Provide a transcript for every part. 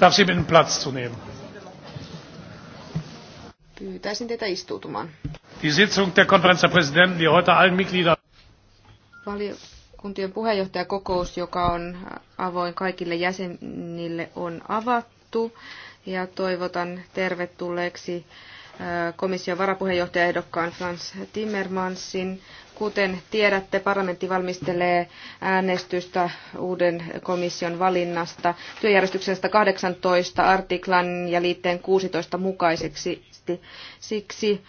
darf Sie bitten, Platz zu nehmen. Pyytäisin teitä istuutumaan. Die Sitzung der Konferenz der Präsidenten, die heute allen Mitgliedern Valiokuntien puheenjohtajakokous, joka on avoin kaikille jäsenille, on avattu. Ja toivotan tervetulleeksi äh, komission varapuheenjohtajaehdokkaan Frans Timmermansin Kuten tiedätte, parlamentti valmistelee äänestystä uuden komission valinnasta työjärjestyksen 18 artiklan ja liitteen 16 mukaiseksi. Siksi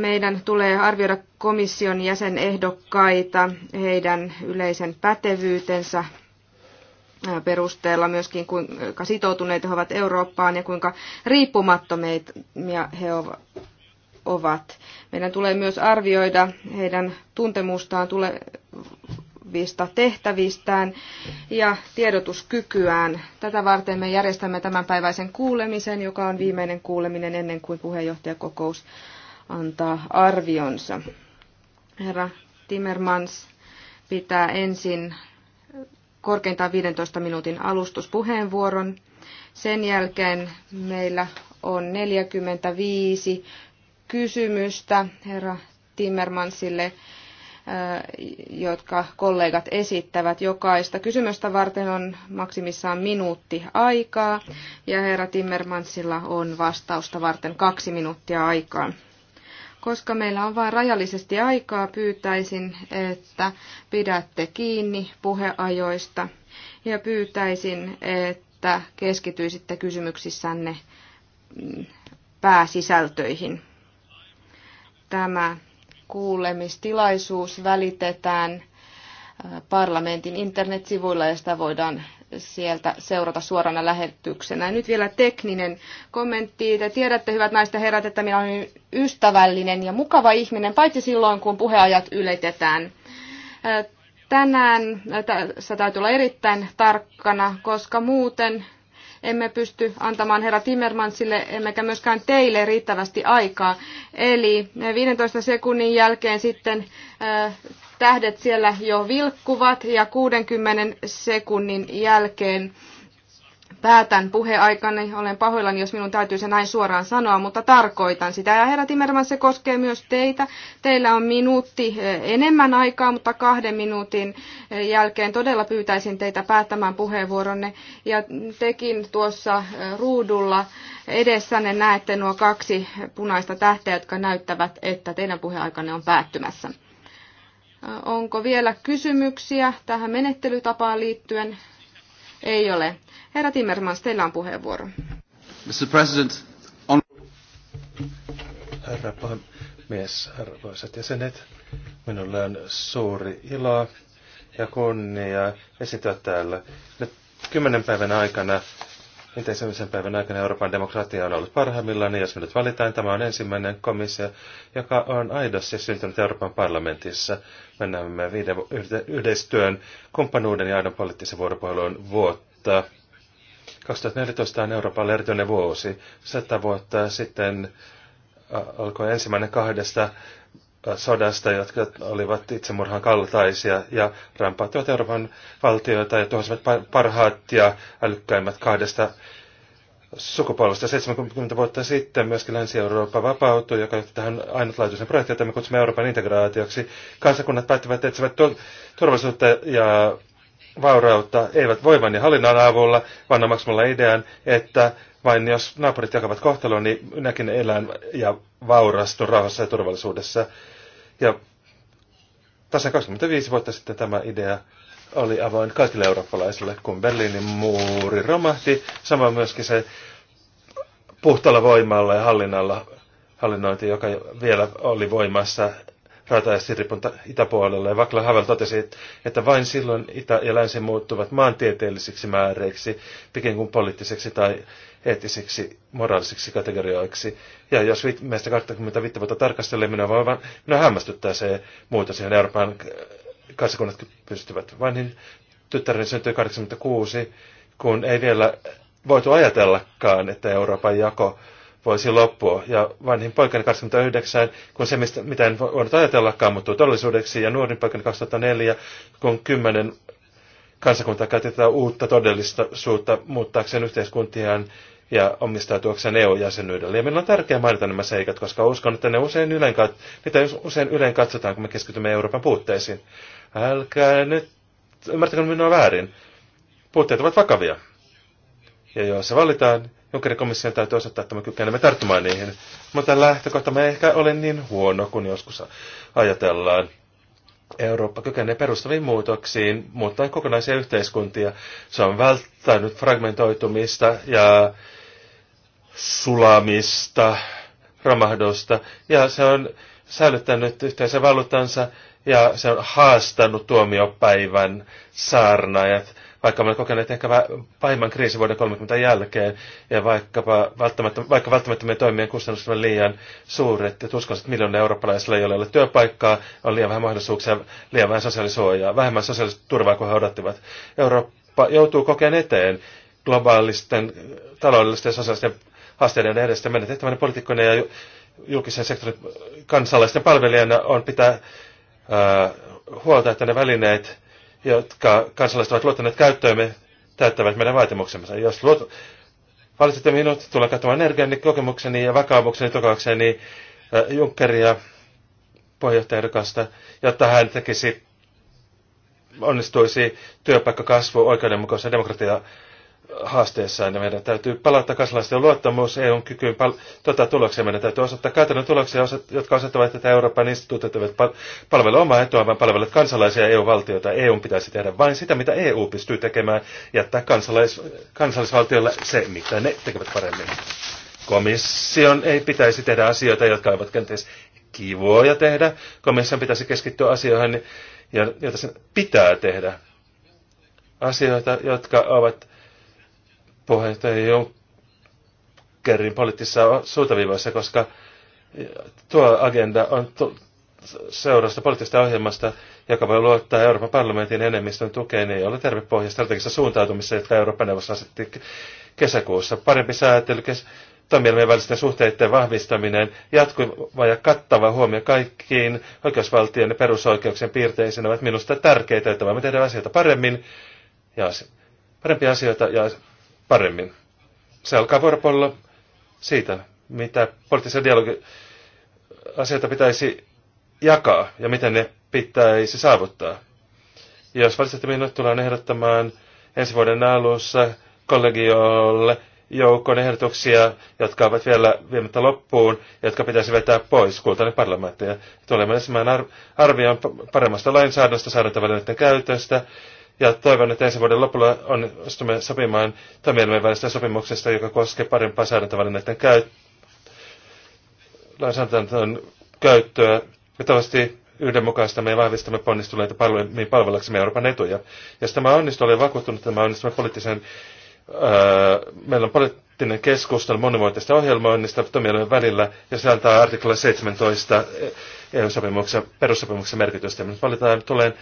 meidän tulee arvioida komission jäsenehdokkaita heidän yleisen pätevyytensä perusteella myöskin, kuinka sitoutuneita he ovat Eurooppaan ja kuinka riippumattomia he ovat ovat. Meidän tulee myös arvioida heidän tuntemustaan tulevista tehtävistään ja tiedotuskykyään. Tätä varten me järjestämme tämänpäiväisen kuulemisen, joka on viimeinen kuuleminen ennen kuin puheenjohtajakokous antaa arvionsa. Herra Timmermans pitää ensin korkeintaan 15 minuutin alustuspuheenvuoron. Sen jälkeen meillä on 45 kysymystä herra Timmermansille, äh, jotka kollegat esittävät. Jokaista kysymystä varten on maksimissaan minuutti aikaa ja herra Timmermansilla on vastausta varten kaksi minuuttia aikaa. Koska meillä on vain rajallisesti aikaa, pyytäisin, että pidätte kiinni puheajoista ja pyytäisin, että keskityisitte kysymyksissänne mm, pääsisältöihin tämä kuulemistilaisuus välitetään parlamentin internetsivuilla ja sitä voidaan sieltä seurata suorana lähetyksenä. Nyt vielä tekninen kommentti. Te tiedätte, hyvät naiset ja herrat, että minä olen ystävällinen ja mukava ihminen, paitsi silloin, kun puheajat yletetään. Tänään tässä täytyy olla erittäin tarkkana, koska muuten emme pysty antamaan herra Timmermansille, emmekä myöskään teille riittävästi aikaa. Eli 15 sekunnin jälkeen sitten äh, tähdet siellä jo vilkkuvat ja 60 sekunnin jälkeen päätän puheaikani. Olen pahoillani, jos minun täytyy se näin suoraan sanoa, mutta tarkoitan sitä. Ja herra Timmerman, se koskee myös teitä. Teillä on minuutti eh, enemmän aikaa, mutta kahden minuutin eh, jälkeen todella pyytäisin teitä päättämään puheenvuoronne. Ja tekin tuossa eh, ruudulla edessänne näette nuo kaksi punaista tähteä, jotka näyttävät, että teidän puheaikanne on päättymässä. Onko vielä kysymyksiä tähän menettelytapaan liittyen? Ei ole. Herra Timmermans, teillä on puheenvuoro. Mr. President, on... Herra puhemies, arvoisat jäsenet, minulla on suuri ilo ja kunnia esiintyä täällä. Nyt kymmenen päivän aikana, intensiivisen päivän aikana Euroopan demokratia on ollut parhaimmillaan, niin jos me nyt valitaan, tämä on ensimmäinen komissio, joka on aidosti syntynyt Euroopan parlamentissa. Me näemme viiden yhteistyön, kumppanuuden ja aidon poliittisen vuoropuhelun vuotta. 2014 on Euroopan lertyinen vuosi. Sata vuotta sitten alkoi ensimmäinen kahdesta sodasta, jotka olivat itsemurhan kaltaisia ja rampaattivat Euroopan valtioita ja tuhosivat parhaat ja älykkäimmät kahdesta sukupolvesta. 70 vuotta sitten myöskin Länsi-Eurooppa vapautui, joka johti tähän ainutlaatuisen projektiin, jota me kutsumme Euroopan integraatioksi. Kansakunnat päättivät etsivät turvallisuutta ja vaurautta eivät voiman ja hallinnan avulla, vaan omaksumalla idean, että vain jos naapurit jakavat kohtelua, niin minäkin elän ja vaurastun rauhassa ja turvallisuudessa. Ja tasan 25 vuotta sitten tämä idea oli avoin kaikille eurooppalaisille, kun Berliinin muuri romahti. Sama myöskin se puhtaalla voimalla ja hallinnalla hallinnointi, joka vielä oli voimassa rautaesiripun itäpuolella. Ja Vakla Havel totesi, että vain silloin itä ja länsi muuttuvat maantieteellisiksi määreiksi, pikin kuin poliittiseksi tai eettisiksi, moraalisiksi kategorioiksi. Ja jos meistä 25 vuotta tarkastelee, minä, vaan, minä hämmästyttää se muutos, johon Euroopan äh, kansakunnat pystyvät. Vanhin tyttäreni syntyi 86, kun ei vielä voitu ajatellakaan, että Euroopan jako voisi loppua. Ja vanhin poikani 29, kun se, mistä, mitä en voinut ajatellakaan, muuttuu todellisuudeksi. Ja nuorin poikani 2004, kun kymmenen kansakuntaa käytetään uutta todellisuutta muuttaakseen yhteiskuntiaan ja omistautuakseen EU-jäsenyydelle. Ja meillä on tärkeää mainita nämä seikat, koska uskon, että ne usein ylen, niitä usein yleen katsotaan, kun me keskitymme Euroopan puutteisiin. Älkää nyt, ymmärtäkö minua väärin. Puutteet ovat vakavia. Ja jos se valitaan, Junckerin komission täytyy osoittaa, että me kykenemme tarttumaan niihin. Mutta lähtökohta me ehkä ole niin huono kuin joskus ajatellaan. Eurooppa kykenee perustaviin muutoksiin, mutta kokonaisia yhteiskuntia. Se on välttänyt fragmentoitumista ja sulamista, romahdusta, ja se on säilyttänyt yhteisen valuutansa, ja se on haastanut tuomiopäivän saarnaajat vaikka olemme kokeneet ehkä pahimman kriisin vuoden 30 jälkeen, ja vaikkapa välttämättä, vaikka välttämättömien toimien kustannus on liian suuret, ja että miljoona eurooppalaisilla, ei ole työpaikkaa, on liian vähän mahdollisuuksia, liian vähän sosiaalisuojaa, vähemmän sosiaalista turvaa kuin he odottivat. Eurooppa joutuu kokeen eteen globaalisten taloudellisten ja sosiaalisten haasteiden edestä menetettävänä poliitikkoina ja julkisen sektorin kansalaisten palvelijana on pitää ää, huolta, että ne välineet, jotka kansalaiset ovat luottaneet käyttöömme, täyttävät meidän vaatimuksemme. Jos luot, valitsette minut, tulen katsomaan energiani, kokemukseni ja vakaumukseni tukaakseni äh, Junckeria puheenjohtajarikasta, jotta hän tekisi, onnistuisi työpaikkakasvu, oikeudenmukaisen demokratian demokratia haasteessa, ja niin meidän täytyy palauttaa kansalaisten luottamus EUn kykyyn pal- tota tuloksia. Meidän täytyy osoittaa käytännön tuloksia, jotka osoittavat, että Euroopan instituutiot eivät pal- palvele omaa etua, vaan palvelevat kansalaisia EU-valtioita. EU pitäisi tehdä vain sitä, mitä EU pystyy tekemään, jättää kansalais- kansallisvaltiolle se, mitä ne tekevät paremmin. Komission ei pitäisi tehdä asioita, jotka ovat kenties kivoja tehdä. Komission pitäisi keskittyä asioihin, joita sen pitää tehdä. Asioita, jotka ovat puheenjohtaja Junckerin poliittisissa suuntaviivoissa, koska tuo agenda on seurasta poliittisesta ohjelmasta, joka voi luottaa Euroopan parlamentin enemmistön tukeen, niin ei ole terve pohja strategisessa suuntautumisessa, jotka Euroopan neuvosto asetti kesäkuussa. Parempi säätely, kes- toimielimien välisten suhteiden vahvistaminen, jatkuva ja kattava huomio kaikkiin oikeusvaltion ja perusoikeuksien piirteisiin ovat minusta tärkeitä, että voimme tehdä asioita paremmin ja parempia asioita ja paremmin. Se alkaa vuoropuolella siitä, mitä poliittisia dialogiasioita asioita pitäisi jakaa ja miten ne pitäisi saavuttaa. Jos valitsette minut, tullaan ehdottamaan ensi vuoden alussa kollegiolle joukon ehdotuksia, jotka ovat vielä viemättä loppuun, jotka pitäisi vetää pois kultainen parlamentti. tulemme ensimmäinen arvion paremmasta lainsäädännöstä, säädäntävälineiden käytöstä, ja toivon, että ensi vuoden lopulla onnistumme sopimaan toimielimen välistä sopimuksesta, joka koskee parempaa säädäntövälineiden käyt- käyttöä. Ja toivottavasti yhdenmukaistamme ja vahvistamme ponnistuneita palveluihin palvellaksemme Euroopan etuja. Ja jos tämä onnistuu, olen vakuuttunut, että tämä onnistumme poliittisen meillä on poliittinen keskustelu monivuotisesta ohjelmoinnista toimialojen välillä, ja se antaa artikla 17 EU-sopimuksen perussopimuksen merkitystä. Me valitaan tulee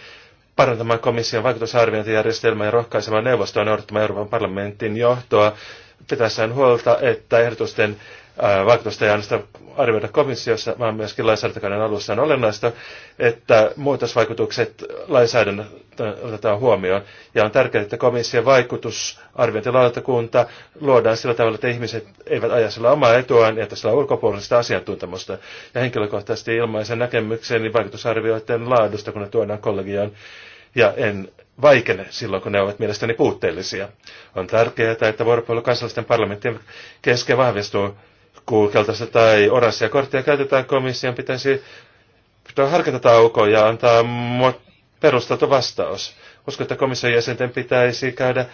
parantamaan komission vaikutusarviointijärjestelmää ja rohkaisemaan neuvostoa noudattamaan Euroopan parlamentin johtoa pitäessään huolta, että ehdotusten vaikutusta ei ainoastaan arvioida komissiossa, vaan myöskin lainsäädäntökauden alussa on olennaista, että muutosvaikutukset lainsäädännön otetaan huomioon. Ja on tärkeää, että komission vaikutusarviointilautakunta luodaan sillä tavalla, että ihmiset eivät aja sillä omaa etuaan ja että sillä on ulkopuolista asiantuntemusta. Ja henkilökohtaisesti ilmaisen näkemykseni vaikutusarvioiden laadusta, kun ne tuodaan kollegioon ja en vaikene silloin, kun ne ovat mielestäni puutteellisia. On tärkeää, että vuoropuhelu kansallisten parlamenttien kesken vahvistuu, kun keltaista tai oranssia korttia käytetään komission, pitäisi harkita taukoa ja antaa perusteltu vastaus. Uskon, että komission jäsenten pitäisi käydä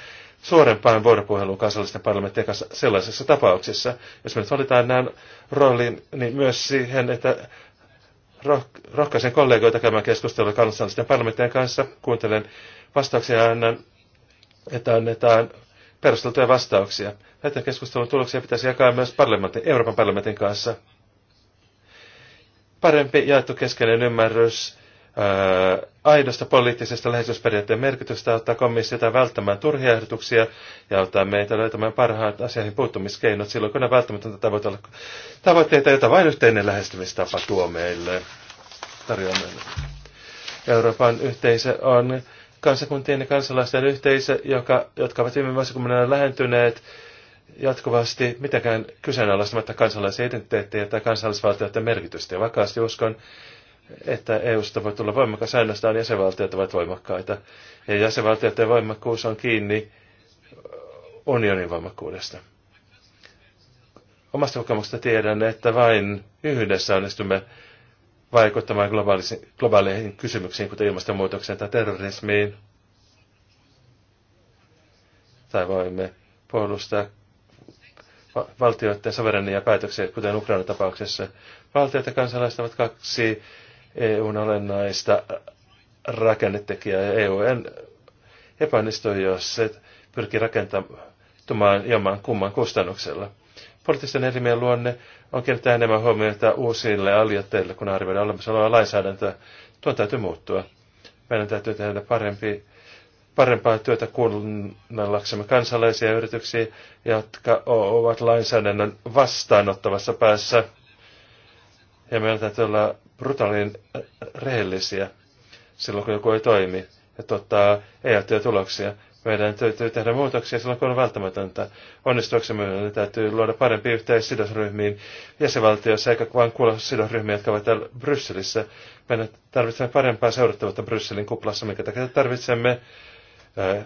suorempaan vuoropuheluun kansallisten parlamenttien kanssa sellaisissa tapauksissa. Jos me nyt valitaan näin roolin, niin myös siihen, että rohkaisen kollegoita käymään keskustelua kansallisten parlamenttien kanssa. Kuuntelen vastauksia ja annan, että annetaan perusteltuja vastauksia. Näitä keskustelun tuloksia pitäisi jakaa myös parlamentin, Euroopan parlamentin kanssa. Parempi jaettu keskeinen ymmärrys aidosta poliittisesta läheisyysperiaatteen merkitystä auttaa komissiota välttämään turhia ehdotuksia ja auttaa meitä löytämään parhaat asioihin puuttumiskeinot silloin, kun ne välttämätöntä tavoitella tavoitteita, joita vain yhteinen lähestymistapa tuo meille, tarjoaa meille. Euroopan yhteisö on kansakuntien ja kansalaisten yhteisö, joka, jotka ovat viime vuosikymmenellä lähentyneet jatkuvasti mitenkään kyseenalaistamatta kansalaisen identiteettiä tai kansallisvaltioiden merkitystä. Ja vakaasti uskon, että EUsta voi tulla voimakas ainoastaan jäsenvaltiot ovat voimakkaita. Ja jäsenvaltioiden voimakkuus on kiinni unionin voimakkuudesta. Omasta kokemuksesta tiedän, että vain yhdessä onnistumme vaikuttamaan globaaleihin kysymyksiin, kuten ilmastonmuutokseen tai terrorismiin. Tai voimme puolustaa valtioiden soverenia päätöksiä, kuten Ukrainan tapauksessa. Valtiot ja kansalaiset ovat kaksi EUn olennaista rakennetekijää ja EU epäonnistui, jos se pyrkii rakentamaan jomaan kumman kustannuksella. Poliittisten elimien luonne on kertaa enemmän huomiota uusille aliotteille, kun arvioidaan olemassa olevaa lainsäädäntöä. Tuon täytyy muuttua. Meidän täytyy tehdä parempi, parempaa työtä kuunnellaksemme kansalaisia yrityksiä, jotka ovat lainsäädännön vastaanottavassa päässä. Ja meillä täytyy olla brutaalin äh, äh, rehellisiä silloin, kun joku ei toimi ja tuottaa ei tuloksia. Meidän täytyy tehdä muutoksia silloin, kun on välttämätöntä. Onnistuaksemme meidän täytyy luoda parempi yhteys sidosryhmiin jäsenvaltioissa, eikä vain kuulla sidosryhmiä, jotka ovat täällä Brysselissä. Meidän tarvitsemme parempaa seurattavuutta Brysselin kuplassa, mikä takia tarvitsemme äh,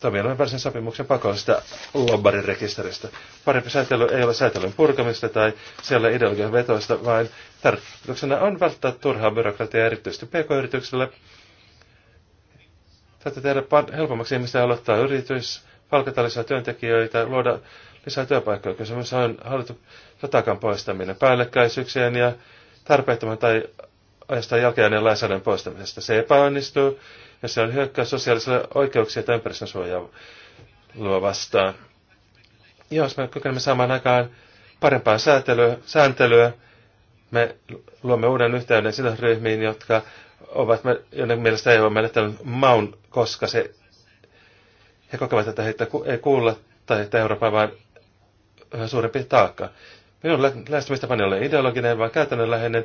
toimialojen välisen sopimuksen pakollisesta lobbarirekisteristä. Parempi säätely ei ole säätelyn purkamista tai siellä ideologian vetoista, vaan tarkoituksena on välttää turhaa byrokratiaa erityisesti pk-yrityksille. Tätä tehdä helpommaksi ihmistä aloittaa yritys, palkata lisää työntekijöitä, luoda lisää työpaikkoja. Kysymys on hallittu ratakan poistaminen, päällekkäisyyksien ja tarpeettoman tai ajastaan jälkeen lainsäädännön poistamisesta. Se epäonnistuu ja se on hyökkäys sosiaalisia oikeuksia tai ympäristön luo vastaan. Jos me kykenemme saamaan aikaan parempaa säätelyä, sääntelyä, me luomme uuden yhteyden ryhmiin, jotka ovat, joiden mielestä ei ole menettänyt maun, koska se, he kokevat, että heitä ei kuulla tai että on vain suurempi taakka. Minun lähestymistapani ei ole ideologinen, vaan käytännönläheinen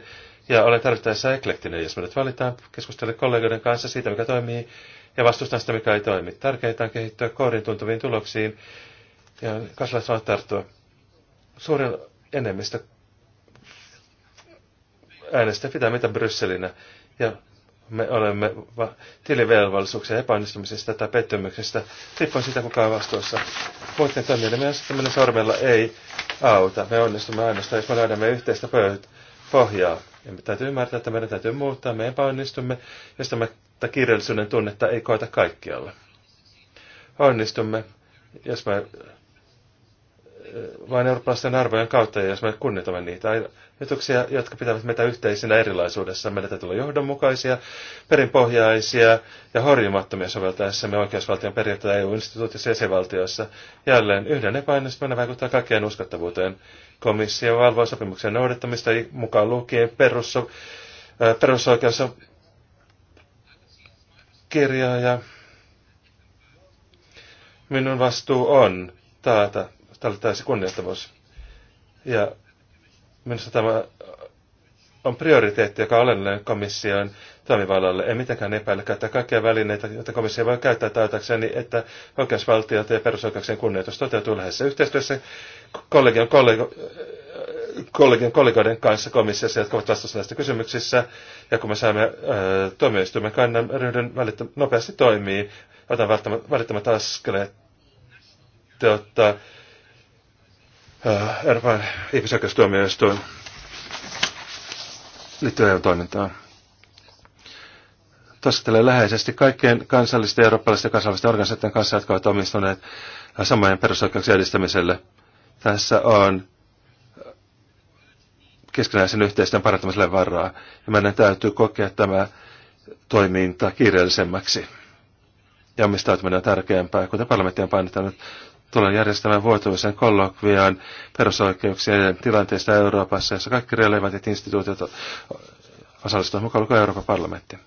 ja olen tarvittaessa eklektinen. Jos minut valitaan, keskustele kollegoiden kanssa siitä, mikä toimii ja vastustan sitä, mikä ei toimi. Tärkeintä on kehittyä koodin tuntuviin tuloksiin ja kansalaiset voivat tarttua. Suurin enemmistö äänestä pitää mitä Brysselinä ja me olemme va- tilivelvollisuuksia epäonnistumisesta tai pettymyksestä, riippuen siitä kuka on vastuussa. Muiden toimijoiden asettaminen sormella ei auta. Me onnistumme ainoastaan, jos me löydämme yhteistä pöyt- pohjaa. Ja me täytyy ymmärtää, että meidän täytyy muuttaa, me epäonnistumme, jos tämä kirjallisuuden tunnetta ei koeta kaikkialla. Onnistumme, jos me vain eurooppalaisten arvojen kautta, ja jos me kunnitamme niitä ajatuksia, jotka pitävät meitä yhteisinä erilaisuudessa, meidän täytyy olla johdonmukaisia, perinpohjaisia ja horjumattomia soveltaessamme oikeusvaltion periaatteita eu instituutissa ja jäsenvaltioissa. Jälleen yhden epäonnistuminen vaikuttaa kaikkeen uskottavuuteen. Komissio valvoo sopimuksen noudattamista mukaan lukien perusso, perusoikeus kirjaa ja minun vastuu on taata tarvitaan se kunnioittavuus. Ja minusta tämä on prioriteetti, joka on olennainen komission toimivallalle. En mitenkään epäile käyttää kaikkia välineitä, joita komissio voi käyttää taitakseen, niin että oikeusvaltiota ja perusoikeuksien kunnioitus toteutuu läheisessä yhteistyössä kollegion, kollego, kollegion kollegoiden kanssa komissiossa, jotka ovat vastuussa näistä kysymyksissä. Ja kun me saamme äh, tuomioistuimen kannan, ryhdyn nopeasti toimii, otan välttämättä, välttämättä askeleet, jotta Äh, Euroopan ihmisoikeustuomioistuin liittyen EU-toimintaan. Taskutelee läheisesti kaikkien kansallisten, eurooppalaisten ja kansainvälisten organisaatioiden kanssa, jotka ovat omistuneet samojen perusoikeuksien edistämiselle. Tässä on keskinäisen yhteistyön parantamiselle varaa. Ja meidän täytyy kokea tämä toiminta kiireellisemmäksi. Ja omistautuminen on tärkeämpää, kuten parlamentti on painottanut tulen järjestämään vuotuisen kollokviaan perusoikeuksien tilanteesta Euroopassa, jossa kaikki relevantit instituutiot osallistuvat mukaan lukua Euroopan parlamentti.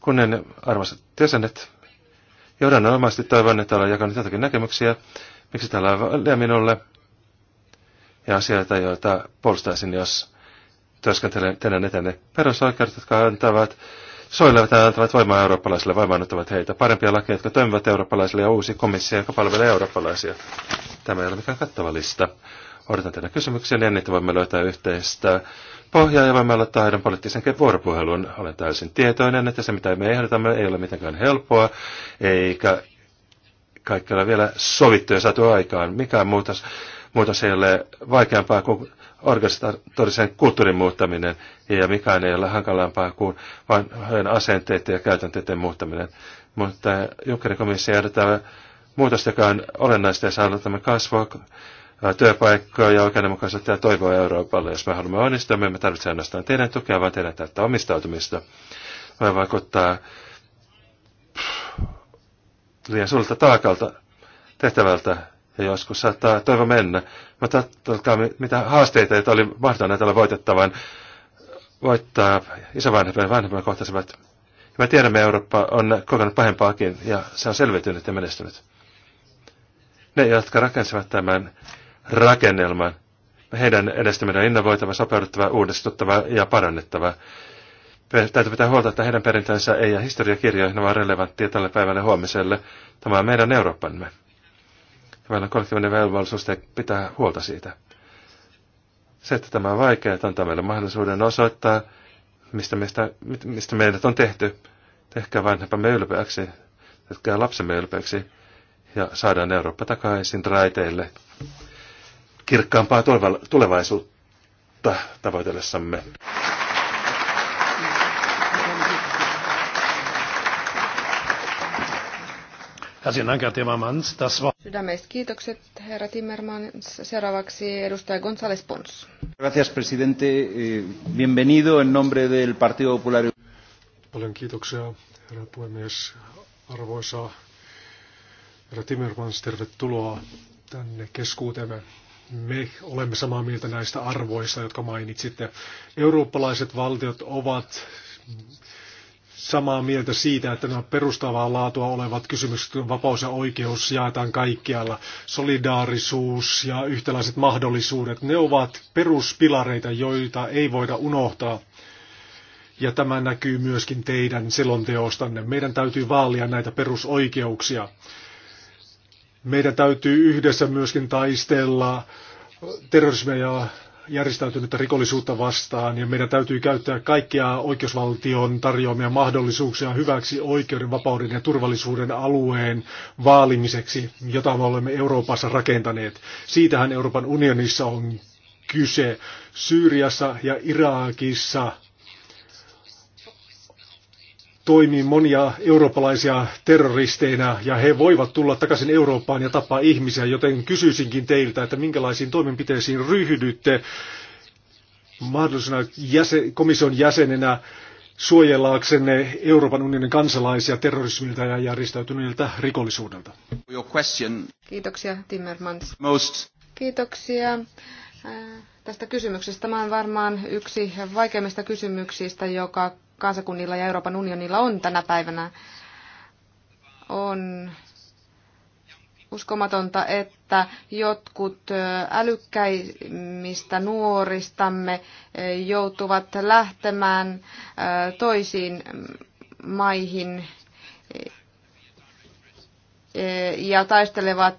Kunnen arvoisat jäsenet, omasti toivon, että olen jakanut jotakin näkemyksiä, miksi täällä on väliä minulle, ja asioita, joita puolustaisin, jos työskentelen tänään etenne perusoikeudet, jotka antavat suojelevat ja antavat voimaa eurooppalaisille, voimaannuttavat heitä. Parempia lakeja, jotka toimivat eurooppalaisille ja uusi komissio, joka palvelee eurooppalaisia. Tämä ei ole mikään kattava lista. Odotan teidän kysymyksiä, niin niitä voimme löytää yhteistä pohjaa ja voimme aloittaa heidän poliittisen vuoropuhelun. Olen täysin tietoinen, että se mitä me ehdotamme ei ole mitenkään helppoa, eikä kaikkella vielä sovittu ja saatu aikaan. Mikään muutos, muutos ei ole vaikeampaa kuin organisatorisen kulttuurin muuttaminen ja mikään ei ole hankalampaa kuin vain asenteiden ja käytänteiden muuttaminen. Mutta Junckerin komissio ehdottaa muutosta, joka on olennaista ja tämä kasvua, työpaikkoja, oikeudenmukaisuutta ja toivoa Euroopalle. Jos me haluamme onnistua, me emme tarvitse ainoastaan teidän tukea, vaan teidän täyttä omistautumista. Voi vaikuttaa liian suurelta taakalta tehtävältä ja joskus saattaa toivo mennä, mutta totkaa, mitä haasteita, joita oli mahdollinen tällä voitettavan, voittaa isovanhempien vanhempien kohtaisemmat. Ja me tiedämme, Eurooppa on kokenut pahempaakin ja se on selviytynyt ja menestynyt. Ne, jotka rakensivat tämän rakennelman, heidän edestäminen on innovoitava, sopeuduttava, uudistuttava ja parannettava. Täytyy pitää huolta, että heidän perintönsä ei ja historiakirjoihin ovat relevanttia tälle päivälle huomiselle. Tämä on meidän Eurooppamme meillä on kollektiivinen velvollisuus pitää huolta siitä. Se, että tämä on vaikeaa, antaa meille mahdollisuuden osoittaa, mistä, meistä, mistä meidät on tehty. Tehkää vanhempamme ylpeäksi, tehkää lapsemme ylpeäksi ja saadaan Eurooppa takaisin raiteille kirkkaampaa tulevaisuutta tavoitellessamme. Herzlichen presidente. Eh, bienvenido en nombre del Partido Popular. puhemies. Arvoisa herra Timmermans, tervetuloa tänne keskuuteemme. Me olemme samaa mieltä näistä arvoista, jotka mainitsitte. Eurooppalaiset valtiot ovat samaa mieltä siitä, että nämä perustavaa laatua olevat kysymykset, vapaus ja oikeus jaetaan kaikkialla. Solidaarisuus ja yhtäläiset mahdollisuudet, ne ovat peruspilareita, joita ei voida unohtaa. Ja tämä näkyy myöskin teidän selonteostanne. Meidän täytyy vaalia näitä perusoikeuksia. Meidän täytyy yhdessä myöskin taistella terrorismia ja järjestäytynyttä rikollisuutta vastaan ja meidän täytyy käyttää kaikkia oikeusvaltion tarjoamia mahdollisuuksia hyväksi oikeuden, vapauden ja turvallisuuden alueen vaalimiseksi, jota me olemme Euroopassa rakentaneet. Siitähän Euroopan unionissa on kyse. Syyriassa ja Irakissa toimii monia eurooppalaisia terroristeina ja he voivat tulla takaisin Eurooppaan ja tapaa ihmisiä, joten kysyisinkin teiltä, että minkälaisiin toimenpiteisiin ryhdytte mahdollisena jäsen, komission jäsenenä suojellaaksenne Euroopan unionin kansalaisia terrorismilta ja järjestäytyneiltä rikollisuudelta? Kiitoksia Timmermans. Most. Kiitoksia äh, tästä kysymyksestä. Tämä on varmaan yksi vaikeimmista kysymyksistä, joka kansakunnilla ja Euroopan unionilla on tänä päivänä. On uskomatonta, että jotkut älykkäimmistä nuoristamme joutuvat lähtemään toisiin maihin ja taistelevat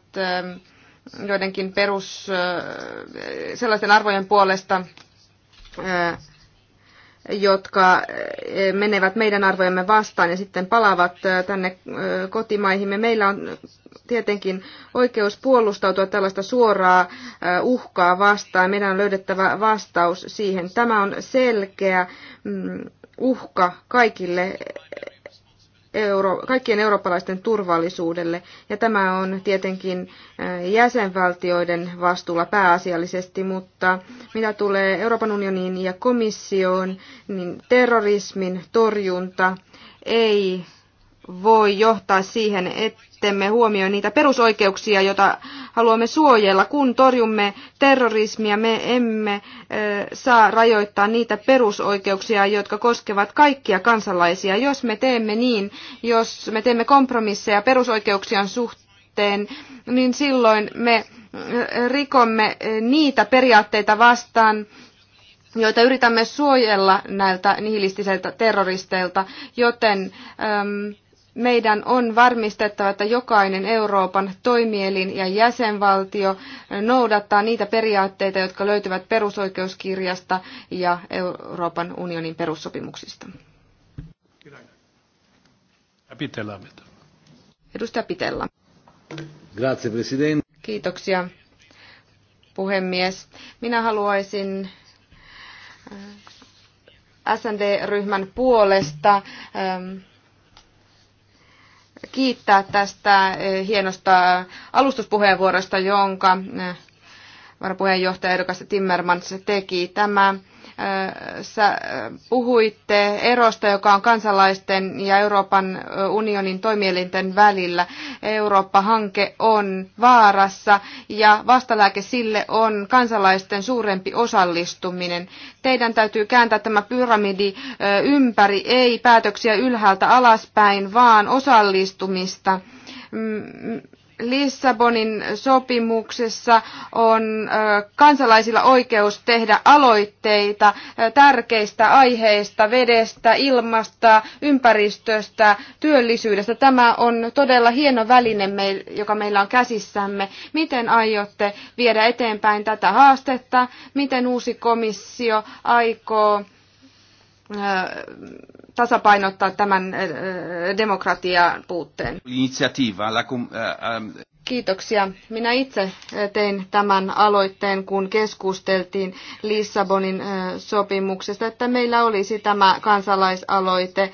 joidenkin perus sellaisten arvojen puolesta, jotka eh, menevät meidän arvojemme vastaan ja sitten palaavat eh, tänne eh, kotimaihimme. Meillä on tietenkin oikeus puolustautua tällaista suoraa uhkaa vastaan. Meidän on löydettävä vastaus siihen. Tämä on selkeä mm, uhka kaikille euro, kaikkien eurooppalaisten turvallisuudelle. Ja tämä on tietenkin äh, jäsenvaltioiden vastuulla pääasiallisesti, mutta mitä tulee Euroopan unioniin ja komissioon, niin terrorismin torjunta ei voi johtaa siihen, ettemme huomioi niitä perusoikeuksia, joita haluamme suojella. Kun torjumme terrorismia, me emme saa rajoittaa niitä perusoikeuksia, jotka koskevat kaikkia kansalaisia. Jos me teemme niin, jos me teemme kompromisseja perusoikeuksien suhteen, niin silloin me rikomme niitä periaatteita vastaan, joita yritämme suojella näiltä nihilistiseltä terroristeilta, joten meidän on varmistettava, että jokainen Euroopan toimielin ja jäsenvaltio noudattaa niitä periaatteita, jotka löytyvät perusoikeuskirjasta ja Euroopan unionin perussopimuksista. Edustaja Pitella. Grazie, president. Kiitoksia, puhemies. Minä haluaisin äh, SND-ryhmän puolesta ähm, kiittää tästä eh, hienosta alustuspuheenvuorosta, jonka eh, varapuheenjohtaja Edukasta Timmermans teki. Tämä Sä äh, puhuitte erosta, joka on kansalaisten ja Euroopan unionin toimielinten välillä. Eurooppa-hanke on vaarassa ja vastalääke sille on kansalaisten suurempi osallistuminen. Teidän täytyy kääntää tämä pyramidi ympäri, ei päätöksiä ylhäältä alaspäin, vaan osallistumista mm, mm, Lissabonin sopimuksessa on kansalaisilla oikeus tehdä aloitteita tärkeistä aiheista, vedestä, ilmasta, ympäristöstä, työllisyydestä. Tämä on todella hieno väline, joka meillä on käsissämme. Miten aiotte viedä eteenpäin tätä haastetta? Miten uusi komissio aikoo tasapainottaa tämän demokratian puutteen. Ähm, Kiitoksia. Minä itse tein tämän aloitteen, kun keskusteltiin Lissabonin sopimuksesta, että meillä olisi tämä kansalaisaloite.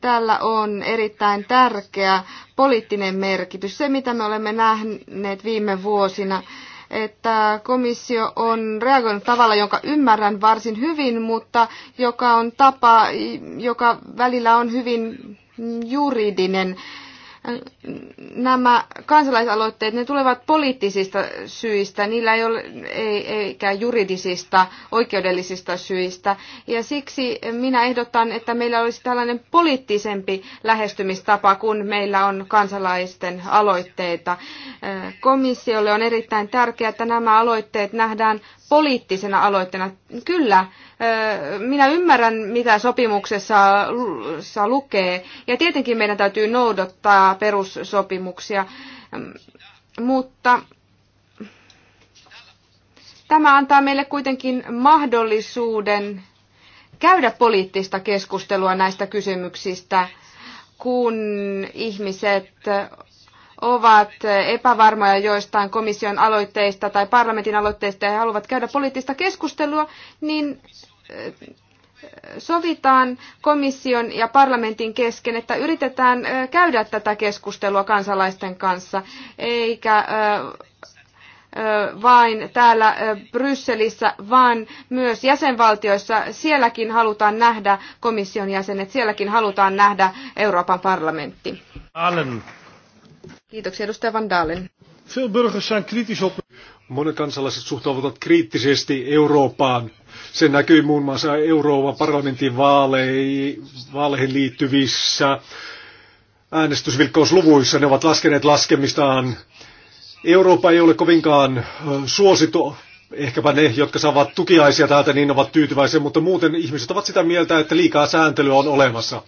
Tällä on erittäin tärkeä poliittinen merkitys. Se, mitä me olemme nähneet viime vuosina, että komissio on reagoinut tavalla, jonka ymmärrän varsin hyvin, mutta joka on tapa, joka välillä on hyvin juridinen nämä kansalaisaloitteet, ne tulevat poliittisista syistä, niillä ei ole eikä juridisista, oikeudellisista syistä. Ja siksi minä ehdotan, että meillä olisi tällainen poliittisempi lähestymistapa, kun meillä on kansalaisten aloitteita. Komissiolle on erittäin tärkeää, että nämä aloitteet nähdään poliittisena aloitteena. Kyllä, minä ymmärrän, mitä sopimuksessa lukee, ja tietenkin meidän täytyy noudattaa perussopimuksia, mutta tämä antaa meille kuitenkin mahdollisuuden käydä poliittista keskustelua näistä kysymyksistä, kun ihmiset ovat epävarmoja joistain komission aloitteista tai parlamentin aloitteista ja haluavat käydä poliittista keskustelua, niin eh, sovitaan komission ja parlamentin kesken, että yritetään eh, käydä tätä keskustelua kansalaisten kanssa, eikä eh, vain täällä Brysselissä, vaan myös jäsenvaltioissa. Sielläkin halutaan nähdä komission jäsenet, sielläkin halutaan nähdä Euroopan parlamentti. Allen. Kiitoksia edustaja Van Dalen. Veel burgers zijn kritisch op. Monet kansalaiset suhtautuvat kriittisesti Eurooppaan. Se näkyy muun muassa Euroopan parlamentin vaaleihin liittyvissä äänestysvilkkausluvuissa. Ne ovat laskeneet laskemistaan. Eurooppa ei ole kovinkaan suosittu. Ehkäpä ne, jotka saavat tukiaisia täältä, niin ovat tyytyväisiä, mutta muuten ihmiset ovat sitä mieltä, että liikaa sääntelyä on olemassa.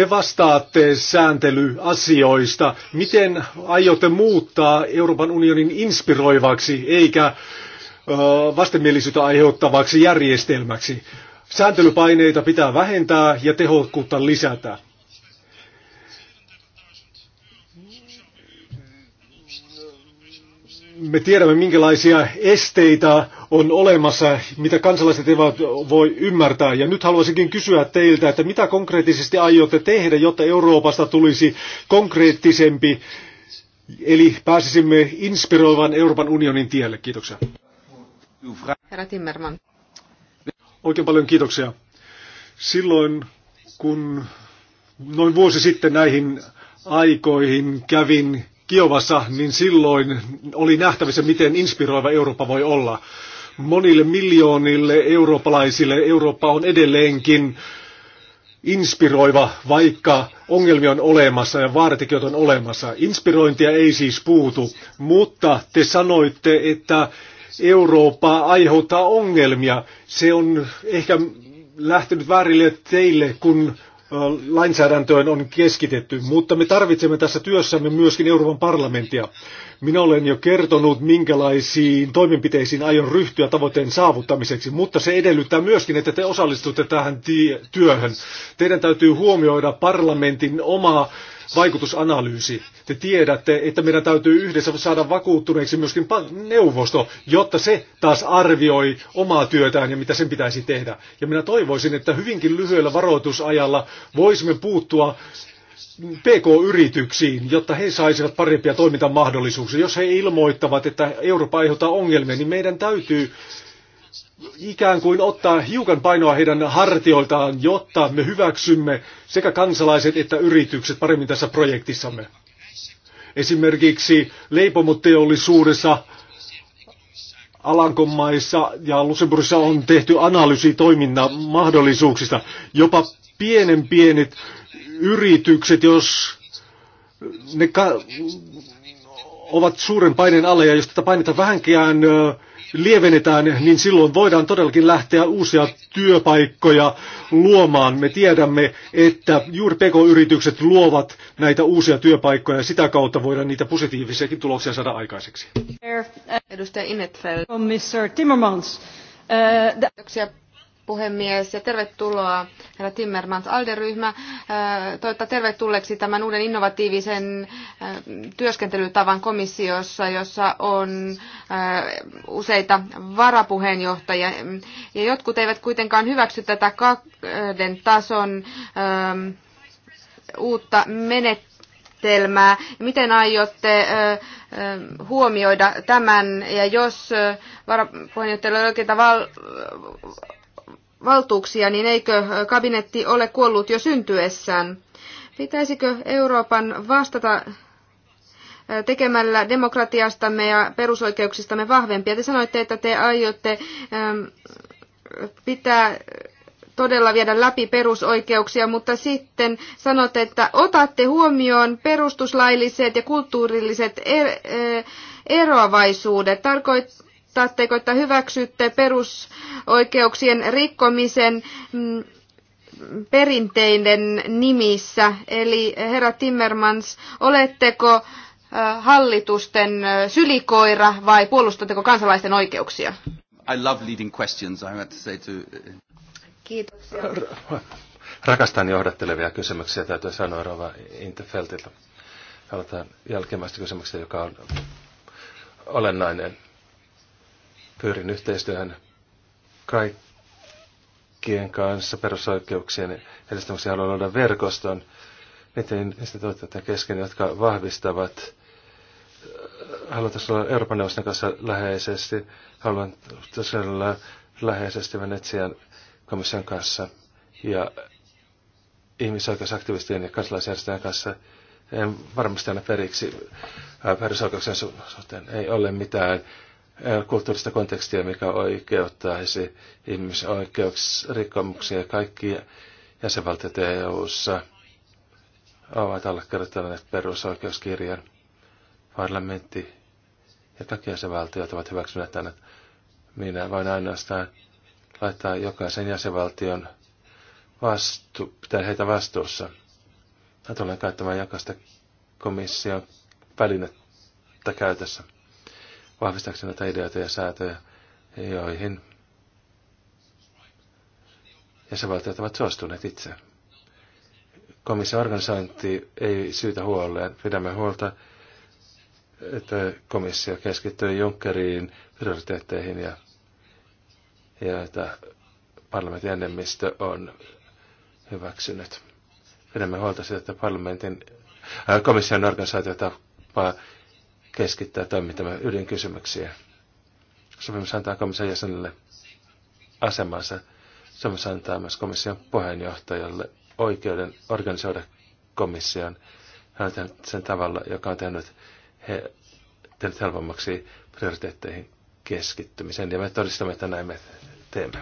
Te vastaatte sääntelyasioista. Miten aiotte muuttaa Euroopan unionin inspiroivaksi eikä vastenmielisyyttä aiheuttavaksi järjestelmäksi? Sääntelypaineita pitää vähentää ja tehokkuutta lisätä. me tiedämme, minkälaisia esteitä on olemassa, mitä kansalaiset eivät voi ymmärtää. Ja nyt haluaisinkin kysyä teiltä, että mitä konkreettisesti aiotte tehdä, jotta Euroopasta tulisi konkreettisempi, eli pääsisimme inspiroivan Euroopan unionin tielle. Kiitoksia. Herra Timmerman. Oikein paljon kiitoksia. Silloin, kun noin vuosi sitten näihin aikoihin kävin Kiovassa, niin silloin oli nähtävissä, miten inspiroiva Eurooppa voi olla. Monille miljoonille eurooppalaisille Eurooppa on edelleenkin inspiroiva, vaikka ongelmia on olemassa ja vaaratekijät on olemassa. Inspirointia ei siis puutu, mutta te sanoitte, että Eurooppa aiheuttaa ongelmia. Se on ehkä lähtenyt väärille teille, kun lainsäädäntöön on keskitetty, mutta me tarvitsemme tässä työssämme myöskin Euroopan parlamenttia. Minä olen jo kertonut, minkälaisiin toimenpiteisiin aion ryhtyä tavoitteen saavuttamiseksi, mutta se edellyttää myöskin, että te osallistutte tähän työhön. Teidän täytyy huomioida parlamentin omaa vaikutusanalyysi. Te tiedätte, että meidän täytyy yhdessä saada vakuuttuneeksi myöskin neuvosto, jotta se taas arvioi omaa työtään ja mitä sen pitäisi tehdä. Ja minä toivoisin, että hyvinkin lyhyellä varoitusajalla voisimme puuttua PK-yrityksiin, jotta he saisivat parempia toimintamahdollisuuksia. Jos he ilmoittavat, että Eurooppa aiheuttaa ongelmia, niin meidän täytyy ikään kuin ottaa hiukan painoa heidän hartioiltaan, jotta me hyväksymme sekä kansalaiset että yritykset paremmin tässä projektissamme. Esimerkiksi leipomoteollisuudessa Alankomaissa ja Luxemburgissa on tehty analyysi toiminnan mahdollisuuksista. Jopa pienen pienet yritykset, jos ne ovat suuren paineen alle ja jos tätä painetta vähänkään ö, lievennetään, niin silloin voidaan todellakin lähteä uusia työpaikkoja luomaan. Me tiedämme, että juuri PK-yritykset luovat näitä uusia työpaikkoja ja sitä kautta voidaan niitä positiivisiakin tuloksia saada aikaiseksi. Edustaja Inetfeld. Mr. Timmermans. Uh, Kiitoksia puhemies, ja tervetuloa herra Timmermans Alderyhmä. Äh, Toivottaa tervetulleeksi tämän uuden innovatiivisen äh, työskentelytavan komissiossa, jossa on äh, useita varapuheenjohtajia. Ja jotkut eivät kuitenkaan hyväksy tätä kahden tason uutta menettelyä järjestelmää. Miten aiotte huomioida tämän ja jos varapuheenjohtajalla on oikeita val- valtuuksia, niin eikö kabinetti ole kuollut jo syntyessään? Pitäisikö Euroopan vastata tekemällä demokratiastamme ja perusoikeuksistamme vahvempia? Te sanoitte, että te aiotte pitää todella viedä läpi perusoikeuksia, mutta sitten sanotte, että otatte huomioon perustuslailliset ja kulttuurilliset er, eroavaisuudet. Tarkoit, Saatteko, että hyväksytte perusoikeuksien rikkomisen mm, perinteiden nimissä? Eli herra Timmermans, oletteko hallitusten sylikoira vai puolustatteko kansalaisten oikeuksia? I love leading questions, I to say to... Kiitoksia. Rakastan johdattelevia kysymyksiä, täytyy sanoa Rova Interfeltiltä. Aloitetaan jälkimmäistä kysymyksiä, joka on olennainen pyörin yhteistyöhön kaikkien kanssa perusoikeuksien edistämisen haluan luoda verkoston niiden instituutioita kesken, jotka vahvistavat äh, tässä olla Euroopan neuvoston kanssa läheisesti, haluan olla läheisesti Venetsian komission kanssa ja ihmisoikeusaktivistien ja kansalaisjärjestöjen kanssa. En varmasti aina periksi äh, perusoikeuksien suhteen. Ei ole mitään Äh, kulttuurista kontekstia, mikä oikeuttaisi ja Kaikki jäsenvaltiot EU-ssa ovat allekirjoittaneet perusoikeuskirjan. Parlamentti ja kaikki jäsenvaltiot ovat hyväksyneet tänne. Minä voin ainoastaan laittaa jokaisen jäsenvaltion vastu, pitää heitä vastuussa. Mä tulen käyttämään jokaista komission välinettä käytössä vahvistaakseni näitä ideoita ja säätöjä, joihin jäsenvaltiot ovat suostuneet itse. Komission organisointi ei syytä huoleen. Pidämme huolta, että komissio keskittyy Junckeriin prioriteetteihin ja, ja että parlamentin enemmistö on hyväksynyt. Pidämme huolta siitä, että parlamentin, äh, komission organisaatio tapaa keskittää toimintamme ydinkysymyksiä. Sopimus antaa komission jäsenelle asemansa. Sopimus antaa myös komission puheenjohtajalle oikeuden organisoida komission. Hän on tehnyt sen tavalla, joka on tehnyt, he, tehnyt helpommaksi prioriteetteihin keskittymisen. Ja me todistamme, että näin me teemme.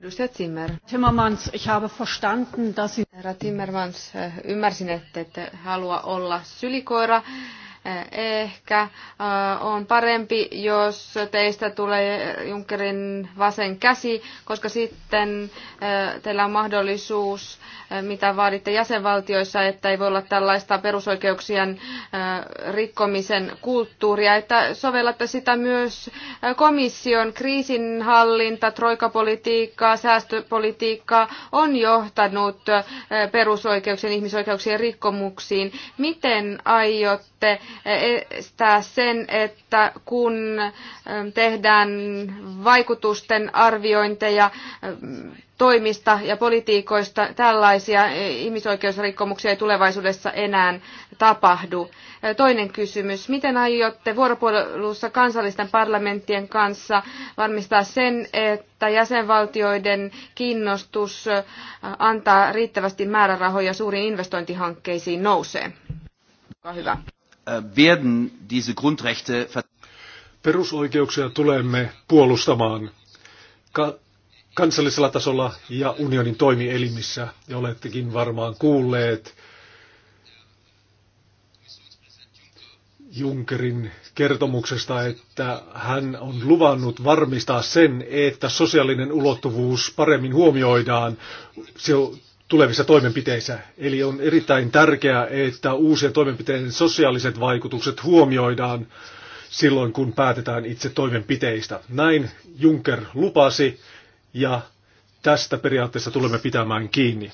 Edustaja Zimmer. Timmermans, ich habe verstanden, dass Herra Timmermans, ymmärsin, että ette halua olla sylikoira. Ehkä äh, on parempi, jos teistä tulee Junckerin vasen käsi, koska sitten äh, teillä on mahdollisuus, äh, mitä vaaditte jäsenvaltioissa, että ei voi olla tällaista perusoikeuksien rikkomisen kulttuuria, että sovellatte sitä myös komission kriisinhallinta, troikapolitiikkaa, säästöpolitiikkaa on johtanut perusoikeuksien ihmisoikeuksien rikkomuksiin. Miten aiotte estää sen, että kun ähm, tehdään vaikutusten arviointeja ähm, toimista ja politiikoista, tällaisia äh, ihmisoikeusrikkomuksia ei tulevaisuudessa enää tapahdu. Äh, toinen kysymys. Miten aiotte vuoropuhelussa kansallisten parlamenttien kanssa varmistaa sen, että jäsenvaltioiden kiinnostus äh, antaa riittävästi määrärahoja suuriin investointihankkeisiin nousee? Olkaa hyvä. Äh, werden diese Grundrechte Perusoikeuksia tulemme puolustamaan ka- kansallisella tasolla ja unionin toimielimissä. Ja olettekin varmaan kuulleet Junkerin kertomuksesta, että hän on luvannut varmistaa sen, että sosiaalinen ulottuvuus paremmin huomioidaan tulevissa toimenpiteissä. Eli on erittäin tärkeää, että uusien toimenpiteiden sosiaaliset vaikutukset huomioidaan silloin, kun päätetään itse toimenpiteistä. Näin Juncker lupasi ja tästä periaatteessa tulemme pitämään kiinni.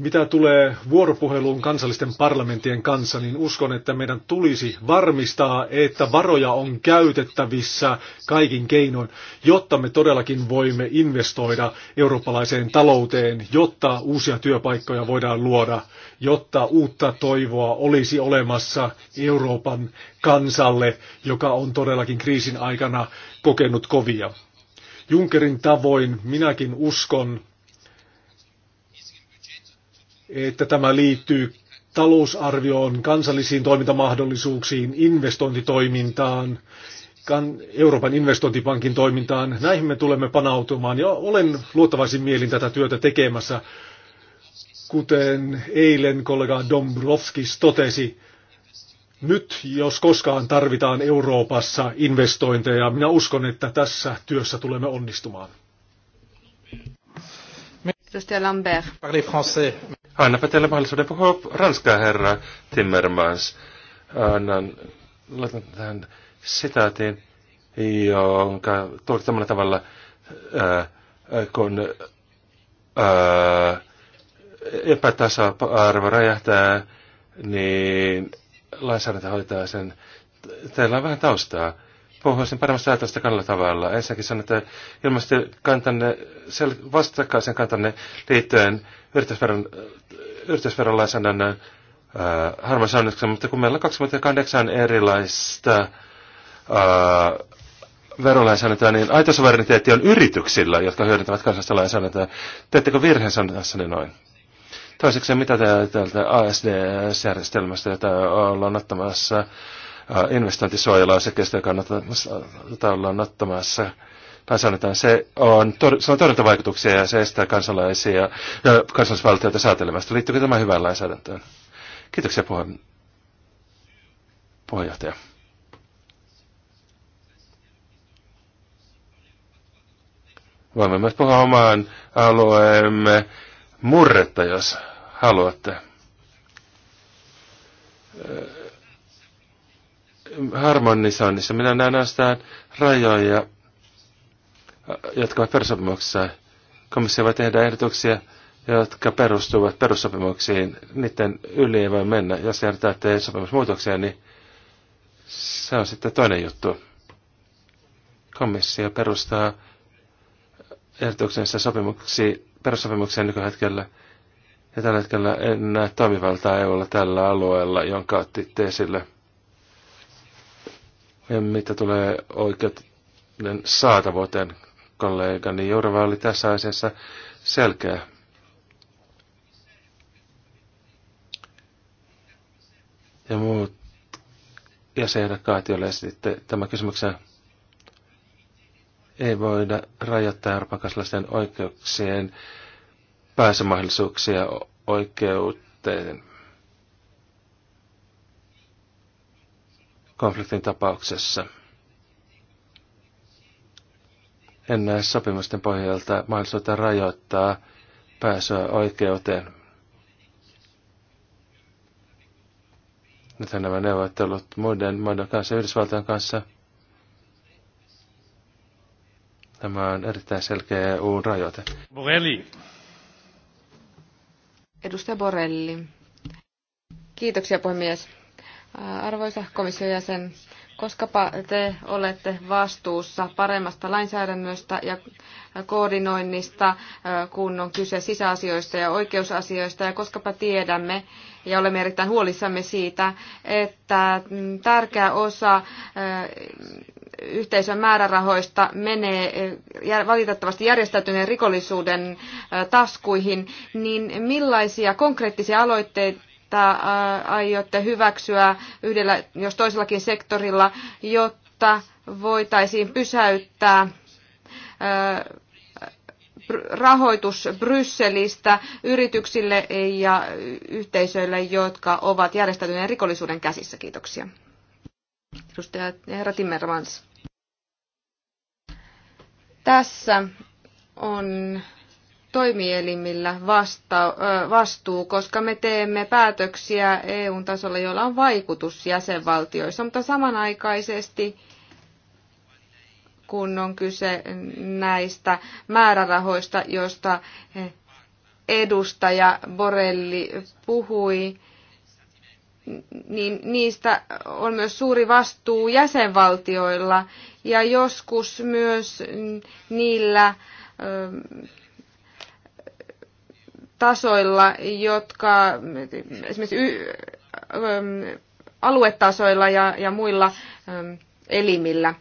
Mitä tulee vuoropuheluun kansallisten parlamenttien kanssa, niin uskon, että meidän tulisi varmistaa, että varoja on käytettävissä kaikin keinoin, jotta me todellakin voimme investoida eurooppalaiseen talouteen, jotta uusia työpaikkoja voidaan luoda, jotta uutta toivoa olisi olemassa Euroopan kansalle, joka on todellakin kriisin aikana kokenut kovia. Junkerin tavoin minäkin uskon, että tämä liittyy talousarvioon, kansallisiin toimintamahdollisuuksiin, investointitoimintaan, Euroopan investointipankin toimintaan. Näihin me tulemme panautumaan ja olen luottavaisin mielin tätä työtä tekemässä. Kuten eilen kollega Dombrovskis totesi, nyt jos koskaan tarvitaan Euroopassa investointeja, minä uskon, että tässä työssä tulemme onnistumaan. Edustaja Lambert. Annapa teille mahdollisuuden puhua ranskaa, herra Timmermans. Annan, laitan tähän sitaatin, jonka tuli tämmöinen tavalla, ää, äh, äh, kun ää, äh, epätasa-arvo räjähtää, niin lainsäädäntö hoitaa sen. Teillä on vähän taustaa pohjoisen paremmasta ajatusta kannalla tavalla. Ensinnäkin sanon, että ilmeisesti kantanne, vastakkaisen kantanne liittyen yritysveron, lainsäädännön äh, harmaan mutta kun meillä on 28 erilaista äh, verolainsäädäntöä, niin aito suvereniteetti on yrityksillä, jotka hyödyntävät kansallista lainsäädäntöä. Teettekö virheen sanassa niin noin? Toiseksi, mitä te täältä ASDS-järjestelmästä, jota ollaan ottamassa investointisuojelausekkeesta, kannalta ollaan ottamassa lainsäädäntöön. Se on, se on torjuntavaikutuksia ja se estää kansalaisia ja kansallisvaltioita säätelemästä. Liittyykö tämä hyvään lainsäädäntöön? Kiitoksia puhe- puheenjohtaja. Voimme myös puhua omaan alueemme murretta, jos haluatte harmonisoinnissa. Minä näen ainoastaan rajoja, jotka ovat perussopimuksessa. Komissio voi tehdä ehdotuksia, jotka perustuvat perussopimuksiin. Niiden yli ei voi mennä. Jos järjestää tehdä sopimusmuutoksia, niin se on sitten toinen juttu. Komissio perustaa ehdotuksensa sopimuksi, perussopimukseen nykyhetkellä. Ja tällä hetkellä en näe toimivaltaa EUlla tällä alueella, jonka otti esille mitä tulee oikeuden saatavuuteen, kollega, niin Jourava oli tässä asiassa selkeä. Ja muut jäsenehdokkaat, joille esititte tämä kysymyksen, ei voida rajoittaa arpakaslaisten oikeuksien pääsemahdollisuuksia oikeuteen. konfliktin tapauksessa. En näe sopimusten pohjalta mahdollisuutta rajoittaa pääsyä oikeuteen. Nythän nämä neuvottelut muiden maiden kanssa, Yhdysvaltain kanssa, Tämä on erittäin selkeä EU-rajoite. Borelli. Edustaja Borelli. Kiitoksia puhemies. Arvoisa komission jäsen, koskapa te olette vastuussa paremmasta lainsäädännöstä ja koordinoinnista, äh, kun on kyse sisäasioista ja oikeusasioista, ja koskapa tiedämme ja olemme erittäin huolissamme siitä, että mm, tärkeä osa äh, yhteisön määrärahoista menee äh, valitettavasti järjestäytyneen rikollisuuden taskuihin, niin millaisia konkreettisia aloitteita että aiotte hyväksyä yhdellä, jos toisellakin sektorilla, jotta voitaisiin pysäyttää rahoitus Brysselistä yrityksille ja yhteisöille, jotka ovat järjestäytyneen rikollisuuden käsissä. Kiitoksia. Edustaja herra Timmermans. Tässä on toimielimillä vasta, vastuu, koska me teemme päätöksiä EU-tasolla, joilla on vaikutus jäsenvaltioissa, mutta samanaikaisesti kun on kyse näistä määrärahoista, joista edustaja Borelli puhui, niin niistä on myös suuri vastuu jäsenvaltioilla ja joskus myös niillä tasoilla, jotka esimerkiksi y, ähm, aluetasoilla ja, ja muilla ähm, elimillä.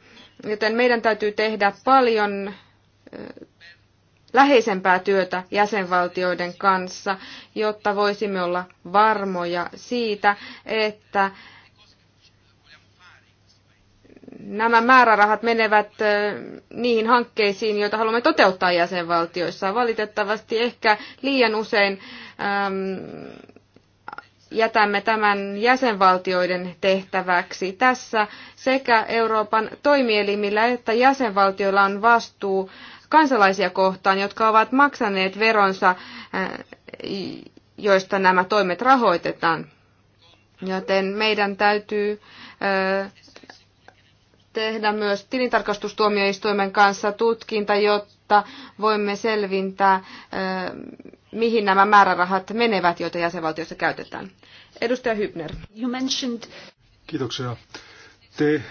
Joten meidän täytyy tehdä paljon äh, läheisempää työtä jäsenvaltioiden kanssa, jotta voisimme olla varmoja siitä, että nämä määrärahat menevät niihin hankkeisiin, joita haluamme toteuttaa jäsenvaltioissa. Valitettavasti ehkä liian usein jätämme tämän jäsenvaltioiden tehtäväksi. Tässä sekä Euroopan toimielimillä että jäsenvaltioilla on vastuu kansalaisia kohtaan, jotka ovat maksaneet veronsa, joista nämä toimet rahoitetaan. Joten meidän täytyy tehdä myös tilintarkastustuomioistuimen kanssa tutkinta, jotta voimme selvintää, mihin nämä määrärahat menevät, joita jäsenvaltiossa käytetään. Edustaja Hybner. You mentioned... Kiitoksia. Te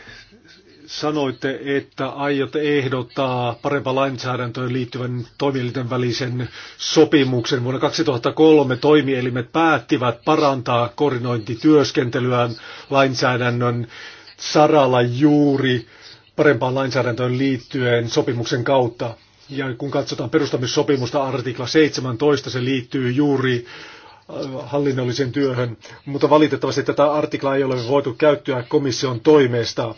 sanoitte, että aiotte ehdottaa parempaa lainsäädäntöön liittyvän toimielinten välisen sopimuksen. Vuonna 2003 toimielimet päättivät parantaa koordinointityöskentelyään lainsäädännön saralla juuri parempaan lainsäädäntöön liittyen sopimuksen kautta. Ja kun katsotaan perustamissopimusta, artikla 17, se liittyy juuri äh, hallinnolliseen työhön, mutta valitettavasti tätä artiklaa ei ole voitu käyttää komission toimesta.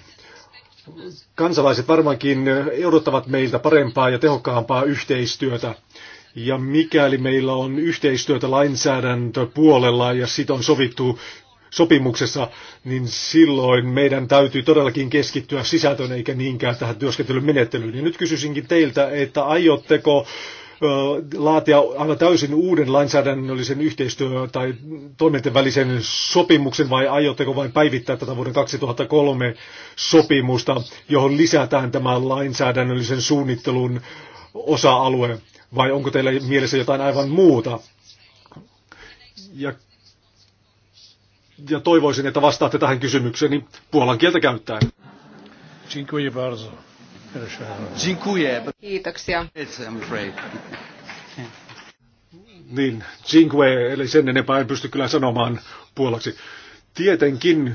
Kansalaiset varmaankin odottavat meiltä parempaa ja tehokkaampaa yhteistyötä. Ja mikäli meillä on yhteistyötä lainsäädäntöpuolella ja siitä on sovittu sopimuksessa, niin silloin meidän täytyy todellakin keskittyä sisältöön eikä niinkään tähän työskentelymenettelyyn. Ja nyt kysyisinkin teiltä, että aiotteko laatia aivan täysin uuden lainsäädännöllisen yhteistyö- tai toimijoiden välisen sopimuksen vai aiotteko vain päivittää tätä vuoden 2003 sopimusta, johon lisätään tämä lainsäädännöllisen suunnittelun osa-alue vai onko teillä mielessä jotain aivan muuta? Ja ja toivoisin, että vastaatte tähän kysymykseen niin puolan kieltä käyttäen. Dziękuję bardzo. Dziękuję. Kiitoksia. Niin, cinque, eli sen enempää en pysty kyllä sanomaan puolaksi. Tietenkin,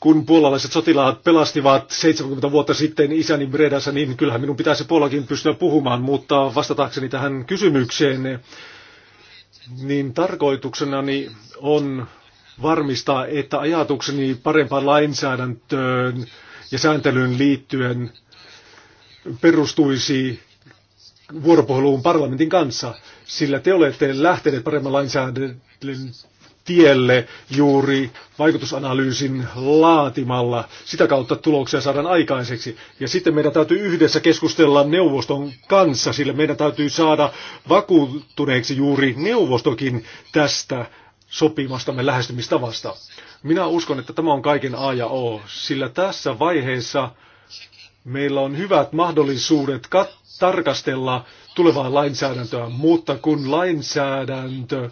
kun puolalaiset sotilaat pelastivat 70 vuotta sitten isäni Bredassa, niin kyllähän minun pitäisi puolakin pystyä puhumaan, mutta vastatakseni tähän kysymykseen, niin tarkoituksenani on varmistaa, että ajatukseni parempaan lainsäädäntöön ja sääntelyyn liittyen perustuisi vuoropuheluun parlamentin kanssa, sillä te olette lähteneet paremman lainsäädännön tielle juuri vaikutusanalyysin laatimalla. Sitä kautta tuloksia saadaan aikaiseksi. Ja sitten meidän täytyy yhdessä keskustella neuvoston kanssa, sillä meidän täytyy saada vakuuttuneeksi juuri neuvostokin tästä sopimastamme lähestymistavasta. Minä uskon, että tämä on kaiken A ja O, sillä tässä vaiheessa meillä on hyvät mahdollisuudet kat- tarkastella tulevaa lainsäädäntöä, mutta kun lainsäädäntö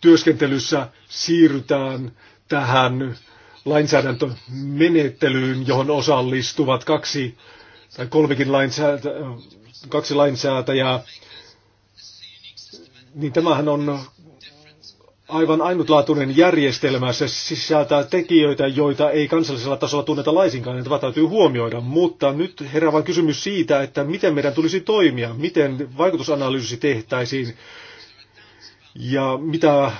työskentelyssä siirrytään tähän lainsäädäntömenettelyyn, johon osallistuvat kaksi tai kolmekin lainsäätä, kaksi lainsäätäjää, niin tämähän on aivan ainutlaatuinen järjestelmä. Se sisältää tekijöitä, joita ei kansallisella tasolla tunneta laisinkaan, että täytyy huomioida. Mutta nyt herää vain kysymys siitä, että miten meidän tulisi toimia, miten vaikutusanalyysi tehtäisiin ja mitä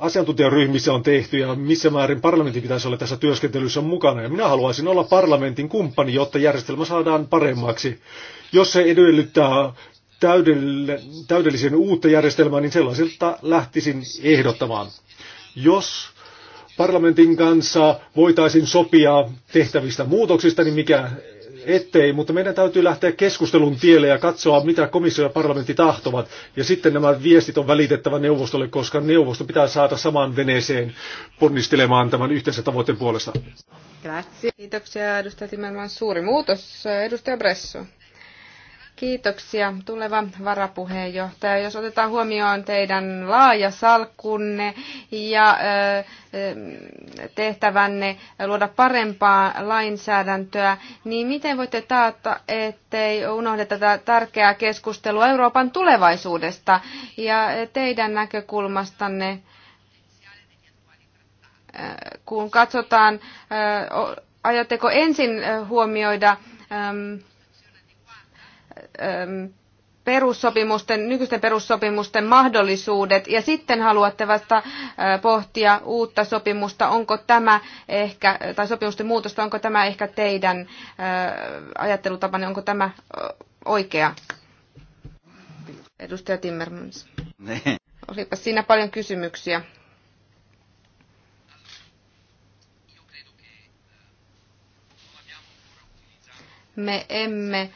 asiantuntijaryhmissä on tehty ja missä määrin parlamentin pitäisi olla tässä työskentelyssä mukana. Ja minä haluaisin olla parlamentin kumppani, jotta järjestelmä saadaan paremmaksi. Jos se edellyttää täydellisen uutta järjestelmää, niin sellaiselta lähtisin ehdottamaan. Jos parlamentin kanssa voitaisiin sopia tehtävistä muutoksista, niin mikä ettei, mutta meidän täytyy lähteä keskustelun tielle ja katsoa, mitä komissio ja parlamentti tahtovat. Ja sitten nämä viestit on välitettävä neuvostolle, koska neuvosto pitää saada samaan veneeseen ponnistelemaan tämän yhteisen tavoitteen puolesta. Grazie. Kiitoksia edustaja Timmerman. Suuri muutos. Edustaja Bresso. Kiitoksia tuleva varapuheenjohtaja. Jos otetaan huomioon teidän laaja salkkunne ja tehtävänne luoda parempaa lainsäädäntöä, niin miten voitte taata, ettei unohdeta tätä tärkeää keskustelua Euroopan tulevaisuudesta ja teidän näkökulmastanne, kun katsotaan, ajatteko ensin huomioida Ähm, perussopimusten, nykyisten perussopimusten mahdollisuudet ja sitten haluatte vasta äh, pohtia uutta sopimusta, onko tämä ehkä, tai sopimusten muutosta, onko tämä ehkä teidän äh, ajattelutapanne, onko tämä oikea? Edustaja Timmermans. Olipa siinä paljon kysymyksiä. Me emme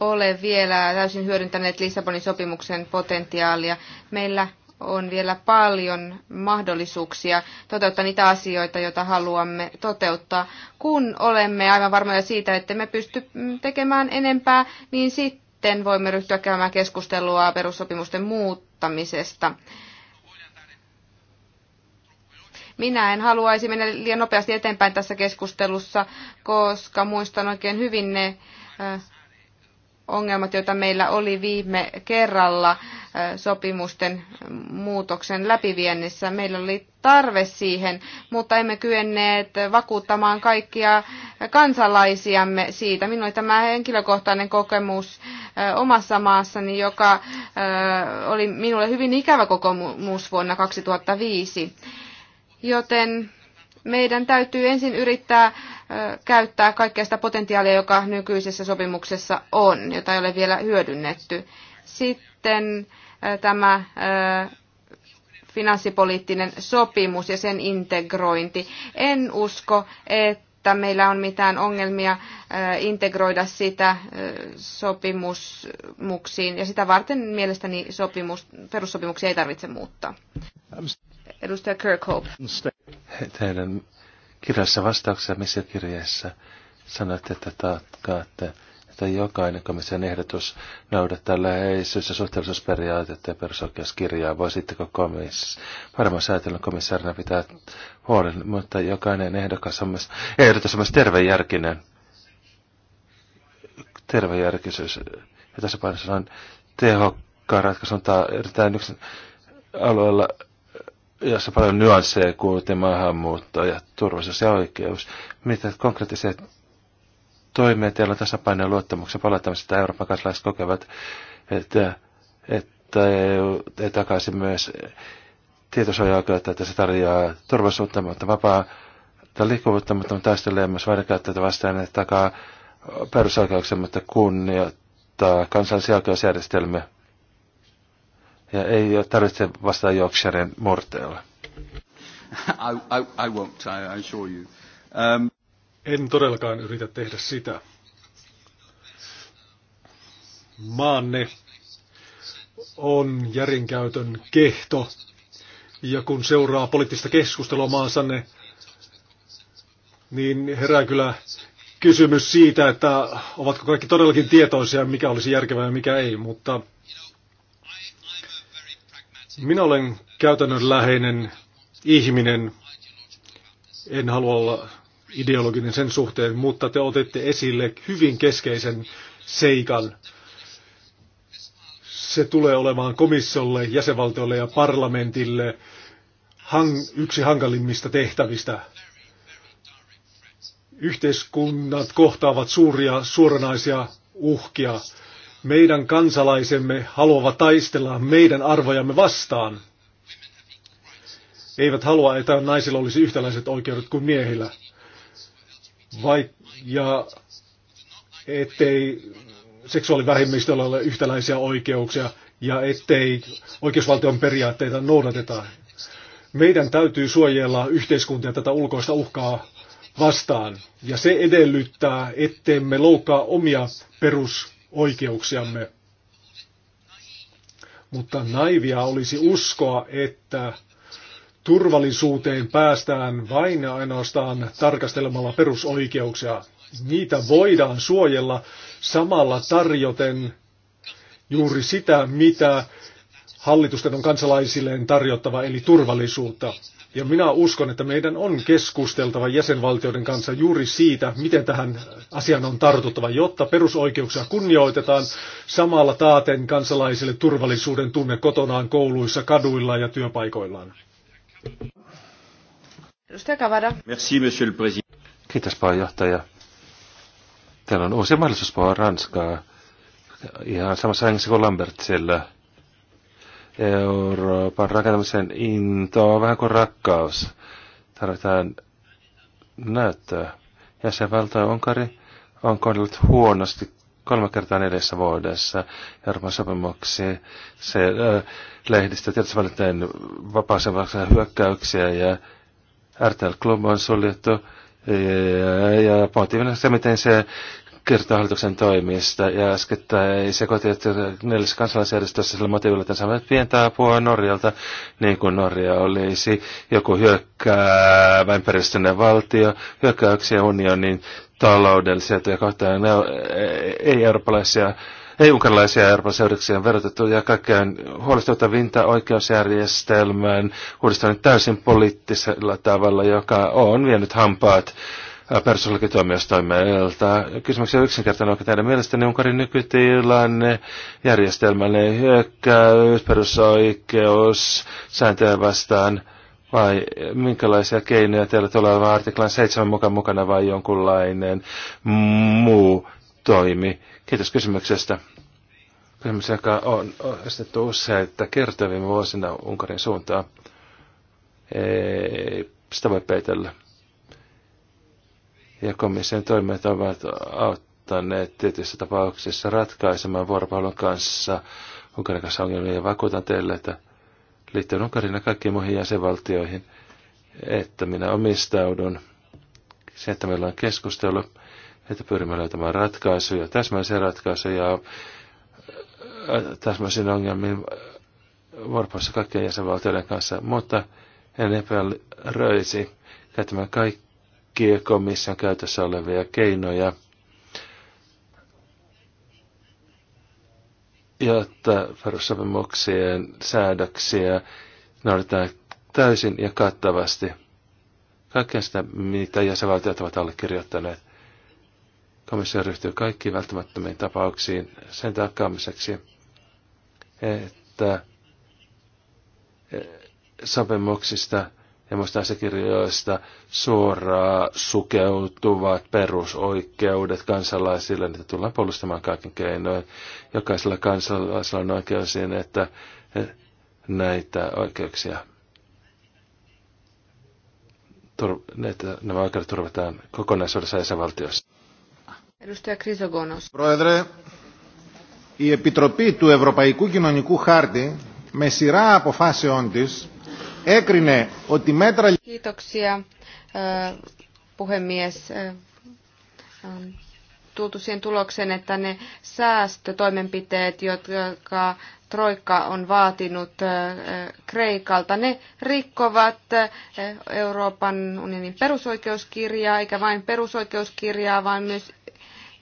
ole vielä täysin hyödyntäneet Lissabonin sopimuksen potentiaalia. Meillä on vielä paljon mahdollisuuksia toteuttaa niitä asioita, joita haluamme toteuttaa. Kun olemme aivan varmoja siitä, että me pysty tekemään enempää, niin sitten voimme ryhtyä käymään keskustelua perussopimusten muuttamisesta. Minä en haluaisi mennä liian nopeasti eteenpäin tässä keskustelussa, koska muistan oikein hyvin ne äh, ongelmat, joita meillä oli viime kerralla sopimusten muutoksen läpiviennissä. Meillä oli tarve siihen, mutta emme kyenneet vakuuttamaan kaikkia kansalaisiamme siitä. Minulla oli tämä henkilökohtainen kokemus omassa maassani, joka oli minulle hyvin ikävä kokemus vuonna 2005. Joten meidän täytyy ensin yrittää käyttää kaikkea sitä potentiaalia, joka nykyisessä sopimuksessa on, jota ei ole vielä hyödynnetty. Sitten tämä finanssipoliittinen sopimus ja sen integrointi. En usko, että meillä on mitään ongelmia integroida sitä sopimuksiin, ja sitä varten mielestäni sopimus, perussopimuksia ei tarvitse muuttaa. Edustaja Kirkhope. Teidän kirjassa vastauksessa missä kirjeessä sanotte, että taatkaatte, että jokainen komission ehdotus noudattaa läheisyys- ja suhteellisuusperiaatetta ja perusoikeuskirjaa. Voisitteko komis, varmaan säätelyn komissaarina pitää huolen, mutta jokainen ehdokas on myös, ehdotus on myös tervejärkinen. Tervejärkisyys. Ja tässä painossa on tehokkaan ratkaisun tai erittäin yksin alueella jossa paljon nyansseja kuultiin maahanmuutto ja turvallisuus ja oikeus. Mitä konkreettisia toimia teillä on tasapaino luottamuksen palauttamisesta Euroopan kansalaiset kokevat, että, että EU ei takaisin myös tietosuoja että se tarjoaa turvallisuutta, mutta vapaa tai liikkuvuutta, mutta taistelee myös väärinkäyttäjätä vastaan, että takaa perusoikeuksia, mutta kunnioittaa kansallisia oikeusjärjestelmiä ja ei ole tarvitse vastaa Yorkshiren murteella. I, I, I won't, I assure you. Um... En todellakaan yritä tehdä sitä. Maanne on järinkäytön kehto. Ja kun seuraa poliittista keskustelua maansanne, niin herää kyllä kysymys siitä, että ovatko kaikki todellakin tietoisia, mikä olisi järkevää ja mikä ei, mutta minä olen käytännönläheinen ihminen. En halua olla ideologinen sen suhteen, mutta te otette esille hyvin keskeisen seikan. Se tulee olemaan komissiolle, jäsenvaltiolle ja parlamentille hang- yksi hankalimmista tehtävistä. Yhteiskunnat kohtaavat suuria suoranaisia uhkia meidän kansalaisemme haluavat taistella meidän arvojamme vastaan. Eivät halua, että naisilla olisi yhtäläiset oikeudet kuin miehillä. Vai, ja ettei seksuaalivähemmistöllä ole yhtäläisiä oikeuksia ja ettei oikeusvaltion periaatteita noudateta. Meidän täytyy suojella yhteiskuntia tätä ulkoista uhkaa vastaan. Ja se edellyttää, ettei me loukkaa omia perus oikeuksiamme. Mutta naivia olisi uskoa, että turvallisuuteen päästään vain ainoastaan tarkastelemalla perusoikeuksia. Niitä voidaan suojella samalla tarjoten juuri sitä, mitä hallitusten on kansalaisilleen tarjottava, eli turvallisuutta. Ja minä uskon, että meidän on keskusteltava jäsenvaltioiden kanssa juuri siitä, miten tähän asiaan on tartuttava, jotta perusoikeuksia kunnioitetaan samalla taaten kansalaisille turvallisuuden tunne kotonaan, kouluissa, kaduilla ja työpaikoillaan. Merci, monsieur le président. Kiitos, pääjohtaja. Täällä on uusi mahdollisuus puhua Ranskaa ihan samassa hengessä kuin siellä. Euroopan rakentamisen intoa vähän kuin rakkaus. Tarvitaan näyttöä. Jäsenvaltio Unkari on kohdellut huonosti kolme kertaa neljässä vuodessa Euroopan sopimuksiin. Se äh, lehdistö tietysti valittain vapaaseen hyökkäyksiä ja RTL Club on suljettu. Ja, ja, ja positiivinen se, miten se kertoo hallituksen toimista ja äskettäin sekoitettiin neljäs kansalaisjärjestössä sillä motiivilla, että saavat pientä apua Norjalta, niin kuin Norja olisi joku hyökkäävä ympäristöinen valtio, hyökkäyksiä unionin taloudellisia ja kohta e, ei eurooppalaisia ei unkarilaisia Euroopan seuraksi on verotettu ja kaikkein huolestuttavinta oikeusjärjestelmään uudistunut täysin poliittisella tavalla, joka on vienyt hampaat Kysymyksiä on yksinkertainen onko teidän mielestäni Unkarin nykytilanne, järjestelmänne hyökkäys, perusoikeus, sääntöjä vastaan, vai minkälaisia keinoja teillä tulee olemaan artiklan 7 mukaan mukana vai jonkunlainen muu toimi? Kiitos kysymyksestä. Kysymys, joka on usein, että kertoja viime vuosina Unkarin suuntaan. Ei sitä voi peitellä ja komission toimet ovat auttaneet tietyissä tapauksissa ratkaisemaan vuoropuhelun kanssa Unkarin kanssa ongelmia ja vakuutan teille, että liittyen Unkarin ja kaikkiin muihin jäsenvaltioihin, että minä omistaudun se, että meillä on keskustelu, että pyrimme löytämään ratkaisuja, täsmällisiä ratkaisuja täsmäisiin ongelmiin vuoropuhelussa kaikkien jäsenvaltioiden kanssa, mutta en epäröisi käyttämään kaikki kiekomissa käytössä olevia keinoja, jotta perussopimuksien säädöksiä noudatetaan täysin ja kattavasti. Kaikkea sitä, mitä jäsenvaltiot ovat allekirjoittaneet. Komissio ryhtyy kaikkiin välttämättömiin tapauksiin sen takaamiseksi, että sopimuksista ja muista asiakirjoista suoraan sukeutuvat perusoikeudet kansalaisille. Niitä tullaan puolustamaan kaiken keinoin. Jokaisella kansalaisella on oikeus siinä, että näitä oikeuksia näitä, nämä oikeudet turvataan kokonaisuudessa jäsenvaltiossa. Edustaja Krisogonos. Proedre, η Επιτροπή του Ευρωπαϊκού Κοινωνικού Χάρτη με σειρά αποφάσεών της Ekrine, ότι μέτρα... Kiitoksia, puhemies. Tultu siihen tulokseen, että ne säästötoimenpiteet, jotka Troikka on vaatinut Kreikalta. Ne rikkovat Euroopan unionin perusoikeuskirjaa, eikä vain perusoikeuskirjaa, vaan myös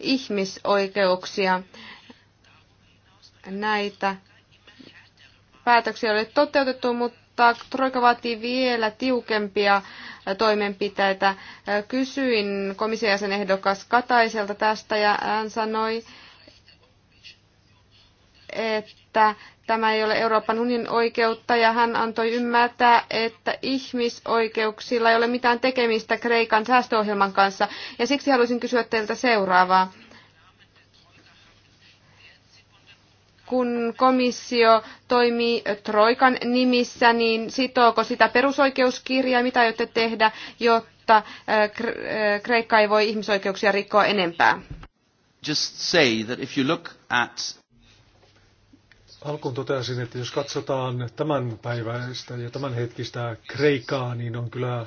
ihmisoikeuksia. Näitä päätöksiä ei ole toteutettu, mutta Troika vaatii vielä tiukempia toimenpiteitä. Kysyin komission ehdokas Kataiselta tästä ja hän sanoi, että tämä ei ole Euroopan unionin oikeutta ja hän antoi ymmärtää, että ihmisoikeuksilla ei ole mitään tekemistä Kreikan säästöohjelman kanssa. Ja siksi haluaisin kysyä teiltä seuraavaa. kun komissio toimii Troikan nimissä, niin sitooko sitä perusoikeuskirjaa, mitä aiotte tehdä, jotta äh, äh, Kreikka ei voi ihmisoikeuksia rikkoa enempää? Just say that if you look at... Alkuun totesin, että jos katsotaan tämän päiväistä ja tämän hetkistä Kreikkaa, niin on kyllä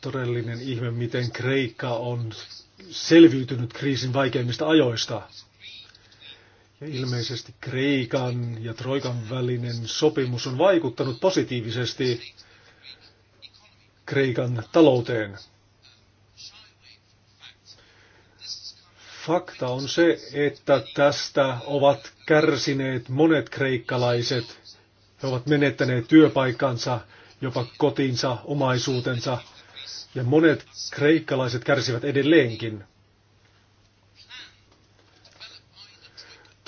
todellinen ihme, miten Kreikka on selviytynyt kriisin vaikeimmista ajoista. Ja ilmeisesti Kreikan ja Troikan välinen sopimus on vaikuttanut positiivisesti Kreikan talouteen. Fakta on se, että tästä ovat kärsineet monet kreikkalaiset. He ovat menettäneet työpaikkansa, jopa kotinsa, omaisuutensa. Ja monet kreikkalaiset kärsivät edelleenkin.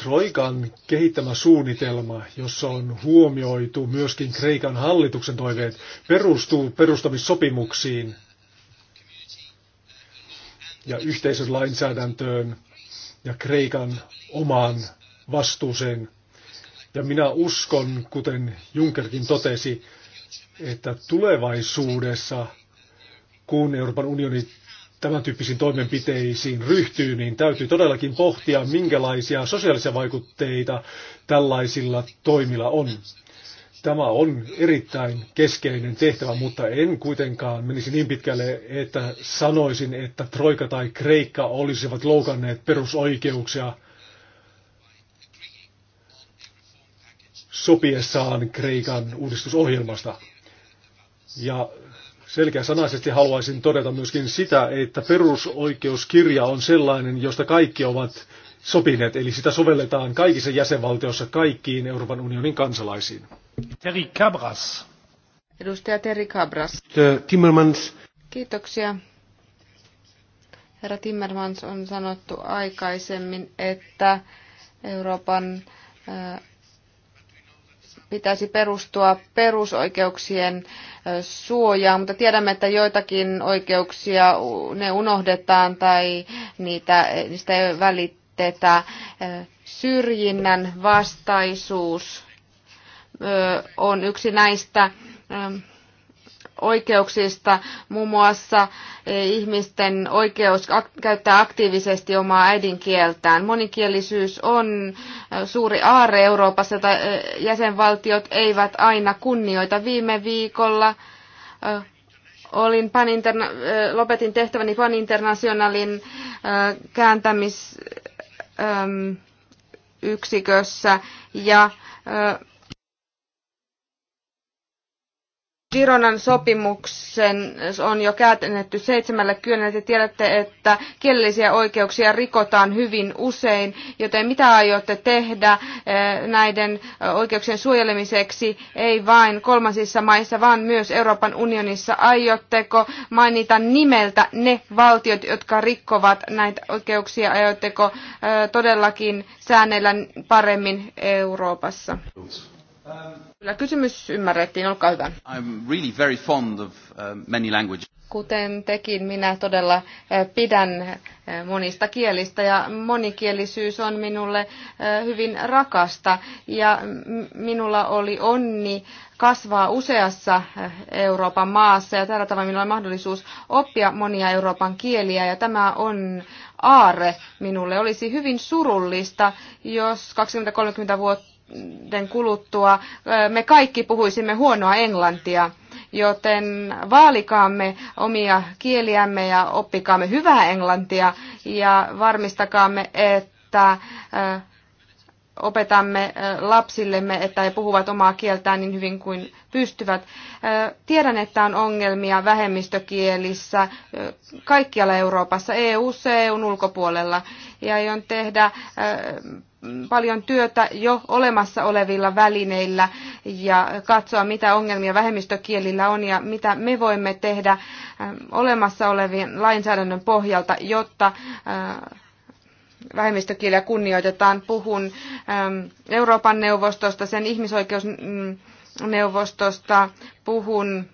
Troikan kehittämä suunnitelma, jossa on huomioitu myöskin Kreikan hallituksen toiveet, perustuu perustamissopimuksiin ja yhteisön lainsäädäntöön ja Kreikan omaan vastuuseen. Ja minä uskon, kuten Junckerkin totesi, että tulevaisuudessa, kun Euroopan unioni tämän tyyppisiin toimenpiteisiin ryhtyy, niin täytyy todellakin pohtia, minkälaisia sosiaalisia vaikutteita tällaisilla toimilla on. Tämä on erittäin keskeinen tehtävä, mutta en kuitenkaan menisi niin pitkälle, että sanoisin, että Troika tai Kreikka olisivat loukanneet perusoikeuksia sopiessaan Kreikan uudistusohjelmasta. Ja Selkeäsanaisesti haluaisin todeta myöskin sitä, että perusoikeuskirja on sellainen, josta kaikki ovat sopineet, eli sitä sovelletaan kaikissa jäsenvaltioissa kaikkiin Euroopan unionin kansalaisiin. Terry Cabras. Edustaja Terry Cabras. Timmermans. Kiitoksia. Herra Timmermans on sanottu aikaisemmin, että Euroopan äh, pitäisi perustua perusoikeuksien äh, suojaa, mutta tiedämme, että joitakin oikeuksia ne unohdetaan tai niitä, niistä ei välitetä. Syrjinnän vastaisuus on yksi näistä oikeuksista, muun muassa e, ihmisten oikeus käyttää aktiivisesti omaa äidinkieltään. Monikielisyys on e, suuri aare Euroopassa, jota e, jäsenvaltiot eivät aina kunnioita. Viime viikolla olin Pan lopetin tehtäväni paninternationalin kääntämisyksikössä kääntämis yksikössä ja Gironan sopimuksen on jo käytännetty seitsemälle kyllä, Te tiedätte, että kielellisiä oikeuksia rikotaan hyvin usein, joten mitä aiotte tehdä eh, näiden oikeuksien suojelemiseksi, ei vain kolmansissa maissa, vaan myös Euroopan unionissa? Aiotteko mainita nimeltä ne valtiot, jotka rikkovat näitä oikeuksia? Aiotteko eh, todellakin säännellä paremmin Euroopassa? Um, Kyllä kysymys ymmärrettiin, olkaa hyvä. I'm really very fond of uh, many languages. Kuten tekin, minä todella uh, pidän uh, monista kielistä ja monikielisyys on minulle hyvin rakasta. Ja minulla oli onni kasvaa useassa Euroopan maassa ja tällä tavalla minulla on mahdollisuus oppia monia Euroopan kieliä ja tämä on aarre minulle. Olisi hyvin surullista, jos 20-30 vuotta vuoden kuluttua me kaikki puhuisimme huonoa englantia, joten vaalikaamme omia kieliämme ja oppikaamme hyvää englantia ja varmistakaamme, että opetamme lapsillemme, että he puhuvat omaa kieltään niin hyvin kuin pystyvät. Tiedän, että on ongelmia vähemmistökielissä kaikkialla Euroopassa, EU-ssa ja EUn ulkopuolella. Ja aion tehdä paljon työtä jo olemassa olevilla välineillä ja katsoa, mitä ongelmia vähemmistökielillä on ja mitä me voimme tehdä ähm, olemassa olevien lainsäädännön pohjalta, jotta äh, vähemmistökieliä kunnioitetaan. Puhun ähm, Euroopan neuvostosta, sen ihmisoikeusneuvostosta, puhun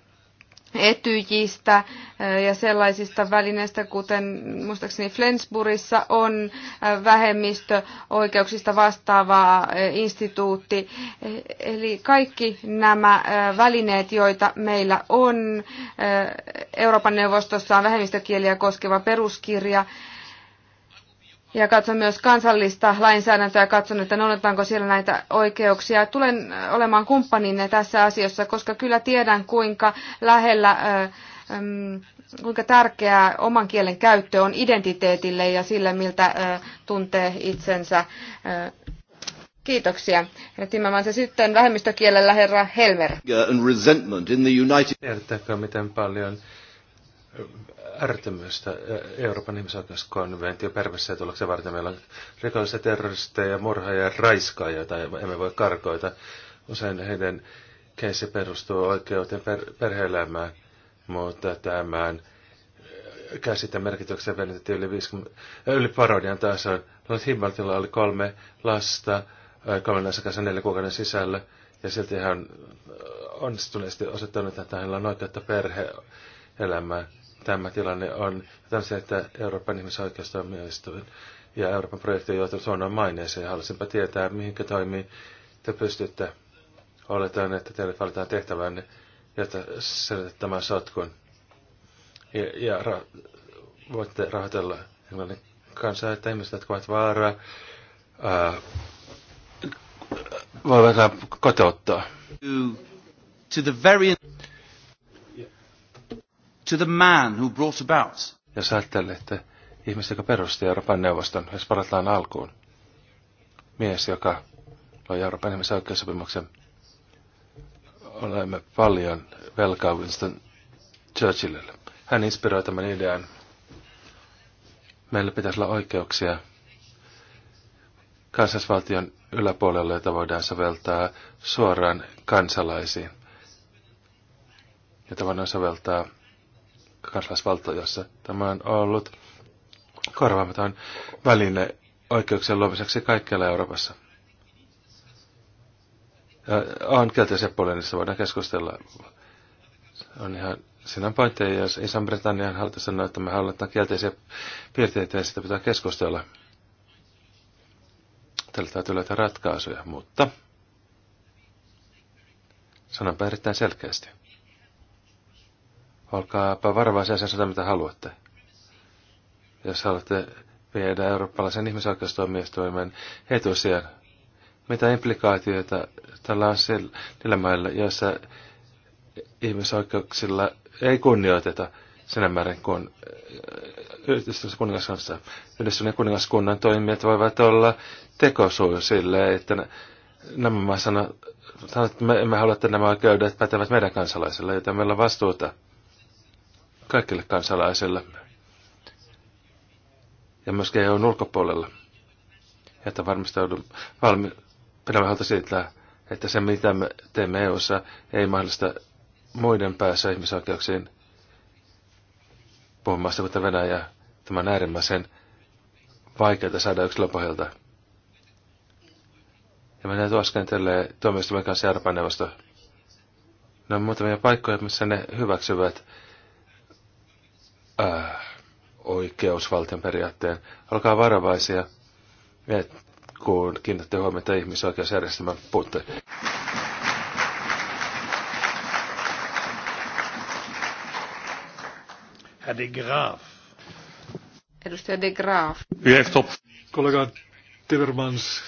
etyjistä eh, ja sellaisista välineistä, kuten muistaakseni Flensburgissa on eh, vähemmistöoikeuksista vastaava eh, instituutti. Eli kaikki nämä välineet, joita meillä on, Euroopan neuvostossa on vähemmistökieliä koskeva peruskirja, ja katson myös kansallista lainsäädäntöä ja katson, että noudatetaanko siellä näitä oikeuksia. Tulen olemaan kumppaninne tässä asiassa, koska kyllä tiedän, kuinka lähellä, kuinka tärkeää oman kielen käyttö on identiteetille ja sille, miltä tuntee itsensä. Kiitoksia. Timman, se sitten vähemmistökielellä herra Helmer. resentment in the United... Tiedättekö, miten paljon ärtymystä Euroopan ihmisoikeuskonventio perversiä tuloksen varten. Meillä on rikollisia terroristeja, murhaajia, raiskaajia, joita emme voi karkoita. Usein heidän keissi perustuu oikeuteen per, perhe-elämään, mutta tämän käsitän merkityksen venetettiin yli, 50, yli parodian tasoon. Lord Himmeltillä oli kolme lasta kolmen asiakkaan neljä kuukauden sisällä, ja silti hän onnistuneesti osoittanut, että hänellä on oikeutta perhe-elämään tämä tilanne on. Tämä se, että Euroopan ihmisoikeustoimijoistuin ja Euroopan projekti on joutunut maineeseen. Haluaisinpa tietää, mihinkä toimii te pystytte. Oletan, että teille valitaan tehtävänne, jotta selitätte tämän sotkun. Ja, ja ra- voitte rahoitella englannin kansaa, että ihmiset, jotka ovat vaaraa, voivat kotouttaa. To the very to the man who brought about. ajattelet, että ihmistä, joka perusti Euroopan neuvoston, jos palataan alkuun, mies, joka loi Euroopan ihmisoikeussopimuksen, olemme paljon velkaa Winston Churchillille. Hän inspiroi tämän idean. Meillä pitäisi olla oikeuksia kansallisvaltion yläpuolella, jota voidaan soveltaa suoraan kansalaisiin, jota voidaan soveltaa kansalaisvaltiossa. Tämä on ollut korvaamaton väline oikeuksien luomiseksi kaikkialla Euroopassa. Ja on kielteisiä puolia, niistä voidaan keskustella. On ihan siinä on pointteja, jos Iso-Britannian hallitus sanoo, että me halutaan kielteisiä piirteitä ja sitä pitää keskustella. Tällä täytyy löytää ratkaisuja, mutta sanonpa erittäin selkeästi. Olkaapa varovaisia ja sitä, mitä haluatte. Jos haluatte viedä eurooppalaisen ihmisoikeustoimistoimen etusijan, mitä implikaatioita tällä on sillä mailla, joissa ihmisoikeuksilla ei kunnioiteta sinä määrin kuin äh, yhdistyneessä kuningaskunnassa. Yhdistyneen kuningaskunnan toimijat voivat olla tekosuu sille, että nämä maat sanovat, että me emme halua, että nämä oikeudet pätevät meidän kansalaisille, joten meillä on vastuuta kaikille kansalaisille ja myöskin EUn ulkopuolella. Ja että varmistaudun, valmi, pidämme huolta siitä, että se mitä me teemme EUssa ei mahdollista muiden päässä ihmisoikeuksiin puhumassa, mutta Venäjä, tämä äärimmäisen vaikeita saada yksilöpohjalta. Ja me näytän askentelee tuomioistuimen kanssa Euroopan neuvosto. Ne on muutamia paikkoja, missä ne hyväksyvät äh, oikeusvaltion periaatteen. Olkaa varovaisia, kun kiinnitätte huomiota ihmisoikeusjärjestelmän puutteen. Herr de Graaf. Edustaja de Graaf. Kollega Timmermans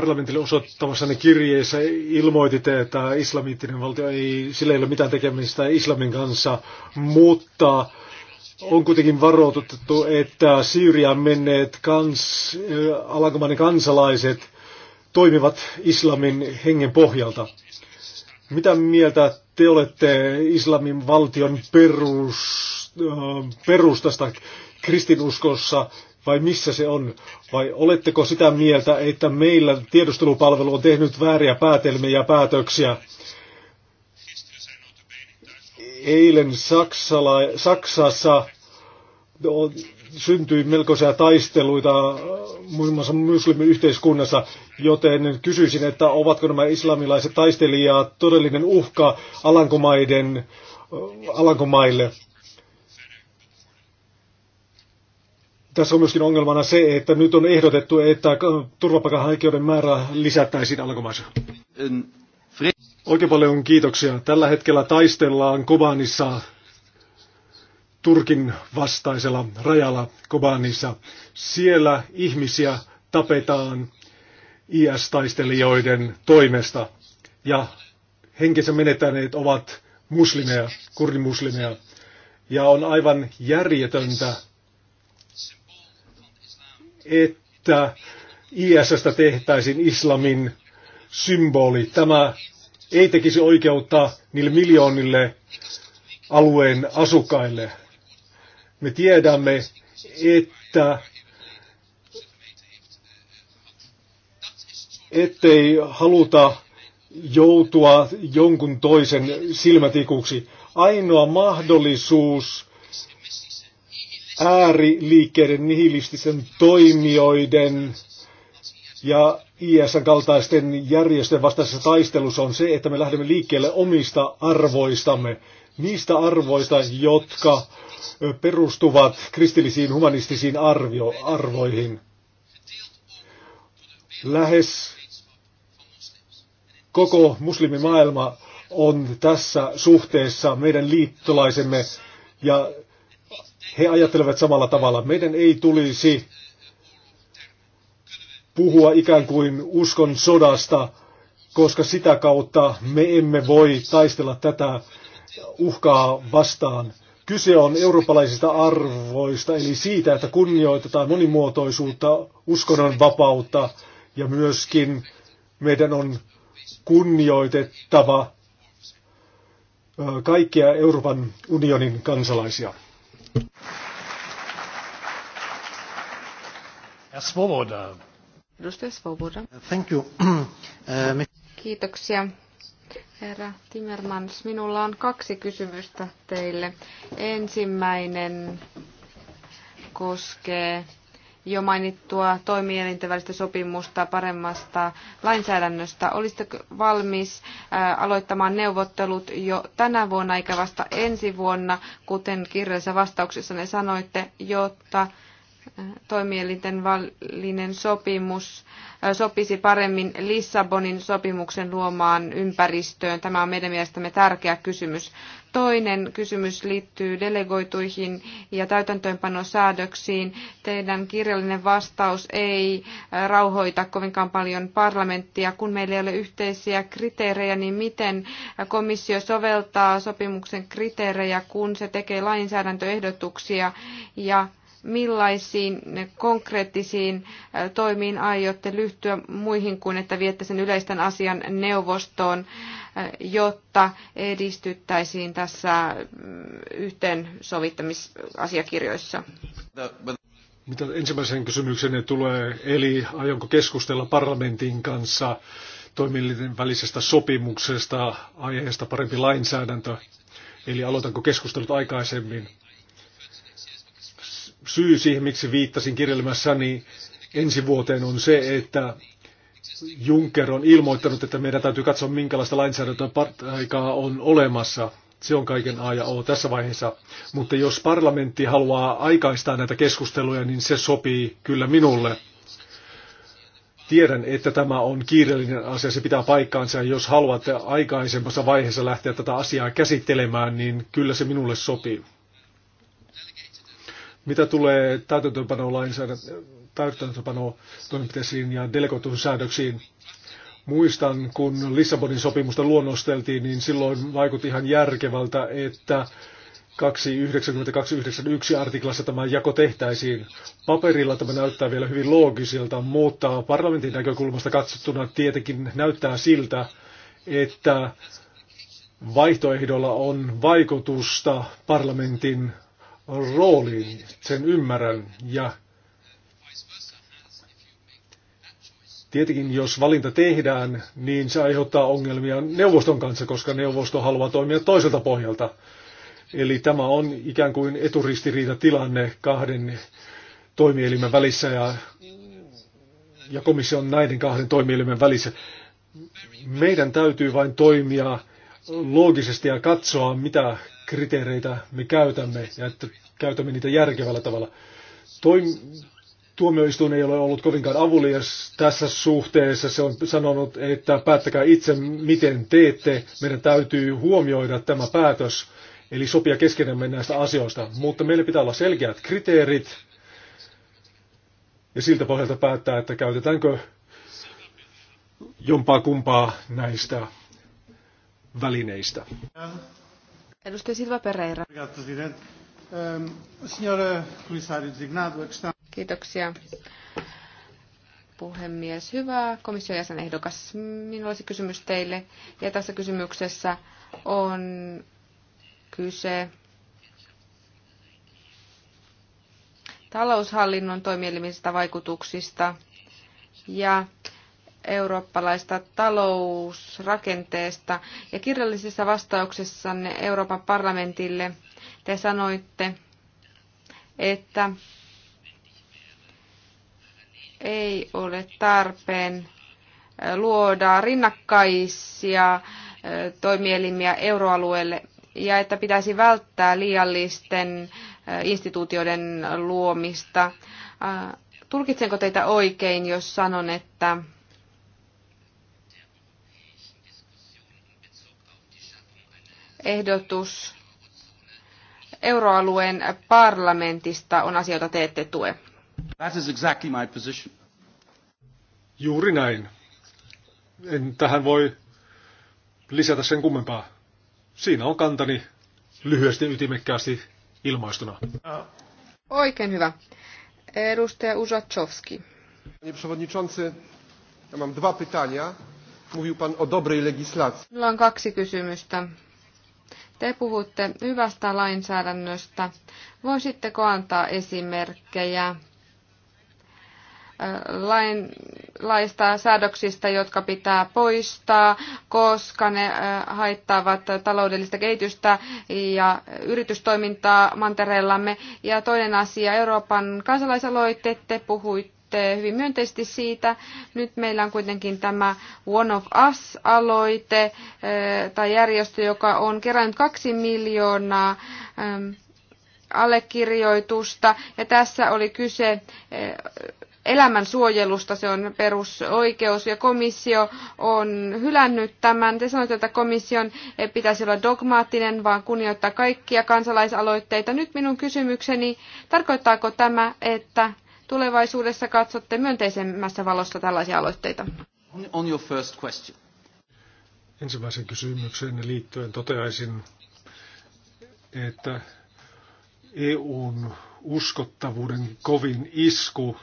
parlamentille osoittamassanne kirjeessä ilmoititte, että islamiittinen valtio ei, sillä ei ole mitään tekemistä islamin kanssa, mutta on kuitenkin varoitettu, että Syyriaan menneet kans, äh, alankomainen kansalaiset toimivat islamin hengen pohjalta. Mitä mieltä te olette islamin valtion perus, äh, perustasta kristinuskossa vai missä se on? Vai oletteko sitä mieltä, että meillä tiedustelupalvelu on tehnyt vääriä päätelmiä ja päätöksiä? Eilen Saksala, Saksassa on, syntyi melkoisia taisteluita äh, muun muassa muslimiyhteiskunnassa, joten kysyisin, että ovatko nämä islamilaiset taistelijat todellinen uhka Alankomaiden, äh, Alankomaille? Tässä on myöskin ongelmana se, että nyt on ehdotettu, että turvapaikanhakijoiden määrä lisättäisiin alkomaissa. Oikein paljon kiitoksia. Tällä hetkellä taistellaan Kobanissa Turkin vastaisella rajalla Kobanissa. Siellä ihmisiä tapetaan IS-taistelijoiden toimesta ja henkensä menettäneet ovat muslimeja, kurdimuslimeja. Ja on aivan järjetöntä, että ISS tehtäisiin islamin symboli. Tämä ei tekisi oikeutta niille miljoonille alueen asukkaille. Me tiedämme, että ettei haluta joutua jonkun toisen silmätikuksi. Ainoa mahdollisuus ääriliikkeiden nihilistisen toimijoiden ja is kaltaisten järjestöjen vastaisessa taistelussa on se, että me lähdemme liikkeelle omista arvoistamme. Niistä arvoista, jotka perustuvat kristillisiin humanistisiin arvio, arvoihin. Lähes koko muslimimaailma on tässä suhteessa meidän liittolaisemme ja he ajattelevat samalla tavalla. Meidän ei tulisi puhua ikään kuin uskon sodasta, koska sitä kautta me emme voi taistella tätä uhkaa vastaan. Kyse on eurooppalaisista arvoista, eli siitä, että kunnioitetaan monimuotoisuutta, uskonnon vapautta ja myöskin meidän on kunnioitettava kaikkia Euroopan unionin kansalaisia. Svoboda. Edustaja Svoboda. Thank you. Uh, Kiitoksia. Herra Timmermans, minulla on kaksi kysymystä teille. Ensimmäinen koskee jo mainittua toimielinten välistä sopimusta paremmasta lainsäädännöstä. Olisitteko valmis aloittamaan neuvottelut jo tänä vuonna eikä vasta ensi vuonna, kuten kirjallisessa vastauksessa ne sanoitte, jotta toimielinten välinen sopimus sopisi paremmin Lissabonin sopimuksen luomaan ympäristöön? Tämä on meidän mielestämme tärkeä kysymys. Toinen kysymys liittyy delegoituihin ja täytäntöönpanosäädöksiin. Teidän kirjallinen vastaus ei rauhoita kovinkaan paljon parlamenttia. Kun meillä ei ole yhteisiä kriteerejä, niin miten komissio soveltaa sopimuksen kriteerejä, kun se tekee lainsäädäntöehdotuksia ja millaisiin konkreettisiin toimiin aiotte lyhtyä muihin kuin, että viette sen yleisten asian neuvostoon, jotta edistyttäisiin tässä mm, yhteensovittamisasiakirjoissa? Mitä ensimmäiseen kysymykseen tulee, eli aionko keskustella parlamentin kanssa toimillinen välisestä sopimuksesta, aiheesta parempi lainsäädäntö, eli aloitanko keskustelut aikaisemmin? syy siihen, miksi viittasin kirjelmässäni ensi vuoteen, on se, että Juncker on ilmoittanut, että meidän täytyy katsoa, minkälaista aikaa on olemassa. Se on kaiken A ja O tässä vaiheessa. Mutta jos parlamentti haluaa aikaistaa näitä keskusteluja, niin se sopii kyllä minulle. Tiedän, että tämä on kiireellinen asia, se pitää paikkaansa. Jos haluatte aikaisemmassa vaiheessa lähteä tätä asiaa käsittelemään, niin kyllä se minulle sopii. Mitä tulee täytäntöönpano toimenpiteisiin ja delegoituihin säädöksiin, muistan, kun Lissabonin sopimusta luonnosteltiin, niin silloin vaikutti ihan järkevältä, että 29291 artiklassa tämä jako tehtäisiin. Paperilla tämä näyttää vielä hyvin loogisilta, mutta parlamentin näkökulmasta katsottuna tietenkin näyttää siltä, että vaihtoehdolla on vaikutusta parlamentin rooliin. Sen ymmärrän. Ja tietenkin, jos valinta tehdään, niin se aiheuttaa ongelmia neuvoston kanssa, koska neuvosto haluaa toimia toiselta pohjalta. Eli tämä on ikään kuin eturistiriitatilanne kahden toimielimen välissä ja, ja komission näiden kahden toimielimen välissä. Meidän täytyy vain toimia loogisesti ja katsoa, mitä kriteereitä me käytämme ja että käytämme niitä järkevällä tavalla. Toi, tuomioistuin ei ole ollut kovinkaan avulias tässä suhteessa. Se on sanonut, että päättäkää itse, miten teette. Meidän täytyy huomioida tämä päätös, eli sopia keskenämme näistä asioista. Mutta meillä pitää olla selkeät kriteerit ja siltä pohjalta päättää, että käytetäänkö jompaa kumpaa näistä välineistä. Edustaja Silva Pereira. Ehm, eh, Kiitoksia puhemies. Hyvä komission jäsenehdokas. Minulla olisi kysymys teille. Ja tässä kysymyksessä on kyse taloushallinnon toimielimistä vaikutuksista ja eurooppalaista talousrakenteesta. Ja kirjallisessa vastauksessanne Euroopan parlamentille te sanoitte, että ei ole tarpeen luoda rinnakkaisia toimielimiä euroalueelle ja että pitäisi välttää liiallisten instituutioiden luomista. Tulkitsenko teitä oikein, jos sanon, että ehdotus euroalueen parlamentista on asia, jota te ette tue. That is exactly my position. Juuri näin. En tähän voi lisätä sen kummempaa. Siinä on kantani lyhyesti ytimekkäästi ilmaistuna. Oikein hyvä. Edustaja Uzaczowski. Panie przewodniczący, ja mam dwa pytania. Mówił pan o dobrej legislacji. Minulla on kaksi kysymystä. Te puhutte hyvästä lainsäädännöstä. Voisitteko antaa esimerkkejä lain, laista säädöksistä, jotka pitää poistaa, koska ne haittaavat taloudellista kehitystä ja yritystoimintaa mantereellamme. Ja toinen asia, Euroopan kansalaisaloitteet, te puhuitte hyvin myönteisesti siitä. Nyt meillä on kuitenkin tämä One of Us-aloite eh, tai järjestö, joka on kerännyt kaksi miljoonaa allekirjoitusta. Ja tässä oli kyse eh, elämän suojelusta, se on perusoikeus, ja komissio on hylännyt tämän. Te sanoitte, että komission ei pitäisi olla dogmaattinen, vaan kunnioittaa kaikkia kansalaisaloitteita. Nyt minun kysymykseni, tarkoittaako tämä, että tulevaisuudessa katsotte myönteisemmässä valossa tällaisia aloitteita? On your first question. Ensimmäisen kysymykseen liittyen toteaisin, että EUn uskottavuuden kovin isku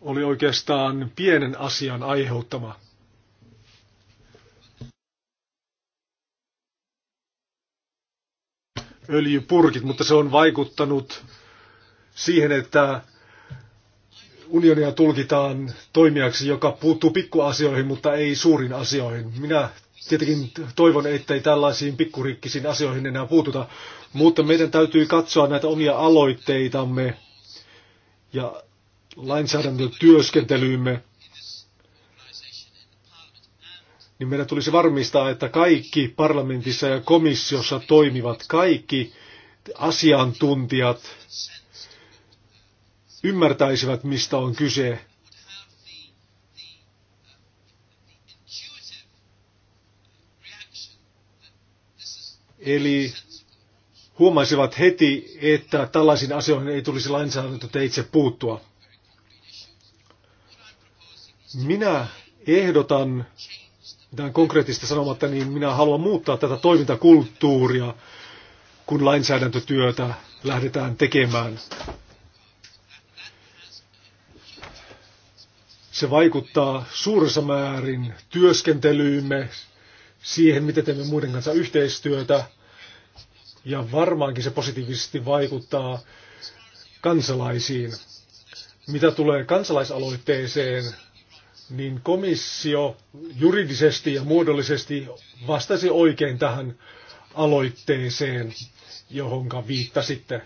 oli oikeastaan pienen asian aiheuttama. Öljypurkit, mutta se on vaikuttanut siihen, että unionia tulkitaan toimijaksi, joka puuttuu pikkuasioihin, mutta ei suurin asioihin. Minä tietenkin toivon, ettei tällaisiin pikkurikkisiin asioihin enää puututa, mutta meidän täytyy katsoa näitä omia aloitteitamme ja lainsäädäntötyöskentelyymme, niin meidän tulisi varmistaa, että kaikki parlamentissa ja komissiossa toimivat, kaikki asiantuntijat, ymmärtäisivät, mistä on kyse. Eli huomaisivat heti, että tällaisiin asioihin ei tulisi itse puuttua. Minä ehdotan, mitään konkreettista sanomatta, niin minä haluan muuttaa tätä toimintakulttuuria, kun lainsäädäntötyötä lähdetään tekemään. Se vaikuttaa suuressa määrin työskentelyymme, siihen, miten teemme muiden kanssa yhteistyötä. Ja varmaankin se positiivisesti vaikuttaa kansalaisiin. Mitä tulee kansalaisaloitteeseen, niin komissio juridisesti ja muodollisesti vastasi oikein tähän aloitteeseen, johonka viittasitte.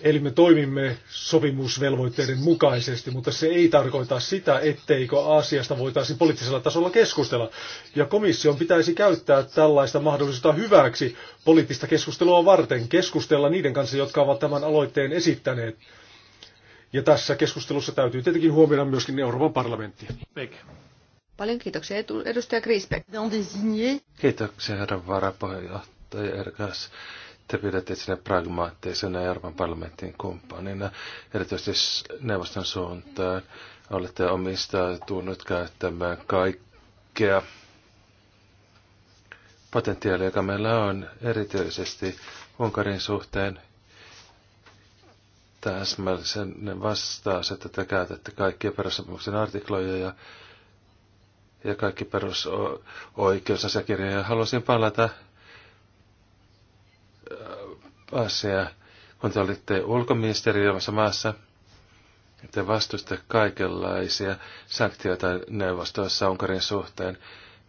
Eli me toimimme sopimusvelvoitteiden mukaisesti, mutta se ei tarkoita sitä, etteikö asiasta voitaisiin poliittisella tasolla keskustella. Ja komission pitäisi käyttää tällaista mahdollisuutta hyväksi poliittista keskustelua varten, keskustella niiden kanssa, jotka ovat tämän aloitteen esittäneet. Ja tässä keskustelussa täytyy tietenkin huomioida myöskin Euroopan parlamenttia. Paljon kiitoksia edustaja Grisbeck. Kiitoksia herra varapuheenjohtaja Erkas te pidätte sinne pragmaattisena Euroopan parlamentin kumppanina, erityisesti neuvoston suuntaan. Olette omistautuneet käyttämään kaikkea potentiaalia, joka meillä on, erityisesti Unkarin suhteen täsmällisen vastaus, että te käytätte kaikkia perussopimuksen artikloja ja, ja kaikki perusoikeusasiakirjoja. Haluaisin palata Äh, asia, kun te olitte ulkoministeriössä maassa, te vastustatte kaikenlaisia sanktioita neuvostoissa Unkarin suhteen.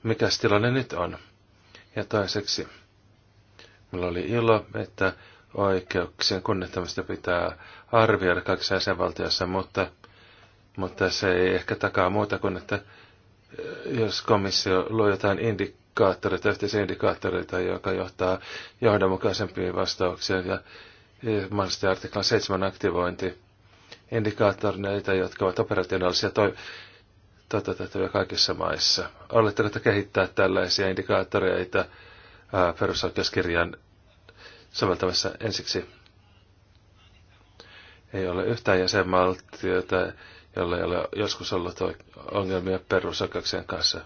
Mikä tilanne nyt on? Ja toiseksi, minulla oli ilo, että oikeuksien kunnittamista pitää arvioida kaikissa jäsenvaltioissa, mutta, mutta se ei ehkä takaa muuta kuin, että äh, jos komissio luo jotain indikaatioita, indikaattoreita, yhteisiä indikaattoreita, joka johtaa johdonmukaisempiin vastauksiin ja mahdollisesti artiklan 7 aktivointi indikaattoreita, jotka ovat operationaalisia toi, toteutettavia kaikissa maissa. te kehittää tällaisia indikaattoreita perusoikeuskirjan soveltamassa ensiksi. Ei ole yhtään jäsenvaltiota, jolla ei ole joskus ollut ongelmia perusoikeuksien kanssa.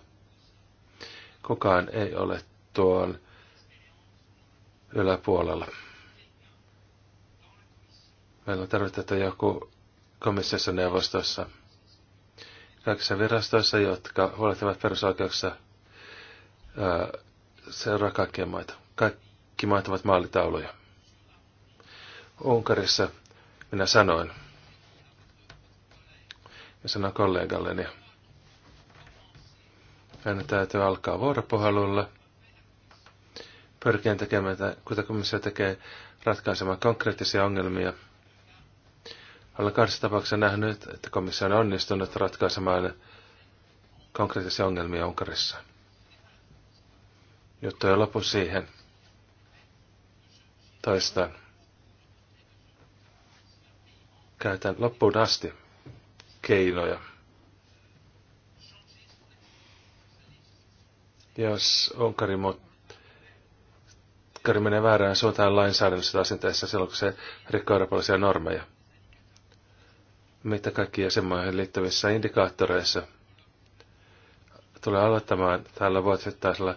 Kukaan ei ole tuon yläpuolella. Meillä on tarvittu joku komissiossa neuvostossa. Kaikissa virastoissa, jotka huolehtivat perusoikeuksia, seuraa kaikkia maita. Kaikki maat ovat maalitauluja. Unkarissa minä sanoin, ja sanoin kollegalleni, meidän täytyy alkaa vuoropuhelulla, pyrkien tekemään, kuten komissio tekee, ratkaisemaan konkreettisia ongelmia. Olen kahdessa tapauksessa nähnyt, että komissio on onnistunut ratkaisemaan konkreettisia ongelmia Unkarissa. Juttu ei lopu siihen. Toista. Käytän loppuun asti keinoja. jos mo, Kari menee väärään suuntaan lainsäädännössä asenteessa silloin, kun se rikkoo eurooppalaisia normeja. Mitä kaikkia semmoihin liittyvissä indikaattoreissa tulee aloittamaan tällä vuosittaisella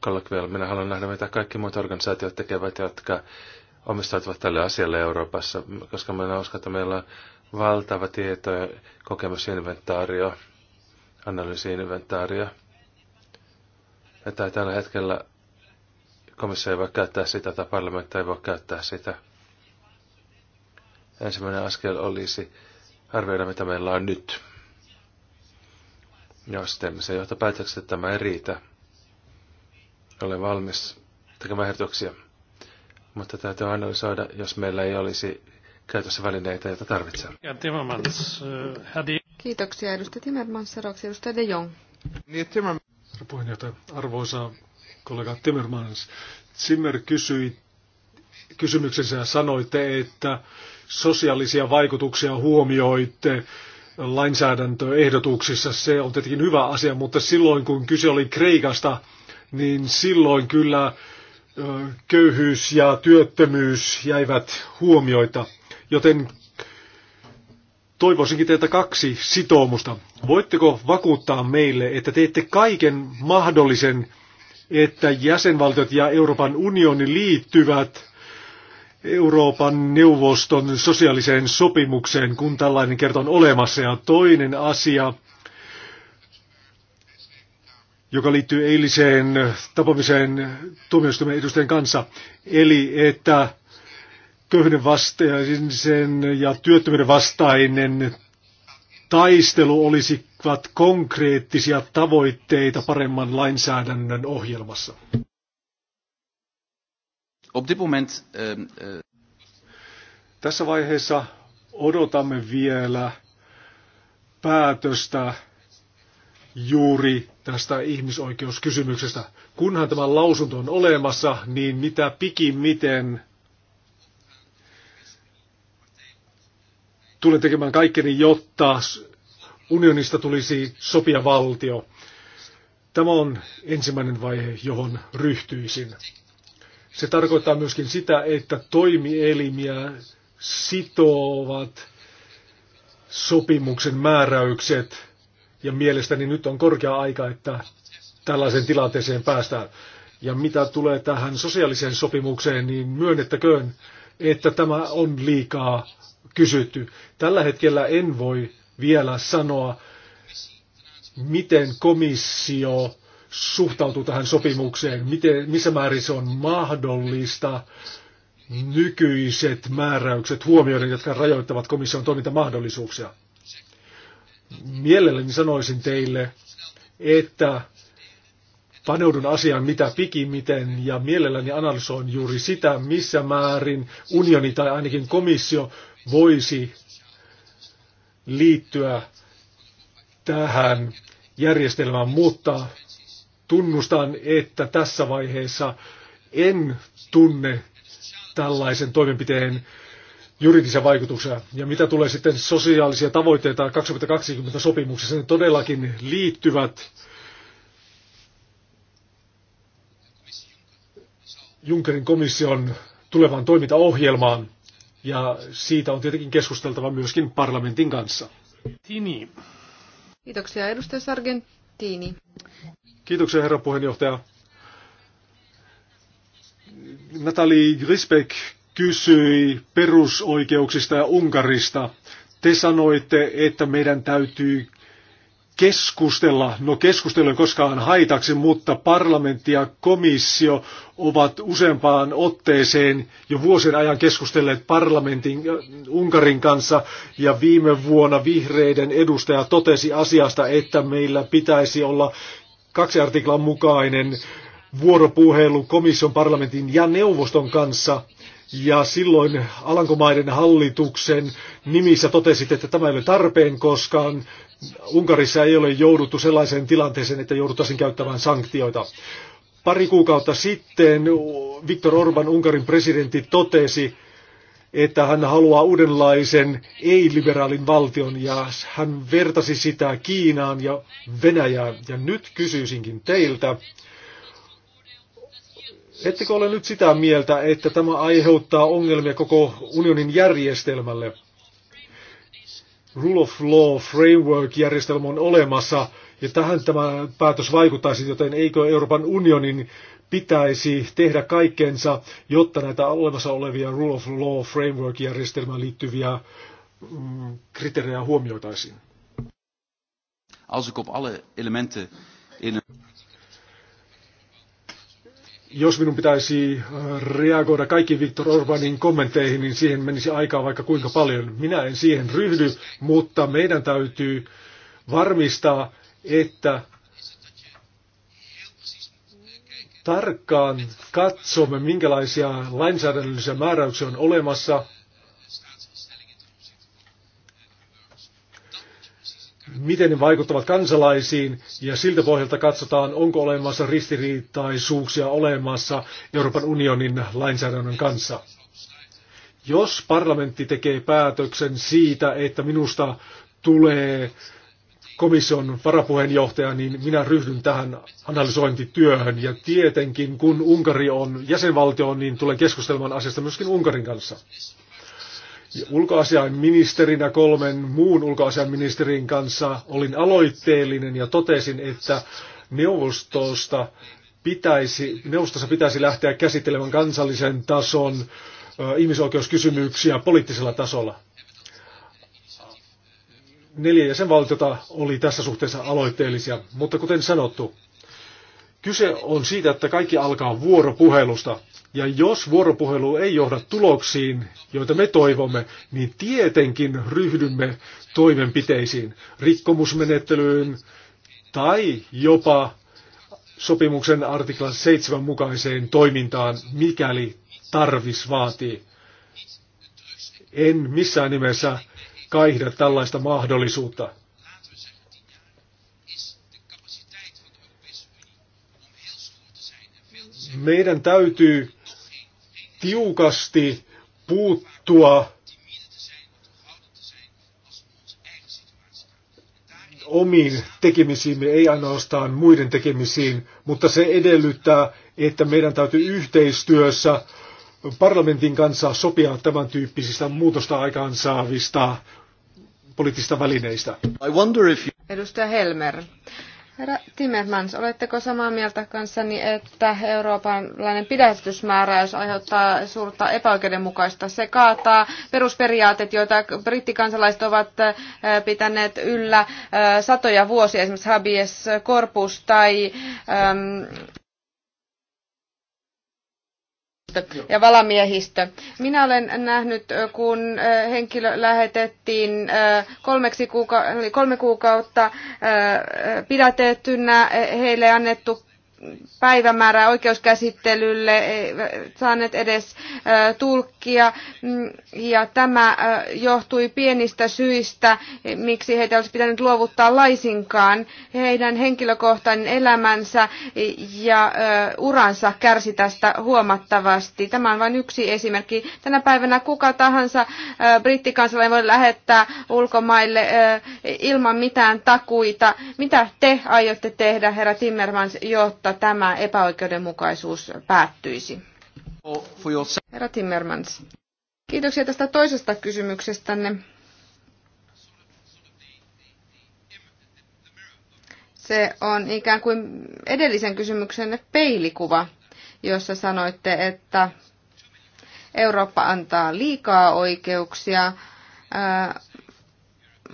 kollegialla. Minä haluan nähdä, mitä kaikki muut organisaatiot tekevät, jotka omistautuvat tälle asialle Euroopassa, koska minä uskon, että meillä on valtava tieto ja kokemusinventaario, analyysiinventaario että tällä hetkellä komissio ei voi käyttää sitä tai parlamentti ei voi käyttää sitä. Ensimmäinen askel olisi arvioida, mitä meillä on nyt. Jos se, sen johtopäätöksen, että tämä ei riitä, olen valmis tekemään ehdotuksia. Mutta täytyy analysoida, jos meillä ei olisi käytössä välineitä, joita tarvitsemme. Äh, Kiitoksia edustaja Timmermans, seuraavaksi edustaja De Jong. Niin, puheenjohtaja, arvoisa kollega Timmermans. Zimmer kysyi kysymyksensä ja sanoitte, että sosiaalisia vaikutuksia huomioitte lainsäädäntöehdotuksissa. Se on tietenkin hyvä asia, mutta silloin kun kyse oli Kreikasta, niin silloin kyllä köyhyys ja työttömyys jäivät huomioita. Joten Toivoisinkin teiltä kaksi sitoumusta. Voitteko vakuuttaa meille, että teette kaiken mahdollisen, että jäsenvaltiot ja Euroopan unioni liittyvät Euroopan neuvoston sosiaaliseen sopimukseen, kun tällainen kerta on olemassa. Ja toinen asia, joka liittyy eiliseen tapaamiseen tuomioistuimen edustajien kanssa, eli että köyhyyden vastaisen ja työttömyyden vastainen taistelu olisivat konkreettisia tavoitteita paremman lainsäädännön ohjelmassa? Op dit moment, ähm, äh... Tässä vaiheessa odotamme vielä päätöstä juuri tästä ihmisoikeuskysymyksestä. Kunhan tämä lausunto on olemassa, niin mitä pikimiten tulen tekemään kaikkeni, jotta unionista tulisi sopia valtio. Tämä on ensimmäinen vaihe, johon ryhtyisin. Se tarkoittaa myöskin sitä, että toimielimiä sitovat sopimuksen määräykset, ja mielestäni nyt on korkea aika, että tällaiseen tilanteeseen päästään. Ja mitä tulee tähän sosiaaliseen sopimukseen, niin myönnettäköön, että tämä on liikaa kysytty. Tällä hetkellä en voi vielä sanoa, miten komissio suhtautuu tähän sopimukseen, miten, missä määrin se on mahdollista, nykyiset määräykset huomioiden, jotka rajoittavat komission toimintamahdollisuuksia. Mielelläni sanoisin teille, että paneudun asiaan mitä pikimiten ja mielelläni analysoin juuri sitä, missä määrin unioni tai ainakin komissio voisi liittyä tähän järjestelmään, mutta tunnustan, että tässä vaiheessa en tunne tällaisen toimenpiteen juridisia vaikutuksia. Ja mitä tulee sitten sosiaalisia tavoitteita 2020 sopimuksessa, ne todellakin liittyvät Junckerin komission tulevaan toimintaohjelmaan. Ja siitä on tietenkin keskusteltava myöskin parlamentin kanssa. Tini. Kiitoksia edustaja Sargentini. Kiitoksia herra puheenjohtaja. Natali Grisbeck kysyi perusoikeuksista ja Unkarista. Te sanoitte, että meidän täytyy keskustella. No keskustelu ei koskaan haitaksi, mutta parlamentti ja komissio ovat useampaan otteeseen jo vuosien ajan keskustelleet parlamentin äh, Unkarin kanssa ja viime vuonna vihreiden edustaja totesi asiasta, että meillä pitäisi olla kaksi artiklan mukainen vuoropuhelu komission, parlamentin ja neuvoston kanssa. Ja silloin Alankomaiden hallituksen nimissä totesit, että tämä ei ole tarpeen, koska Unkarissa ei ole jouduttu sellaiseen tilanteeseen, että jouduttaisiin käyttämään sanktioita. Pari kuukautta sitten Viktor Orban, Unkarin presidentti, totesi, että hän haluaa uudenlaisen ei-liberaalin valtion ja hän vertasi sitä Kiinaan ja Venäjään. Ja nyt kysyisinkin teiltä, ettekö ole nyt sitä mieltä, että tämä aiheuttaa ongelmia koko unionin järjestelmälle? rule of law framework-järjestelmä on olemassa, ja tähän tämä päätös vaikuttaisi, joten eikö Euroopan unionin pitäisi tehdä kaikkensa, jotta näitä olemassa olevia rule of law framework-järjestelmään liittyviä mm, kriteerejä huomioitaisiin? Als ik op alle elementen in jos minun pitäisi äh, reagoida kaikkiin Viktor Orbanin kommentteihin, niin siihen menisi aikaa vaikka kuinka paljon. Minä en siihen ryhdy, mutta meidän täytyy varmistaa, että tarkkaan katsomme, minkälaisia lainsäädännöllisiä määräyksiä on olemassa – miten ne vaikuttavat kansalaisiin ja siltä pohjalta katsotaan, onko olemassa ristiriitaisuuksia olemassa Euroopan unionin lainsäädännön kanssa. Jos parlamentti tekee päätöksen siitä, että minusta tulee komission varapuheenjohtaja, niin minä ryhdyn tähän analysointityöhön. Ja tietenkin, kun Unkari on jäsenvaltio, niin tulee keskustelemaan asiasta myöskin Unkarin kanssa ulkoasiainministerinä kolmen muun ulkoasiainministerin kanssa olin aloitteellinen ja totesin, että neuvostosta pitäisi, neuvostossa pitäisi lähteä käsittelemään kansallisen tason ihmisoikeuskysymyksiä poliittisella tasolla. Neljä jäsenvaltiota oli tässä suhteessa aloitteellisia, mutta kuten sanottu, kyse on siitä, että kaikki alkaa vuoropuhelusta. Ja jos vuoropuhelu ei johda tuloksiin, joita me toivomme, niin tietenkin ryhdymme toimenpiteisiin, rikkomusmenettelyyn tai jopa sopimuksen artiklan 7 mukaiseen toimintaan, mikäli tarvis vaatii. En missään nimessä kaihda tällaista mahdollisuutta. Meidän täytyy tiukasti puuttua omiin tekemisiimme, ei ainoastaan muiden tekemisiin, mutta se edellyttää, että meidän täytyy yhteistyössä parlamentin kanssa sopia tämän tyyppisistä muutosta aikaansaavista poliittisista välineistä. I wonder if you... Edustaja Helmer, Herra Timmermans, oletteko samaa mieltä kanssani, että eurooppalainen pidätysmääräys aiheuttaa suurta epäoikeudenmukaista? Se kaataa perusperiaatet, joita brittikansalaiset ovat äh, pitäneet yllä äh, satoja vuosia, esimerkiksi habeas corpus tai ähm, ja valamiehistö. Minä olen nähnyt, kun henkilö lähetettiin kolmeksi kuuka- kolme kuukautta pidätettynä, e, heille annettu päivämäärää oikeuskäsittelylle, saaneet edes tulkkia, mm, ja tämä johtui pienistä syistä, miksi heitä olisi pitänyt luovuttaa laisinkaan. Heidän henkilökohtainen elämänsä ja uransa kärsi tästä huomattavasti. Tämä on vain yksi esimerkki. Tänä päivänä kuka tahansa brittikansalainen voi lähettää ulkomaille ilman mitään takuita. Mitä te aiotte tehdä, herra Timmermans, jotta jotta tämä epäoikeudenmukaisuus päättyisi. Herra Timmermans, kiitoksia tästä toisesta kysymyksestänne. Se on ikään kuin edellisen kysymyksen peilikuva, jossa sanoitte, että Eurooppa antaa liikaa oikeuksia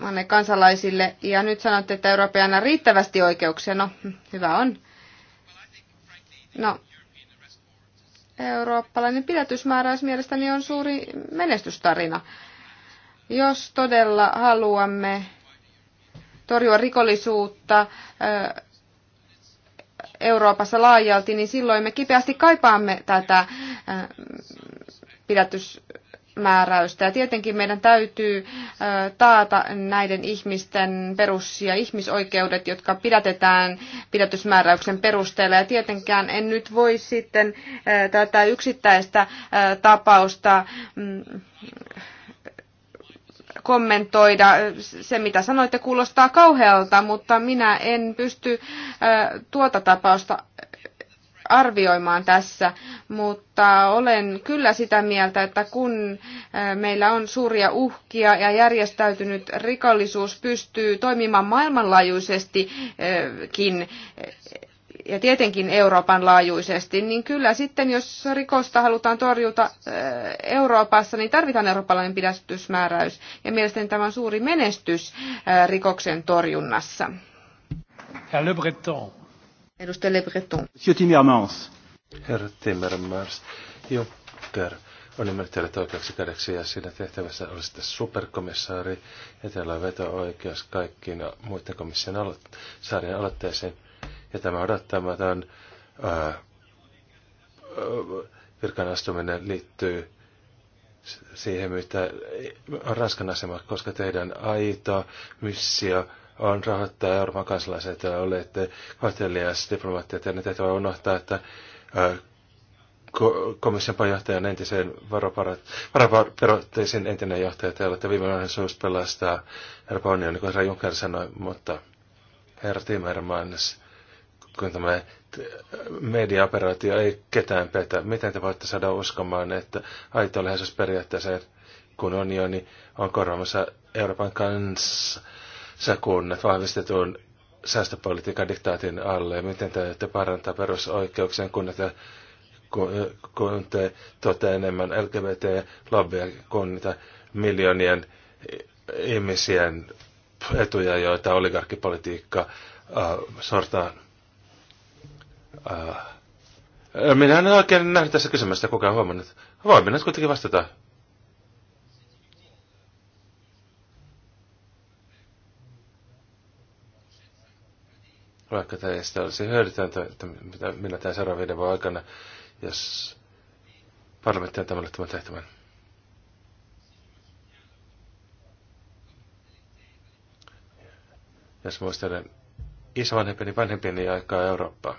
äh, kansalaisille, ja nyt sanotte, että Eurooppa ei anna riittävästi oikeuksia. No, hyvä on. No, eurooppalainen pidätysmääräys mielestäni on suuri menestystarina. Jos todella haluamme torjua rikollisuutta Euroopassa laajalti, niin silloin me kipeästi kaipaamme tätä pidätys määräystä. Ja tietenkin meidän täytyy taata näiden ihmisten perus- ja ihmisoikeudet, jotka pidätetään pidätysmääräyksen perusteella. Ja tietenkään en nyt voi sitten tätä yksittäistä tapausta mm, kommentoida. Se, mitä sanoitte, kuulostaa kauhealta, mutta minä en pysty tuota tapausta arvioimaan tässä, mutta olen kyllä sitä mieltä, että kun meillä on suuria uhkia ja järjestäytynyt rikollisuus pystyy toimimaan maailmanlaajuisestikin ja tietenkin Euroopan laajuisesti, niin kyllä sitten, jos rikosta halutaan torjuta Euroopassa, niin tarvitaan eurooppalainen pidätysmääräys. Ja mielestäni tämä on suuri menestys rikoksen torjunnassa. Herr Le Breton. Edustaja Le Breton. Monsieur Timmermans. Herra Timmermans. Juncker on ymmärtänyt oikeaksi kädeksi ja siinä tehtävässä olisitte superkomissaari ja teillä on veto-oikeus kaikkiin muiden komission alo- saarien aloitteisiin. Ja tämä odottamaton ää, äh, ää, äh, virkan astuminen liittyy siihen, mitä on Ranskan asema, koska teidän aito missio on rahoittaa Euroopan kansalaiset ja olette kohtelias diplomaattia. Teidän tehtävä on unohtaa, että komission pajohtajan entisen varaparoitteisen entinen johtaja. Te olette viime mahdollisuus pelastaa Euroopan unionin, kuin herra Juncker sanoi, mutta herra Timmermans, kun tämä mediaoperaatio ei ketään petä. Miten te voitte saada uskomaan, että aito läheisyysperiaatteeseen, kun unioni on korvaamassa Euroopan kanssa sakunnat vahvistetun säästöpolitiikan diktaatin alle miten te te parantaa perusoikeuksien, kun te, kun te tuotte enemmän LGBT-lobbyja kuin niitä miljoonien ihmisien etuja, joita oligarkkipolitiikka äh, sortaa. Äh, minä en oikein nähnyt tässä kysymystä kukaan huomannut. Voi minä kuitenkin vastata. vaikka teistä olisi hyödytöntä, että minä tämän seuraavan viiden vuoden aikana, jos parlamentti on tämän, tämän tehtävän. Jos muistelen isovanhempieni vanhempieni aikaa Eurooppaa.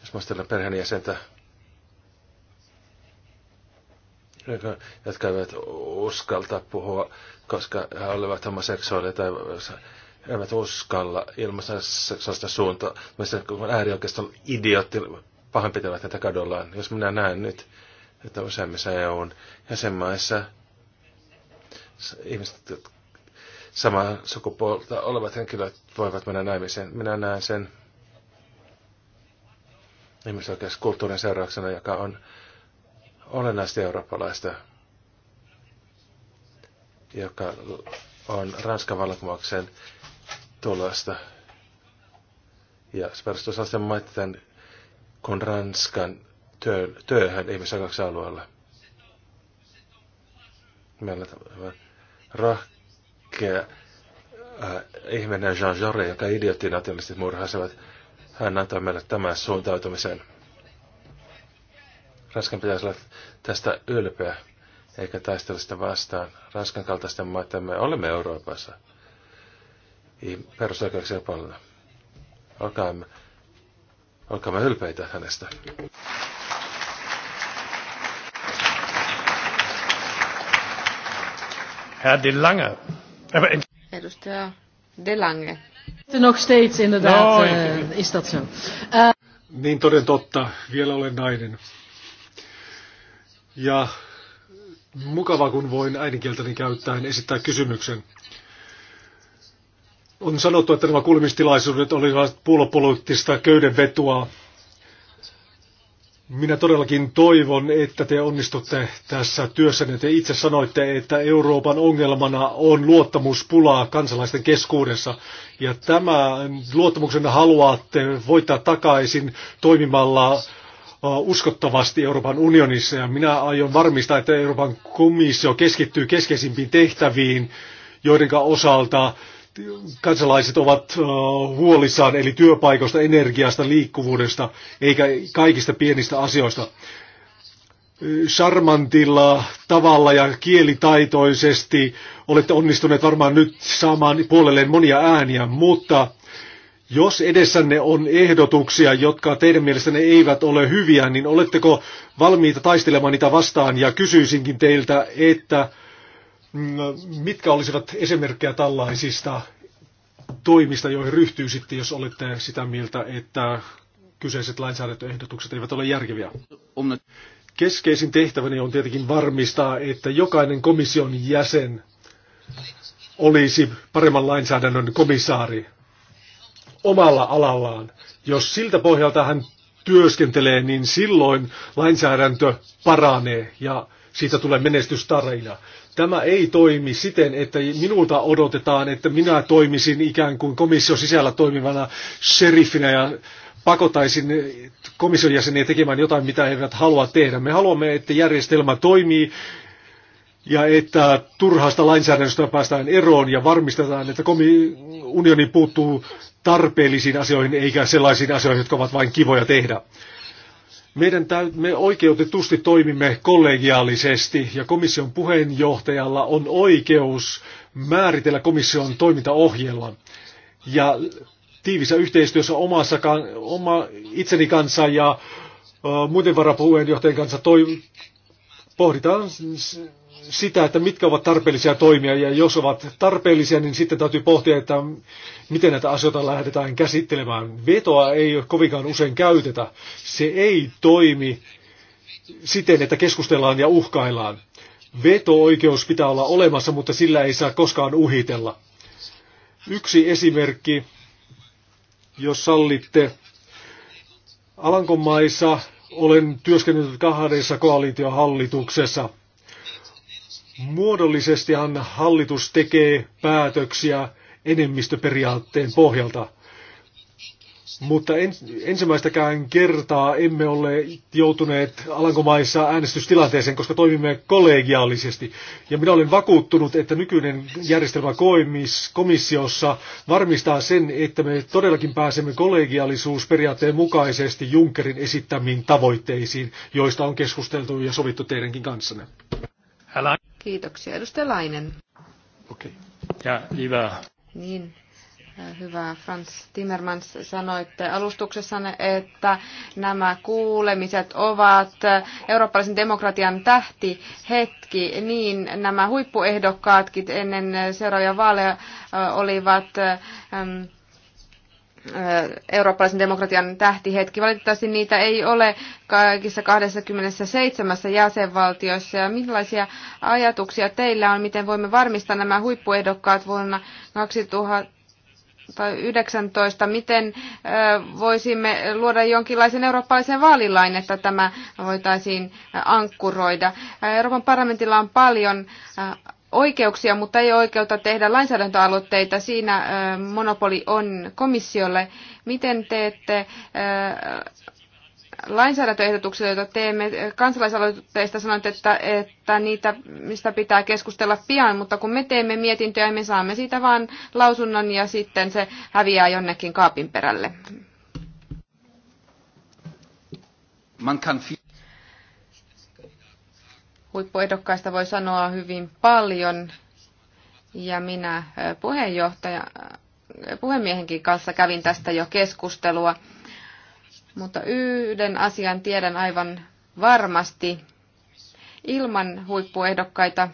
Jos muistelen perheenjäsentä, jotka eivät uskalta puhua, koska he olivat homoseksuaaleja tai eivät uskalla ilmaista sellaista suuntaa. Mielestäni kun äärioikeiston idiotti pitävät tätä kadollaan. Jos minä näen nyt, että useimmissa EUn jäsenmaissa ihmiset, samaa sukupuolta olevat henkilöt voivat mennä naimiseen. Minä näen sen ihmisoikeuskulttuurin seurauksena, joka on olennaisesti eurooppalaista, joka on Ranskan vallankumouksen tuollaista. Ja se perustuu sellaisten maiden kuin Ranskan työ, työhön kaksi alueella. Meillä on rahkea äh, ihminen Jean Jaurès, joka nationalistit murhasivat. Hän antoi meille tämän suuntautumisen. Ranskan pitäisi olla tästä ylpeä, eikä taistella sitä vastaan. Ranskan kaltaisten maiden me olemme Euroopassa perusoikeuksien puolella. Olkaamme, olkaamme ylpeitä hänestä. Herr De Lange. Edustaja De Lange. Nog steeds inderdaad no, uh, is dat zo. Uh, niin toden totta, vielä olen nainen. Ja mukava kun voin äidinkieltäni käyttäen esittää kysymyksen. On sanottu, että nämä kuulemistilaisuudet olivat puolopoliittista köydenvetoa. Minä todellakin toivon, että te onnistutte tässä työssä. Te itse sanoitte, että Euroopan ongelmana on luottamuspulaa kansalaisten keskuudessa. Ja tämä luottamuksen haluatte voittaa takaisin toimimalla uskottavasti Euroopan unionissa. Ja minä aion varmistaa, että Euroopan komissio keskittyy keskeisimpiin tehtäviin, joiden osalta kansalaiset ovat huolissaan, eli työpaikoista, energiasta, liikkuvuudesta, eikä kaikista pienistä asioista. Charmantilla tavalla ja kielitaitoisesti olette onnistuneet varmaan nyt saamaan puolelleen monia ääniä, mutta jos edessänne on ehdotuksia, jotka teidän mielestänne eivät ole hyviä, niin oletteko valmiita taistelemaan niitä vastaan? Ja kysyisinkin teiltä, että Mm, mitkä olisivat esimerkkejä tällaisista toimista, joihin ryhtyy sitten, jos olette sitä mieltä, että kyseiset lainsäädäntöehdotukset eivät ole järkeviä? Keskeisin tehtäväni on tietenkin varmistaa, että jokainen komission jäsen olisi paremman lainsäädännön komissaari omalla alallaan. Jos siltä pohjalta hän työskentelee, niin silloin lainsäädäntö paranee ja siitä tulee menestystarina. Tämä ei toimi siten, että minulta odotetaan, että minä toimisin ikään kuin komission sisällä toimivana sheriffinä ja pakottaisin komission jäseniä tekemään jotain, mitä he eivät halua tehdä. Me haluamme, että järjestelmä toimii ja että turhasta lainsäädännöstä päästään eroon ja varmistetaan, että unioni puuttuu tarpeellisiin asioihin eikä sellaisiin asioihin, jotka ovat vain kivoja tehdä. Meidän me oikeutetusti toimimme kollegiaalisesti ja komission puheenjohtajalla on oikeus määritellä komission toimintaohjelma. Ja tiivissä yhteistyössä omassa oma itseni kanssa ja ö, muiden varapuheenjohtajien kanssa toi- pohditaan sitä, että mitkä ovat tarpeellisia toimia, ja jos ovat tarpeellisia, niin sitten täytyy pohtia, että miten näitä asioita lähdetään käsittelemään. Vetoa ei kovinkaan usein käytetä. Se ei toimi siten, että keskustellaan ja uhkaillaan. Veto-oikeus pitää olla olemassa, mutta sillä ei saa koskaan uhitella. Yksi esimerkki, jos sallitte. Alankomaissa olen työskennellyt kahdessa koalitiohallituksessa. Muodollisestihan hallitus tekee päätöksiä enemmistöperiaatteen pohjalta. Mutta en, ensimmäistäkään kertaa emme ole joutuneet Alankomaissa äänestystilanteeseen, koska toimimme kollegiaalisesti. Ja minä olen vakuuttunut, että nykyinen järjestelmä koimis, komissiossa varmistaa sen, että me todellakin pääsemme kollegiaalisuusperiaatteen mukaisesti Junckerin esittämiin tavoitteisiin, joista on keskusteltu ja sovittu teidänkin kanssanne. Kiitoksia. Edustaja Lainen. Okei. Okay. Ja hyvä. Niin, äh, Hyvä Frans Timmermans, sanoitte alustuksessanne, että nämä kuulemiset ovat äh, eurooppalaisen demokratian tähti hetki, niin nämä huippuehdokkaatkin ennen seuraavia vaaleja äh, olivat ähm, eurooppalaisen demokratian tähtihetki. Valitettavasti niitä ei ole kaikissa 27 jäsenvaltioissa. Ja millaisia ajatuksia teillä on, miten voimme varmistaa nämä huippuehdokkaat vuonna 2000? tai 19, miten voisimme luoda jonkinlaisen eurooppalaisen vaalilain, että tämä voitaisiin ankkuroida. Euroopan parlamentilla on paljon oikeuksia, mutta ei oikeutta tehdä lainsäädäntöaloitteita. Siinä monopoli on komissiolle. Miten teette lainsäädäntöehdotuksia, joita teemme kansalaisaloitteista, sanoit, että, että niitä, mistä pitää keskustella pian, mutta kun me teemme mietintöjä, me saamme siitä vain lausunnon ja sitten se häviää jonnekin kaapin perälle. Man kann viel huippuehdokkaista voi sanoa hyvin paljon. Ja minä eh, puheenjohtaja, eh, puhemiehenkin kanssa kävin tästä jo keskustelua. Mutta yhden asian tiedän aivan varmasti. Ilman huippuehdokkaita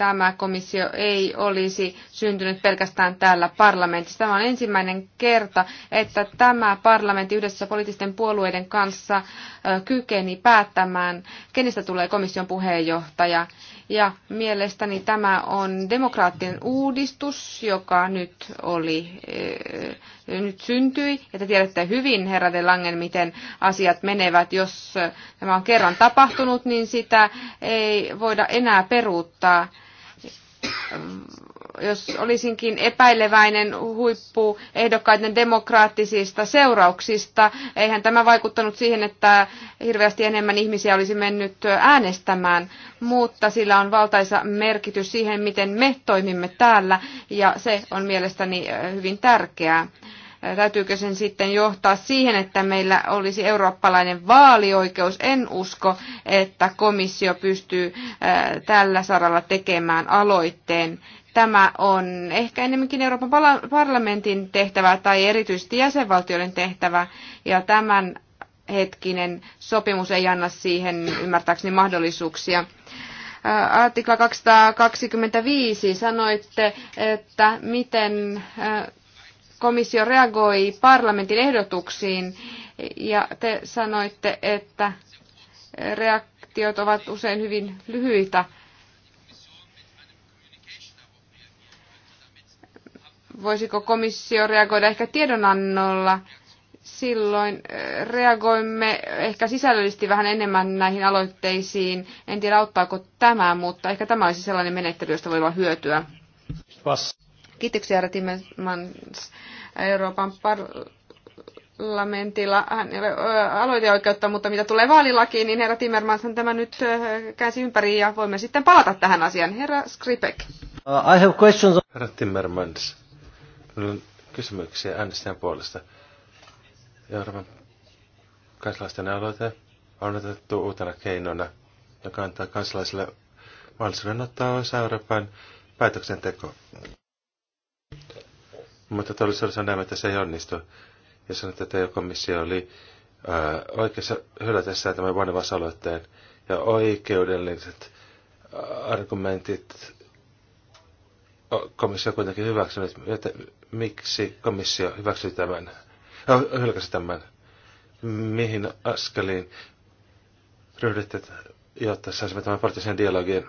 tämä komissio ei olisi syntynyt pelkästään täällä parlamentissa. Tämä on ensimmäinen kerta, että tämä parlamentti yhdessä poliittisten puolueiden kanssa kykeni päättämään, kenestä tulee komission puheenjohtaja. Ja mielestäni tämä on demokraattinen uudistus, joka nyt, oli, nyt syntyi. Ja te tiedätte hyvin, herra de Langen, miten asiat menevät. Jos tämä on kerran tapahtunut, niin sitä ei voida enää peruuttaa jos olisinkin epäileväinen huippuehdokkaiden demokraattisista seurauksista, eihän tämä vaikuttanut siihen, että hirveästi enemmän ihmisiä olisi mennyt äänestämään, mutta sillä on valtaisa merkitys siihen, miten me toimimme täällä, ja se on mielestäni hyvin tärkeää. Täytyykö sen sitten johtaa siihen, että meillä olisi eurooppalainen vaalioikeus? En usko, että komissio pystyy äh, tällä saralla tekemään aloitteen tämä on ehkä enemmänkin Euroopan parlamentin tehtävä tai erityisesti jäsenvaltioiden tehtävä, ja tämän hetkinen sopimus ei anna siihen ymmärtääkseni mahdollisuuksia. Äh, artikla 225 sanoitte, että miten äh, komissio reagoi parlamentin ehdotuksiin ja te sanoitte, että reaktiot ovat usein hyvin lyhyitä. Voisiko komissio reagoida ehkä tiedonannolla? Silloin äh, reagoimme ehkä sisällöllisesti vähän enemmän näihin aloitteisiin. En tiedä auttaako tämä, mutta ehkä tämä olisi sellainen menettely, josta voi olla hyötyä. Kiitoksia Ratimans Euroopan parlamentilla aloiteoikeutta, mutta mitä tulee vaalilakiin, niin herra Timmermans on tämä nyt käsi ympäri ja voimme sitten palata tähän asiaan. Herra Skripek. Uh, I have questions. Herra Timmermans, kysymyksiä äänestäjän puolesta. Euroopan kansalaisten aloite on otettu uutena keinona, joka antaa kansalaisille mahdollisuuden ottaa osa Euroopan päätöksentekoon. Mutta todellisuudessa näemme, että se ei onnistu. Ja sanotaan, että EU-komissio oli ää, oikeassa hylätessään tämän vanhemmasaloitteen ja oikeudelliset argumentit komissio kuitenkin hyväksynyt, että miksi komissio hyväksyi tämän, hylkäsi tämän, mihin askeliin ryhdytte, jotta saisimme tämän poliittisen dialogin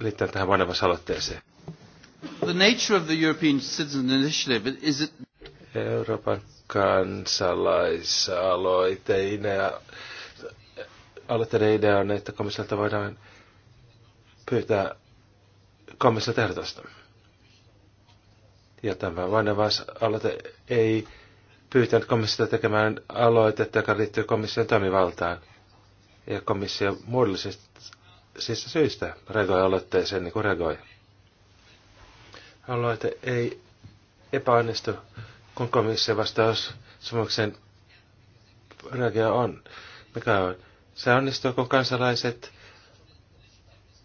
liittyen tähän vanhemmassa aloitteeseen. The nature of the European Citizen Initiative is it... Euroopan kansalaisaloite idea, aloitteiden idea on, että komissiolta voidaan pyytää komissiolta ehdotusta. Ja tämä vanhevaisaloite ei pyytänyt komissiota tekemään aloitetta, joka liittyy komission toimivaltaan. Ja komissio muodollisista siis syistä reagoi aloitteeseen niin kuin reagoi aloite ei epäonnistu, kun komissio vastaus sumuksen reagia on. Mikä on? Se onnistuu, kun kansalaiset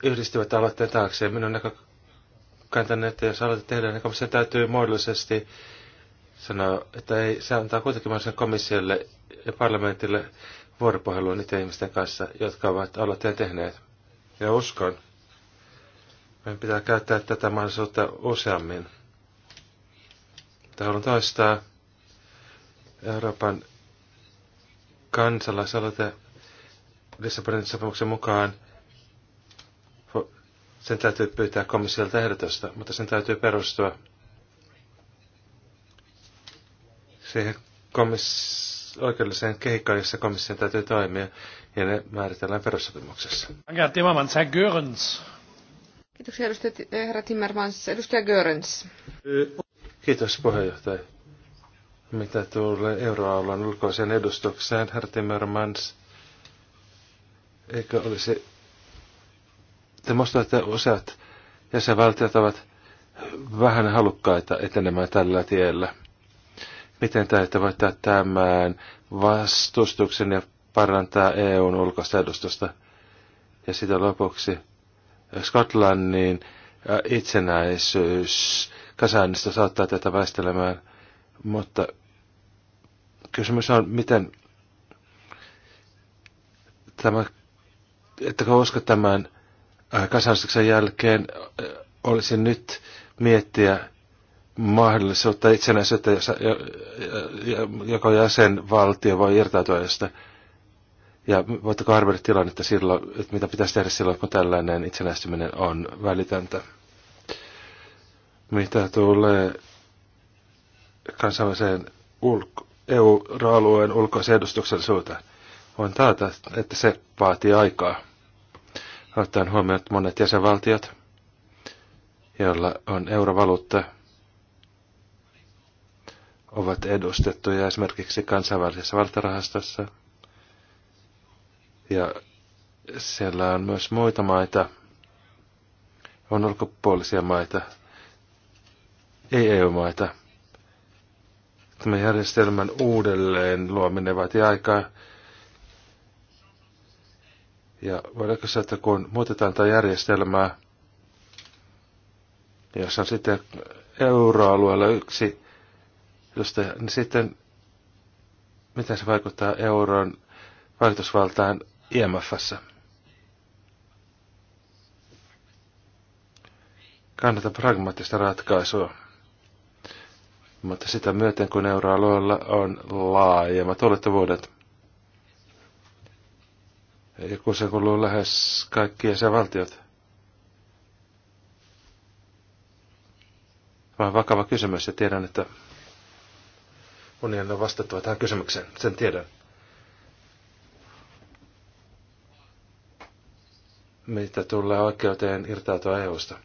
yhdistyvät aloitteen taakse. Minun näkökantani, että jos aloite tehdään, niin komissio täytyy muodollisesti sanoa, että ei, se antaa kuitenkin mahdollisen komissiolle ja parlamentille vuoropuhelua niiden ihmisten kanssa, jotka ovat aloitteen tehneet. Ja uskon, meidän pitää käyttää tätä mahdollisuutta useammin. Mutta haluan toistaa Euroopan kansalaisaloite Lissabonin sopimuksen mukaan. Sen täytyy pyytää komissiolta ehdotusta, mutta sen täytyy perustua siihen komiss- oikeudelliseen kehikkoon, jossa komission täytyy toimia, ja ne määritellään perussopimuksessa. Herr Timmermans, Herr Görens. Kiitoksia edustaja eh, herra Timmermans. Edustaja Görens. Kiitos puheenjohtaja. Mitä tulee euroalueen ulkoiseen edustukseen, herra Timmermans, eikö olisi... Te muistatte, että useat jäsenvaltiot ovat vähän halukkaita etenemään tällä tiellä. Miten täytyy voittaa tämän vastustuksen ja parantaa EUn ulkoista edustusta? Ja sitä lopuksi Skotlannin itsenäisyys kasainnista saattaa tätä väistelemään, mutta kysymys on, miten tämä, että koska tämän kasainnistuksen jälkeen olisi nyt miettiä mahdollisuutta itsenäisyyttä, joka jäsenvaltio voi irtautua jostain ja voitteko arvioida tilannetta silloin, että mitä pitäisi tehdä silloin, kun tällainen itsenäistyminen on välitöntä? Mitä tulee kansainväliseen ulko- EU-alueen ulkoisen edustuksellisuuteen? Voin taata, että se vaatii aikaa. Ottaen huomioon monet jäsenvaltiot, joilla on eurovaluutta, ovat edustettuja esimerkiksi kansainvälisessä valtarahastossa – ja siellä on myös muita maita, on ulkopuolisia maita, ei EU-maita. Tämän järjestelmän uudelleen luominen vaatii aikaa. Ja voidaanko se, että kun muutetaan tätä järjestelmää, jos on sitten euroalueella yksi josta, niin sitten miten se vaikuttaa euron vaikutusvaltaan IMFssä. E Kannatan pragmaattista ratkaisua, mutta sitä myöten kun euroalueella on laajemmat olettavuudet. Ja kun se kuuluu lähes kaikki jäsenvaltiot. vaan vakava kysymys ja tiedän, että unionin on vastattava tähän kysymykseen. Sen tiedän. mitä tulee oikeuteen irtautua EUsta.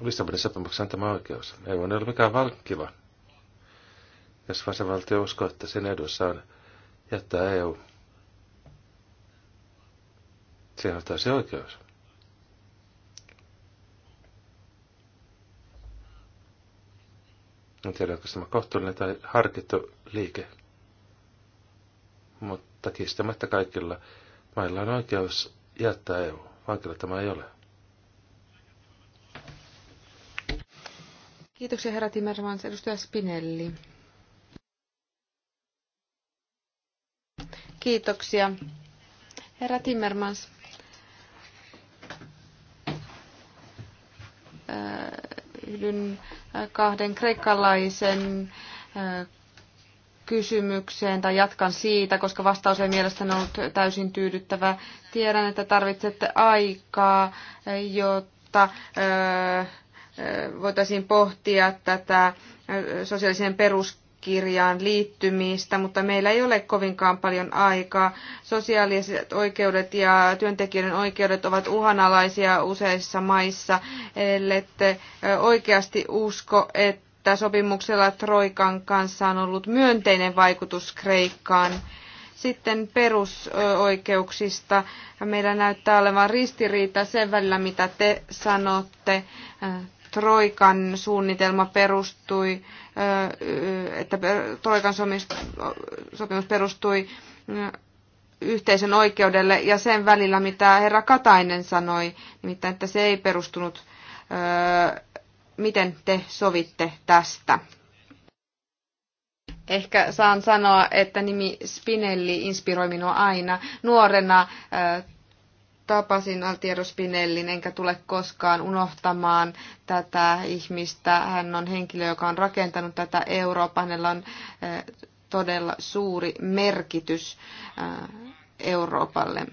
Lissabonin sopimuksessa on tämä oikeus. EU ei ole mikään valkkiva, jos vasenvaltio uskoo, että sen edussa on jättää EU. Siihen on taas oikeus. En tiedä, onko tämä kohtuullinen tai harkittu liike. Mutta mutta kiistämättä kaikilla mailla on oikeus jättää EU. Vankila tämä ei ole. Kiitoksia herra Timmermans. Edustaja Spinelli. Kiitoksia. Herra Timmermans. Äh, yhdyn äh, kahden kreikkalaisen äh, kysymykseen tai jatkan siitä, koska vastaus ei mielestäni ollut täysin tyydyttävä. Tiedän, että tarvitsette aikaa, jotta voitaisiin pohtia tätä sosiaaliseen kirjaan liittymistä, mutta meillä ei ole kovinkaan paljon aikaa. Sosiaaliset oikeudet ja työntekijöiden oikeudet ovat uhanalaisia useissa maissa, ellette oikeasti usko, että että sopimuksella Troikan kanssa on ollut myönteinen vaikutus Kreikkaan. Sitten perusoikeuksista. Meillä näyttää olevan ristiriita sen välillä, mitä te sanotte. Troikan suunnitelma perustui, että Troikan sopimus perustui yhteisön oikeudelle ja sen välillä, mitä herra Katainen sanoi, nimittäin että se ei perustunut miten te sovitte tästä? Ehkä saan sanoa, että nimi Spinelli inspiroi minua aina. Nuorena tapasin Altiero Spinellin, enkä tule koskaan unohtamaan tätä ihmistä. Hän on henkilö, joka on rakentanut tätä Eurooppaa. Hänellä on todella suuri merkitys Euroopalle.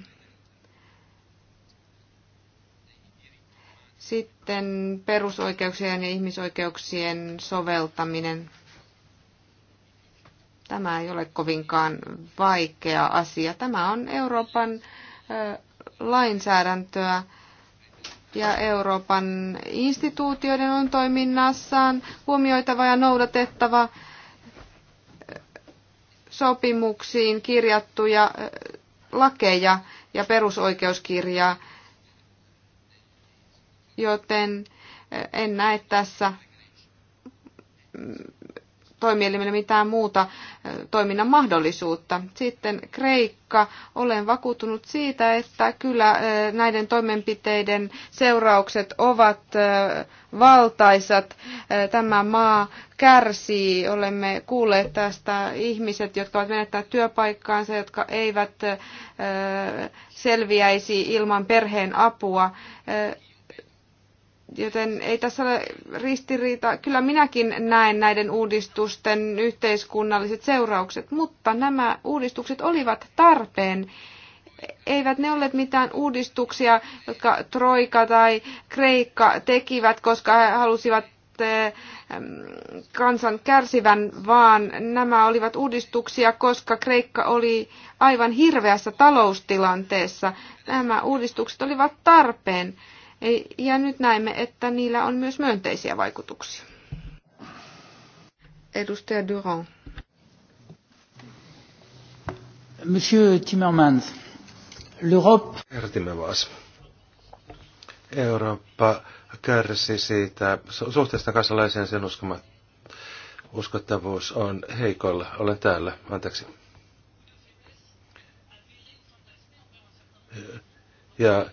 Sitten perusoikeuksien ja ihmisoikeuksien soveltaminen. Tämä ei ole kovinkaan vaikea asia. Tämä on Euroopan lainsäädäntöä ja Euroopan instituutioiden on toiminnassaan huomioitava ja noudatettava sopimuksiin kirjattuja lakeja ja perusoikeuskirjaa joten eh, en näe tässä mm, toimielimille mitään muuta eh, toiminnan mahdollisuutta. Sitten Kreikka. Olen vakuuttunut siitä, että kyllä eh, näiden toimenpiteiden seuraukset ovat valtaisat. Tämä maa kärsii. Olemme kuulleet tästä ihmiset, jotka ovat menettäneet työpaikkaansa, jotka eivät selviäisi ilman perheen apua. Joten ei tässä ole ristiriita. Kyllä minäkin näen näiden uudistusten yhteiskunnalliset seuraukset, mutta nämä uudistukset olivat tarpeen. Eivät ne olleet mitään uudistuksia, jotka Troika tai Kreikka tekivät, koska he halusivat eh, kansan kärsivän, vaan nämä olivat uudistuksia, koska Kreikka oli aivan hirveässä taloustilanteessa. Nämä uudistukset olivat tarpeen. Ja nyt näemme, että niillä on myös myönteisiä vaikutuksia. Edustaja Durand. Monsieur Timmermans, l'Europe... Timmermans, Eurooppa kärsi siitä suhteesta kansalaiseen sen uskoma, uskottavuus on heikolla. Olen täällä, anteeksi. Ja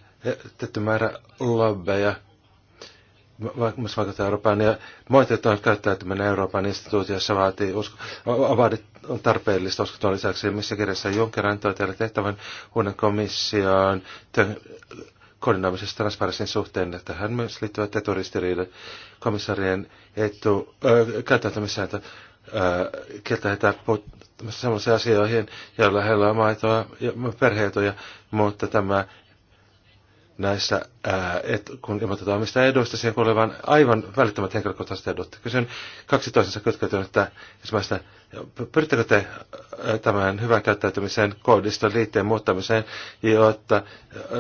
tietty määrä lobbeja, myös vaikka Euroopan, ja on käyttäytyminen Euroopan instituutiossa vaatii usko, avaadit on tarpeellista uskoton lisäksi, missä kirjassa Juncker antoi teille tehtävän uuden komission työn koordinaamisesta transparenssin suhteen, että hän myös liittyvät eturistiriille komissarien etu, äh, käyttäytymisääntö kieltä heitä puuttumassa sellaisiin asioihin, joilla heillä on maitoa ja perheetoja, mutta tämä näissä, et, kun ilmoitetaan omista edoista, siihen vain aivan välittömät henkilökohtaiset edut. Kysyn kaksi toisensa että ensimmäistä, pyrittekö te tämän hyvän käyttäytymisen koodiston liitteen muuttamiseen, jotta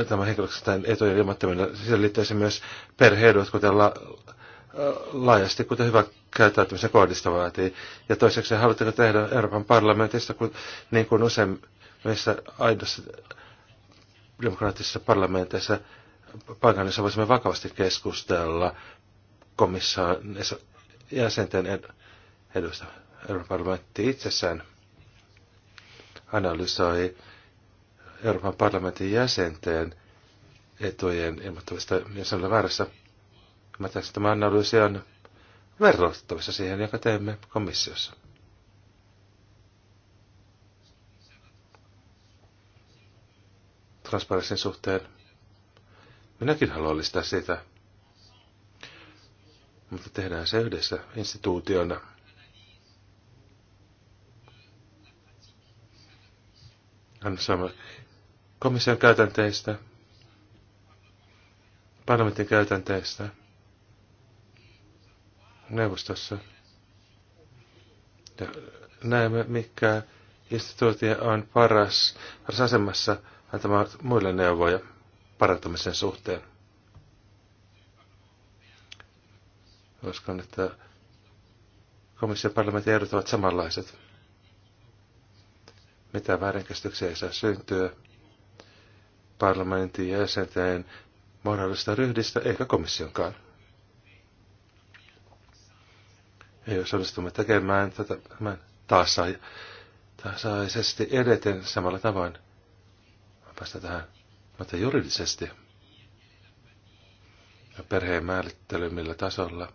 tämä henkilökohtaisen etujen ilmoittaminen, siihen liittyisi myös perheedot, kuten la, laajasti, kuten hyvä käyttäytymisen koodista vaatii. Ja toiseksi, haluatteko tehdä Euroopan parlamentista, kun, niin kuin usein meissä aidossa demokraattisissa parlamenteissa paikallissa voisimme vakavasti keskustella komissaan jäsenten edusta. Euroopan parlamentti itsessään analysoi Euroopan parlamentin jäsenten etujen ilmoittavista, jos olen väärässä. Mä tässä tämä analyysi on verrattavissa siihen, joka teemme komissiossa. transparenssin suhteen. Minäkin haluan listää sitä. Mutta tehdään se yhdessä instituutiona. Anna komission käytänteistä, parlamentin käytänteistä, neuvostossa. Ja näemme, mikä instituutio on paras, paras asemassa antamaan muille neuvoja parantamisen suhteen. Uskon, että komission parlamentin ehdot ovat samanlaiset. Mitä väärinkäsityksiä ei saa syntyä parlamentin ja jäsenten moraalista ryhdistä eikä komissionkaan. Ja jos onnistumme tekemään tätä tasaisesti edeten samalla tavoin, päästä tähän, mutta juridisesti ja perheen määrittely millä tasolla.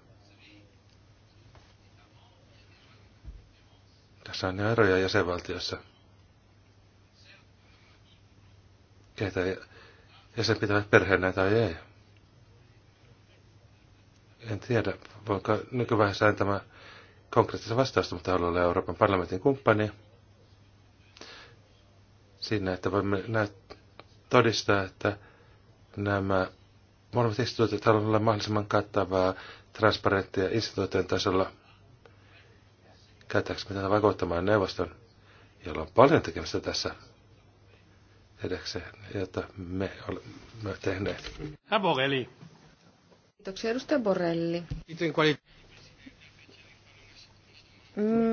Tässä on jo eroja jäsenvaltiossa. Keitä jäsen pitävät perheen tai ei. En tiedä, voinko nykyvaiheessa tämä konkreettista vastausta, mutta haluan olla Euroopan parlamentin kumppani siinä, että voimme näyttää todistaa, että nämä molemmat instituutiot haluavat olla mahdollisimman kattavaa, transparenttia instituution tasolla. Käytääkö me tätä vakuuttamaan neuvoston, jolla on paljon tekemistä tässä edekseen, jota me olemme tehneet. Herr Borelli. Kiitoksia, edustaja Borelli.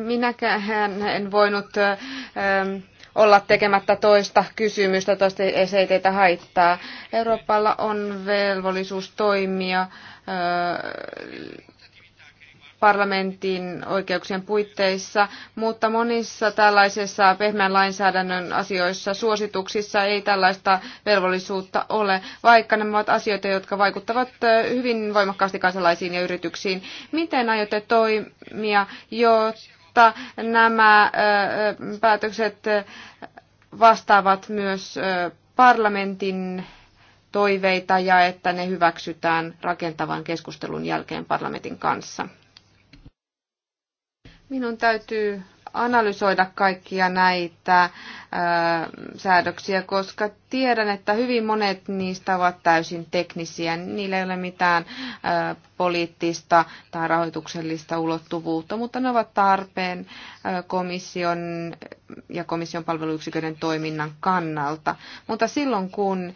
Minäkään en voinut ähm, olla tekemättä toista kysymystä, toista se ei teitä haittaa. Euroopalla on velvollisuus toimia parlamentin oikeuksien puitteissa, mutta monissa tällaisissa pehmeän lainsäädännön asioissa, suosituksissa ei tällaista velvollisuutta ole, vaikka nämä ovat asioita, jotka vaikuttavat hyvin voimakkaasti kansalaisiin ja yrityksiin. Miten aiotte toimia, jotta mutta nämä päätökset vastaavat myös parlamentin toiveita ja että ne hyväksytään rakentavan keskustelun jälkeen parlamentin kanssa. Minun täytyy analysoida kaikkia näitä säädöksiä, koska tiedän, että hyvin monet niistä ovat täysin teknisiä. Niillä ei ole mitään poliittista tai rahoituksellista ulottuvuutta, mutta ne ovat tarpeen komission ja komission palveluyksiköiden toiminnan kannalta. Mutta silloin kun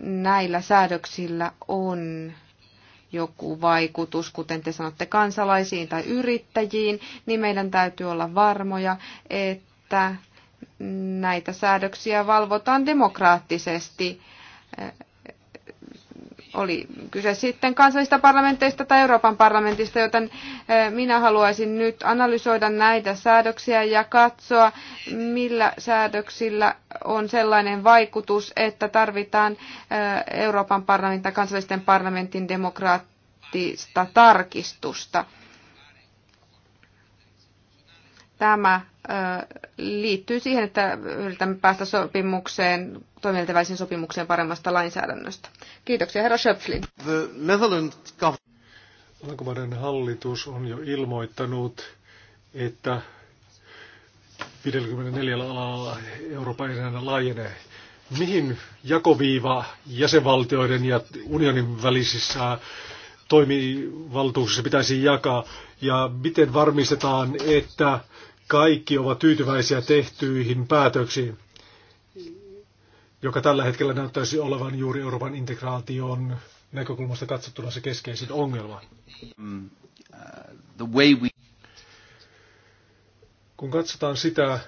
näillä säädöksillä on joku vaikutus, kuten te sanotte, kansalaisiin tai yrittäjiin, niin meidän täytyy olla varmoja, että näitä säädöksiä valvotaan demokraattisesti oli kyse sitten kansallisista parlamenteista tai Euroopan parlamentista, joten eh, minä haluaisin nyt analysoida näitä säädöksiä ja katsoa, millä säädöksillä on sellainen vaikutus, että tarvitaan eh, Euroopan parlamentin tai kansallisten parlamentin demokraattista tarkistusta. Tämä liittyy siihen, että yritämme päästä sopimukseen, toimielinten sopimukseen paremmasta lainsäädännöstä. Kiitoksia, herra Schöpflin. Alankomaiden hallitus on jo ilmoittanut, että 54 alalla Euroopan enää laajenee. Mihin jakoviiva jäsenvaltioiden ja unionin välisissä toimivaltuuksissa pitäisi jakaa ja miten varmistetaan, että kaikki ovat tyytyväisiä tehtyihin päätöksiin, joka tällä hetkellä näyttäisi olevan juuri Euroopan integraation näkökulmasta katsottuna se keskeisin ongelma. Mm, uh, Kun katsotaan sitä,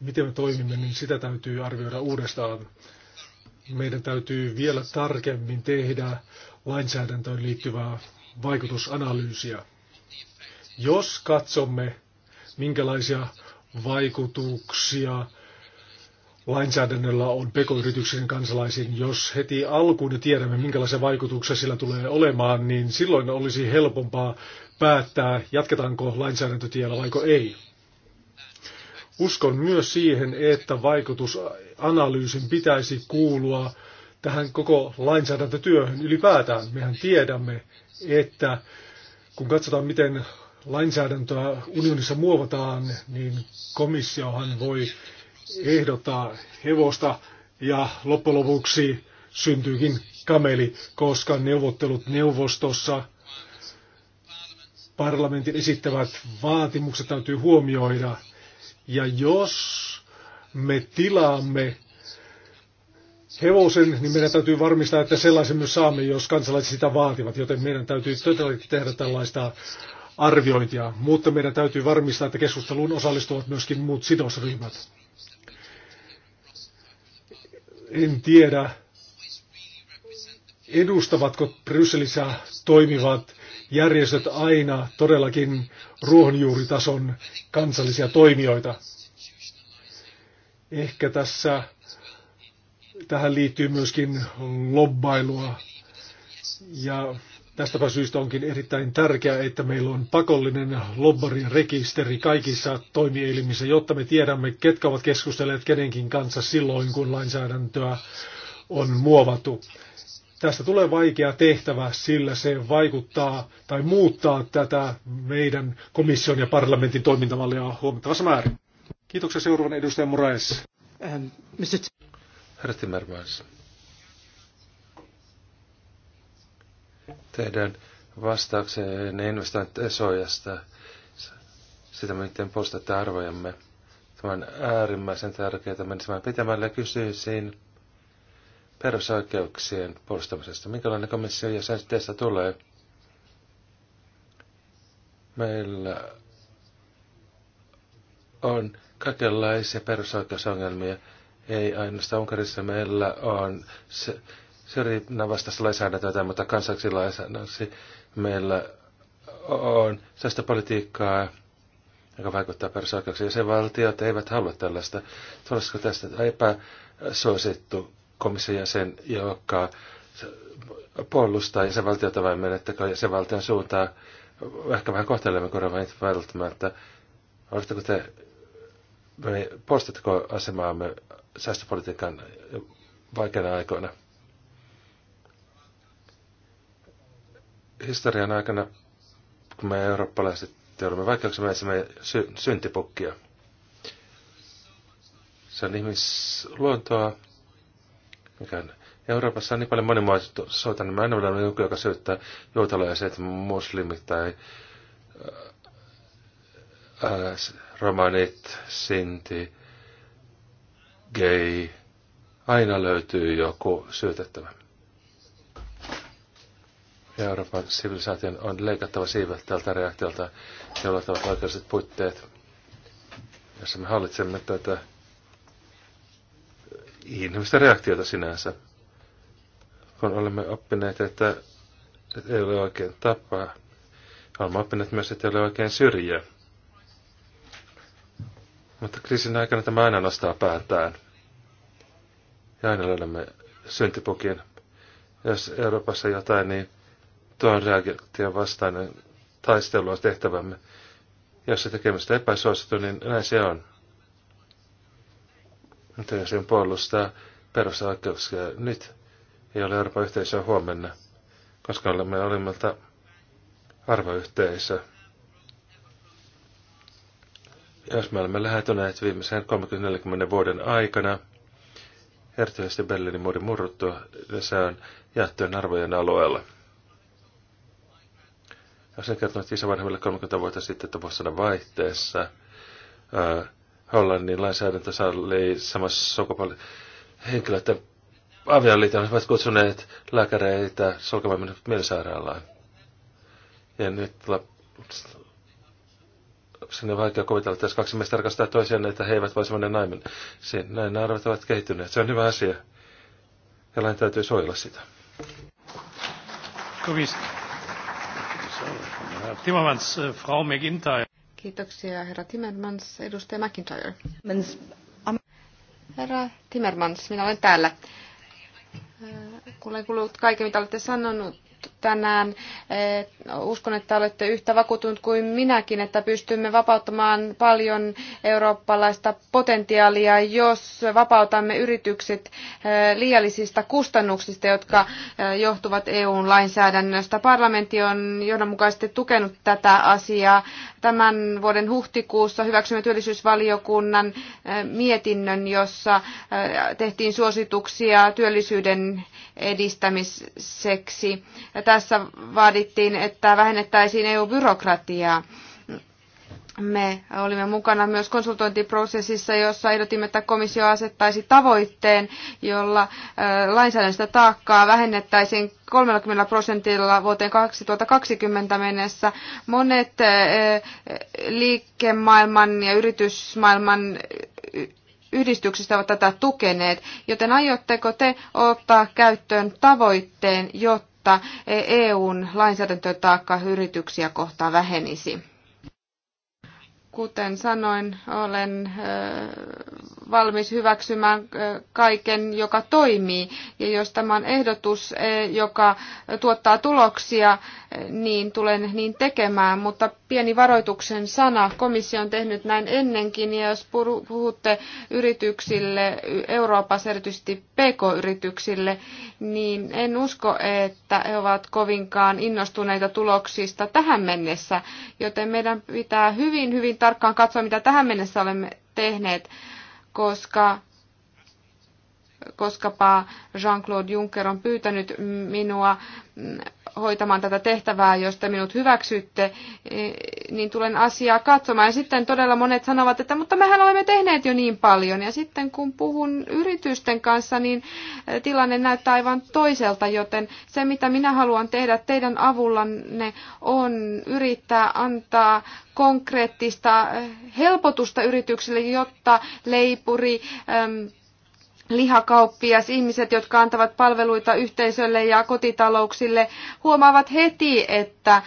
miten me toimimme, niin sitä täytyy arvioida uudestaan. Meidän täytyy vielä tarkemmin tehdä lainsäädäntöön liittyvää vaikutusanalyysiä. Jos katsomme minkälaisia vaikutuksia lainsäädännöllä on pekoyrityksen kansalaisiin. Jos heti alkuun tiedämme, minkälaisia vaikutuksia sillä tulee olemaan, niin silloin olisi helpompaa päättää, jatketaanko lainsäädäntötiellä vaiko ei. Uskon myös siihen, että vaikutusanalyysin pitäisi kuulua tähän koko lainsäädäntötyöhön ylipäätään. Mehän tiedämme, että kun katsotaan, miten lainsäädäntöä unionissa muovataan, niin komissiohan voi ehdottaa hevosta ja loppujen lopuksi syntyykin kameli, koska neuvottelut neuvostossa parlamentin esittävät vaatimukset täytyy huomioida. Ja jos me tilaamme hevosen, niin meidän täytyy varmistaa, että sellaisen myös saamme, jos kansalaiset sitä vaativat. Joten meidän täytyy todellakin tehdä tällaista arviointia, mutta meidän täytyy varmistaa, että keskusteluun osallistuvat myöskin muut sidosryhmät. En tiedä, edustavatko Brysselissä toimivat järjestöt aina todellakin ruohonjuuritason kansallisia toimijoita. Ehkä tässä tähän liittyy myöskin lobbailua ja Tästäpä syystä onkin erittäin tärkeää, että meillä on pakollinen lobbarirekisteri kaikissa toimielimissä, jotta me tiedämme, ketkä ovat keskustelleet kenenkin kanssa silloin, kun lainsäädäntöä on muovattu. Tästä tulee vaikea tehtävä, sillä se vaikuttaa tai muuttaa tätä meidän komission ja parlamentin toimintamallia huomattavassa määrin. Kiitoksia seuraavan edustajan Moraes. Mr. Ähm, Herra Timmermans. teidän vastaukseen investointisojasta, sitä miten postata arvojamme. Tämä on äärimmäisen tärkeää menisemään pitämällä ja kysyisin perusoikeuksien puolustamisesta. Minkälainen komissio ja sen teistä tulee? Meillä on kaikenlaisia perusoikeusongelmia. Ei ainoastaan Unkarissa meillä on se, syrjinnän vastaista lainsäädäntöä tai muuta kansaksi lainsäädännöksi. Meillä on sellaista politiikkaa, joka vaikuttaa perusoikeuksiin. valtiot eivät halua tällaista. Tulisiko tästä epäsuosittu komission jäsen, joka puolustaa jäsenvaltiota vai menettäkö jäsenvaltion suuntaan ehkä vähän kohtelemme korvain välttämättä. Oletteko te, me puolustatteko asemaamme säästöpolitiikan vaikeina aikoina? historian aikana, kun me eurooppalaiset joudumme vaikeuksia, me etsimme sy- syntipukkia. Se on ihmisluontoa, mikä on Euroopassa on niin paljon monimuotoisuutta, niin mä en ole joku, joka syyttää juutalaiset, muslimit tai ää, äh, äh, romanit, sinti, gay. Aina löytyy joku syytettävä ja Euroopan sivilisaation on leikattava siivet tältä reaktiolta, jolla ovat oikeudelliset puitteet, jossa me hallitsemme tätä inhimillistä reaktiota sinänsä, kun olemme oppineet, että ei ole oikein tapaa. Olemme oppineet myös, että ei ole oikein syrjiä. Mutta kriisin aikana tämä aina nostaa päätään. Ja aina löydämme syntipukin. Jos Euroopassa jotain, niin tuon reaktion vastainen taistelu on tehtävämme. Jos se tekemistä epäsuosittu, niin näin se on. Mutta jos sen puolustaa perusoikeuksia nyt, ei ole Euroopan yhteisöä huomenna, koska olemme olimmalta arvoyhteisö. Jos me olemme lähetyneet viimeisen 30-40 vuoden aikana, erityisesti Berliinin muodin murruttua, se on jaettujen arvojen alueella kertoo, että isovanhemmille 30 vuotta sitten, että vuosina vaihteessa ää, Hollannin lainsäädäntö sallii samassa sukupuolen henkilöt avioliiton ovat kutsuneet lääkäreitä sulkemaan mielisairaalaan. Ja nyt sinne on vaikea kuvitella, että jos kaksi miestä tarkastaa toisiaan, että he eivät voi mennä Siin, Näin nämä arvot ovat kehittyneet. Se on hyvä asia. Ja lain täytyy suojella sitä. Komista. Timmermans, äh, Frau McIntyre. Kiitoksia, herra Timmermans. Edustaja McIntyre. Herra Timmermans, minä olen täällä. Äh, kun olen kuullut kaiken, mitä olette sanonut, tänään. Eh, uskon, että olette yhtä vakuutunut kuin minäkin, että pystymme vapauttamaan paljon eurooppalaista potentiaalia, jos vapautamme yritykset eh, liiallisista kustannuksista, jotka eh, johtuvat EUn lainsäädännöstä. Parlamentti on johdonmukaisesti tukenut tätä asiaa. Tämän vuoden huhtikuussa hyväksymme työllisyysvaliokunnan mietinnön, jossa tehtiin suosituksia työllisyyden edistämiseksi tässä vaadittiin, että vähennettäisiin EU-byrokratiaa. Me olimme mukana myös konsultointiprosessissa, jossa ehdotimme, että komissio asettaisi tavoitteen, jolla lainsäädännöstä taakkaa vähennettäisiin 30 prosentilla vuoteen 2020 mennessä. Monet liikemaailman ja yritysmaailman yhdistyksistä ovat tätä tukeneet, joten aiotteko te ottaa käyttöön tavoitteen, jotta jotta e EUn lainsäädäntötaakka yrityksiä kohtaan vähenisi. Kuten sanoin, olen valmis hyväksymään kaiken, joka toimii. Ja jos tämä on ehdotus, joka tuottaa tuloksia, niin tulen niin tekemään, mutta pieni varoituksen sana. Komissio on tehnyt näin ennenkin, ja jos puhutte yrityksille Euroopassa, erityisesti PK-yrityksille, niin en usko, että he ovat kovinkaan innostuneita tuloksista tähän mennessä, joten meidän pitää hyvin, hyvin tarkkaan katsoa, mitä tähän mennessä olemme tehneet, koska koskapa Jean-Claude Juncker on pyytänyt minua hoitamaan tätä tehtävää, jos te minut hyväksytte, niin tulen asiaa katsomaan. Ja sitten todella monet sanovat, että mutta mehän olemme tehneet jo niin paljon. Ja sitten kun puhun yritysten kanssa, niin tilanne näyttää aivan toiselta, joten se mitä minä haluan tehdä teidän avullanne on yrittää antaa konkreettista helpotusta yrityksille, jotta leipuri, ähm, lihakauppias, ihmiset, jotka antavat palveluita yhteisölle ja kotitalouksille, huomaavat heti, että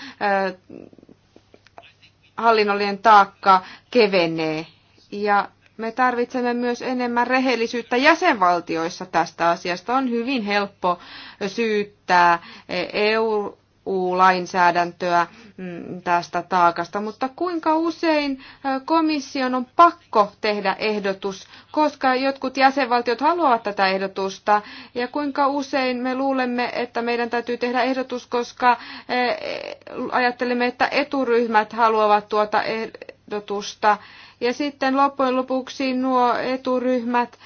hallinnollinen taakka kevenee. Ja me tarvitsemme myös enemmän rehellisyyttä jäsenvaltioissa tästä asiasta. On hyvin helppo syyttää e, EU EU-lainsäädäntöä mm, tästä taakasta, mutta kuinka usein komission on pakko tehdä ehdotus, koska jotkut jäsenvaltiot haluavat tätä ehdotusta, ja kuinka usein me luulemme, että meidän täytyy tehdä ehdotus, koska ajattelemme, että eturyhmät haluavat tuota ehdotusta, ja sitten loppujen lopuksi nuo eturyhmät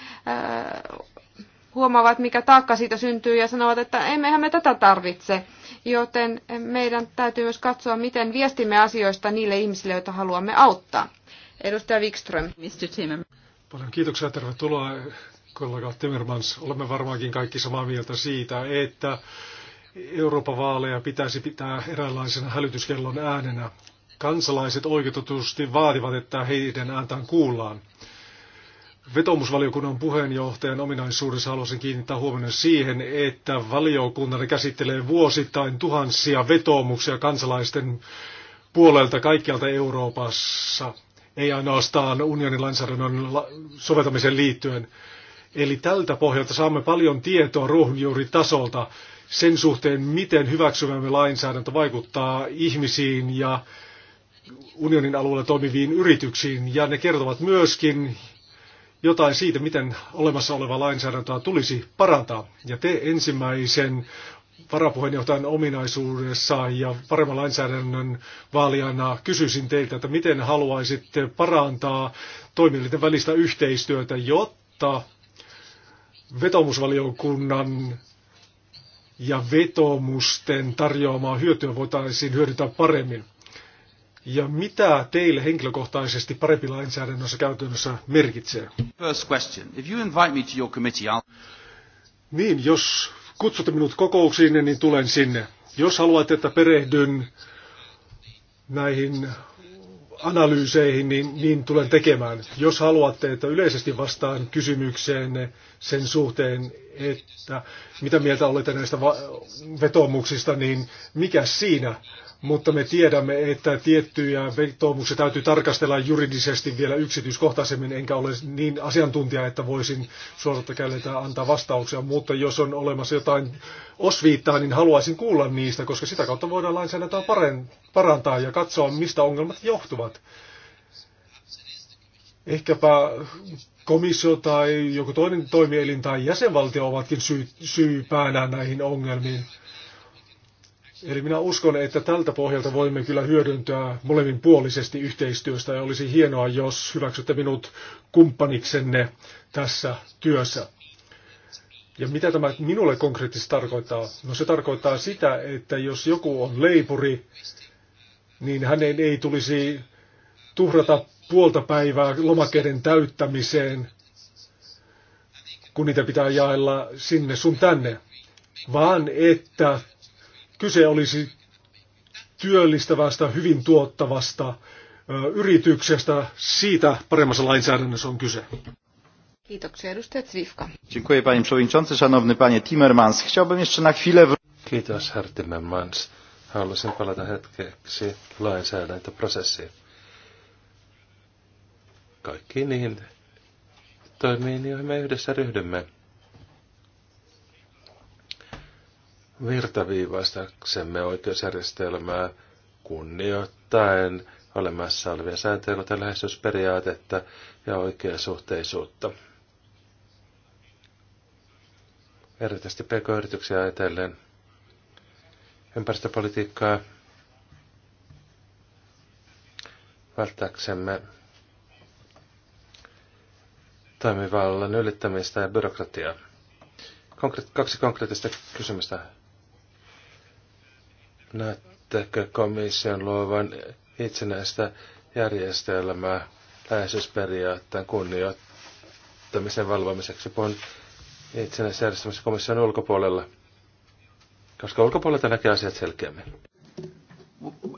huomaavat, mikä taakka siitä syntyy ja sanovat, että emmehän me tätä tarvitse joten meidän täytyy myös katsoa, miten viestimme asioista niille ihmisille, joita haluamme auttaa. Edustaja Wikström. Paljon kiitoksia ja tervetuloa kollega Timmermans. Olemme varmaankin kaikki samaa mieltä siitä, että Euroopan vaaleja pitäisi pitää eräänlaisena hälytyskellon äänenä. Kansalaiset oikeutetusti vaativat, että heidän ääntään kuullaan. Vetomusvaliokunnan puheenjohtajan ominaisuudessa haluaisin kiinnittää huomioon siihen, että valiokunnan käsittelee vuosittain tuhansia vetomuksia kansalaisten puolelta kaikkialta Euroopassa, ei ainoastaan unionin lainsäädännön soveltamiseen liittyen. Eli tältä pohjalta saamme paljon tietoa ruohonjuuritasolta sen suhteen, miten hyväksymämme lainsäädäntö vaikuttaa ihmisiin ja unionin alueella toimiviin yrityksiin. Ja ne kertovat myöskin jotain siitä, miten olemassa olevaa lainsäädäntöä tulisi parantaa. Ja te ensimmäisen varapuheenjohtajan ominaisuudessa ja paremman lainsäädännön vaalijana kysyisin teiltä, että miten haluaisitte parantaa toimijoiden välistä yhteistyötä, jotta vetomusvaliokunnan ja vetomusten tarjoamaa hyötyä voitaisiin hyödyntää paremmin. Ja mitä teille henkilökohtaisesti parempi lainsäädännössä käytännössä merkitsee? First question. If you invite me to your committee, I'll... Niin, jos kutsutte minut kokouksiin, niin tulen sinne. Jos haluatte, että perehdyn näihin analyyseihin, niin, niin tulen tekemään. Jos haluatte, että yleisesti vastaan kysymykseen sen suhteen, että mitä mieltä olette näistä va- niin mikä siinä? mutta me tiedämme, että tiettyjä vetoomuksia täytyy tarkastella juridisesti vielä yksityiskohtaisemmin, enkä ole niin asiantuntija, että voisin suorata käydä antaa vastauksia, mutta jos on olemassa jotain osviittaa, niin haluaisin kuulla niistä, koska sitä kautta voidaan lainsäädäntöä parantaa ja katsoa, mistä ongelmat johtuvat. Ehkäpä komissio tai joku toinen toimielin tai jäsenvaltio ovatkin syy, syypäänä näihin ongelmiin. Eli minä uskon, että tältä pohjalta voimme kyllä hyödyntää molemmin puolisesti yhteistyöstä ja olisi hienoa, jos hyväksytte minut kumppaniksenne tässä työssä. Ja mitä tämä minulle konkreettisesti tarkoittaa? No se tarkoittaa sitä, että jos joku on leipuri, niin hänen ei tulisi tuhrata puolta päivää lomakkeiden täyttämiseen, kun niitä pitää jaella sinne sun tänne, vaan että Kyse olisi työllistävästä, hyvin tuottavasta yrityksestä. Siitä paremmassa lainsäädännössä on kyse. Kiitoksia. Edustaja Zwifka. Dziękuję panie przewodniczący, szanowny panie Timmermans. Chciałbym jeszcze na chwilę... Kiitos, herr Timmermans. Haluaisin palata hetkeksi lainsäädäntöprosessiin. Kaikki niihin toimiin, joihin me yhdessä ryhdymme. virtaviivaistaksemme oikeusjärjestelmää kunnioittaen olemassa olevia sääntöjä, kuten läheisyysperiaatetta ja oikeasuhteisuutta. Erityisesti pk-yrityksiä ajatellen ympäristöpolitiikkaa välttääksemme toimivallan ylittämistä ja byrokratiaa. Konkre- kaksi konkreettista kysymystä Näyttääkö komission luovan itsenäistä järjestelmää läheisyysperiaatteen kunnioittamisen valvomiseksi? Puhun itsenäisessä järjestelmässä komission ulkopuolella, koska ulkopuolelta näkee asiat selkeämmin.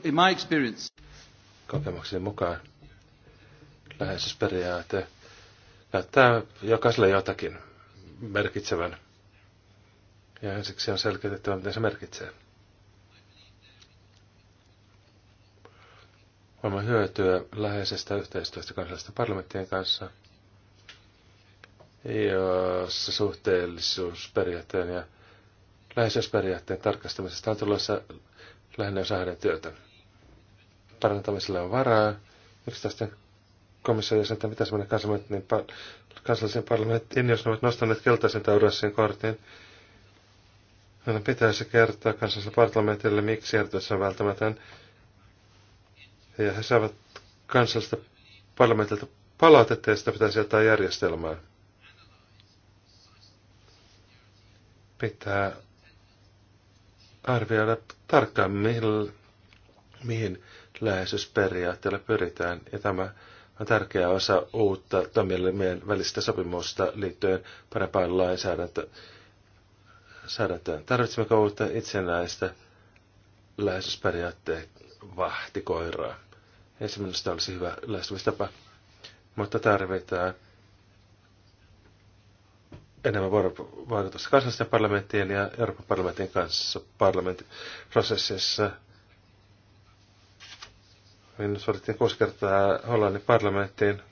In my experience. Kokemukseni mukaan läheisyysperiaate näyttää jokaiselle jotakin merkitsevän. Ja ensiksi on selkeytettävä, miten se merkitsee. Olemme hyötyä läheisestä yhteistyöstä kansallisten parlamenttien kanssa, jossa suhteellisuusperiaatteen ja läheisyysperiaatteen tarkastamisesta on tulossa lähinnä osa hänen työtä. Parantamisella on varaa. Yksittäisten komission jäsenten pitäisi mennä niin kansalliseen, par- kansallisen parlamenttiin, jos ne ovat nostaneet keltaisen tai kortin. Meidän niin pitäisi kertoa kansallisen parlamentille, miksi ehdotus on välttämätön ja he saavat kansallista parlamentilta palautetta ja sitä pitäisi jotain järjestelmää. Pitää arvioida tarkkaan, mihin, mihin läheisyysperiaatteella pyritään. Ja tämä on tärkeä osa uutta toimielimien välistä sopimusta liittyen parempaan lainsäädäntöön. Tarvitsemmeko uutta itsenäistä läheisyysperiaatteen vahtikoiraa? sitä olisi hyvä lähestymistapa, mutta tarvitaan enemmän vuorovaikutusta kansallisten parlamenttien ja Euroopan parlamentin kanssa parlamenttiprosessissa. Minut valittiin kuusi kertaa Hollannin parlamenttiin,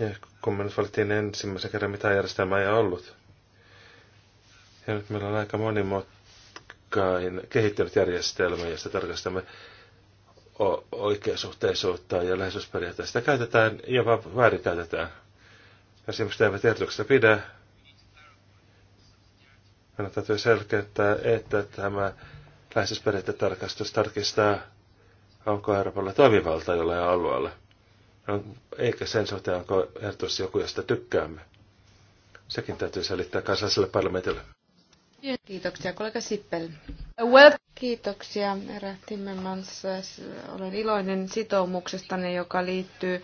ja kun minut valittiin niin ensimmäisen kerran, mitä järjestelmää ei ollut. Ja nyt meillä on aika monimutkainen kehittynyt järjestelmä, josta tarkastamme oikeasuhteisuutta ja läheisyysperiaatteita. Sitä käytetään ja vaan käytetään. Esimerkiksi ihmiset eivät ehdotuksesta pidä, meidän täytyy selkeyttää, että tämä läheisyysperiaatetarkastus tarkistaa, onko Euroopalla toimivalta jollain alueella. Eikä sen suhteen, onko ehdotus joku, josta tykkäämme. Sekin täytyy selittää kansalliselle parlamentille. Kiitoksia, kollega Sippel. Well. Kiitoksia, herra Timmermans. Olen iloinen sitoumuksestanne, joka liittyy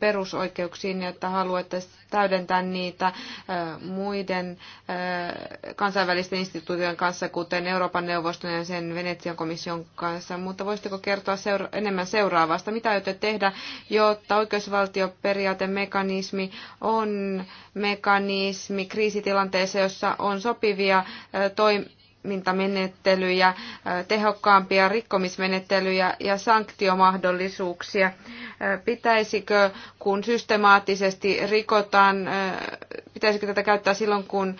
perusoikeuksiin, että haluatte täydentää niitä muiden kansainvälisten instituutioiden kanssa, kuten Euroopan neuvoston ja sen Venetsian komission kanssa. Mutta voisitteko kertoa seura- enemmän seuraavasta? Mitä aiotte tehdä, jotta oikeusvaltioperiaatemekanismi on mekanismi kriisitilanteessa, jossa on sopivia toimintamenettelyjä, tehokkaampia rikkomismenettelyjä ja sanktiomahdollisuuksia. Pitäisikö, kun systemaattisesti rikotaan, pitäisikö tätä käyttää silloin, kun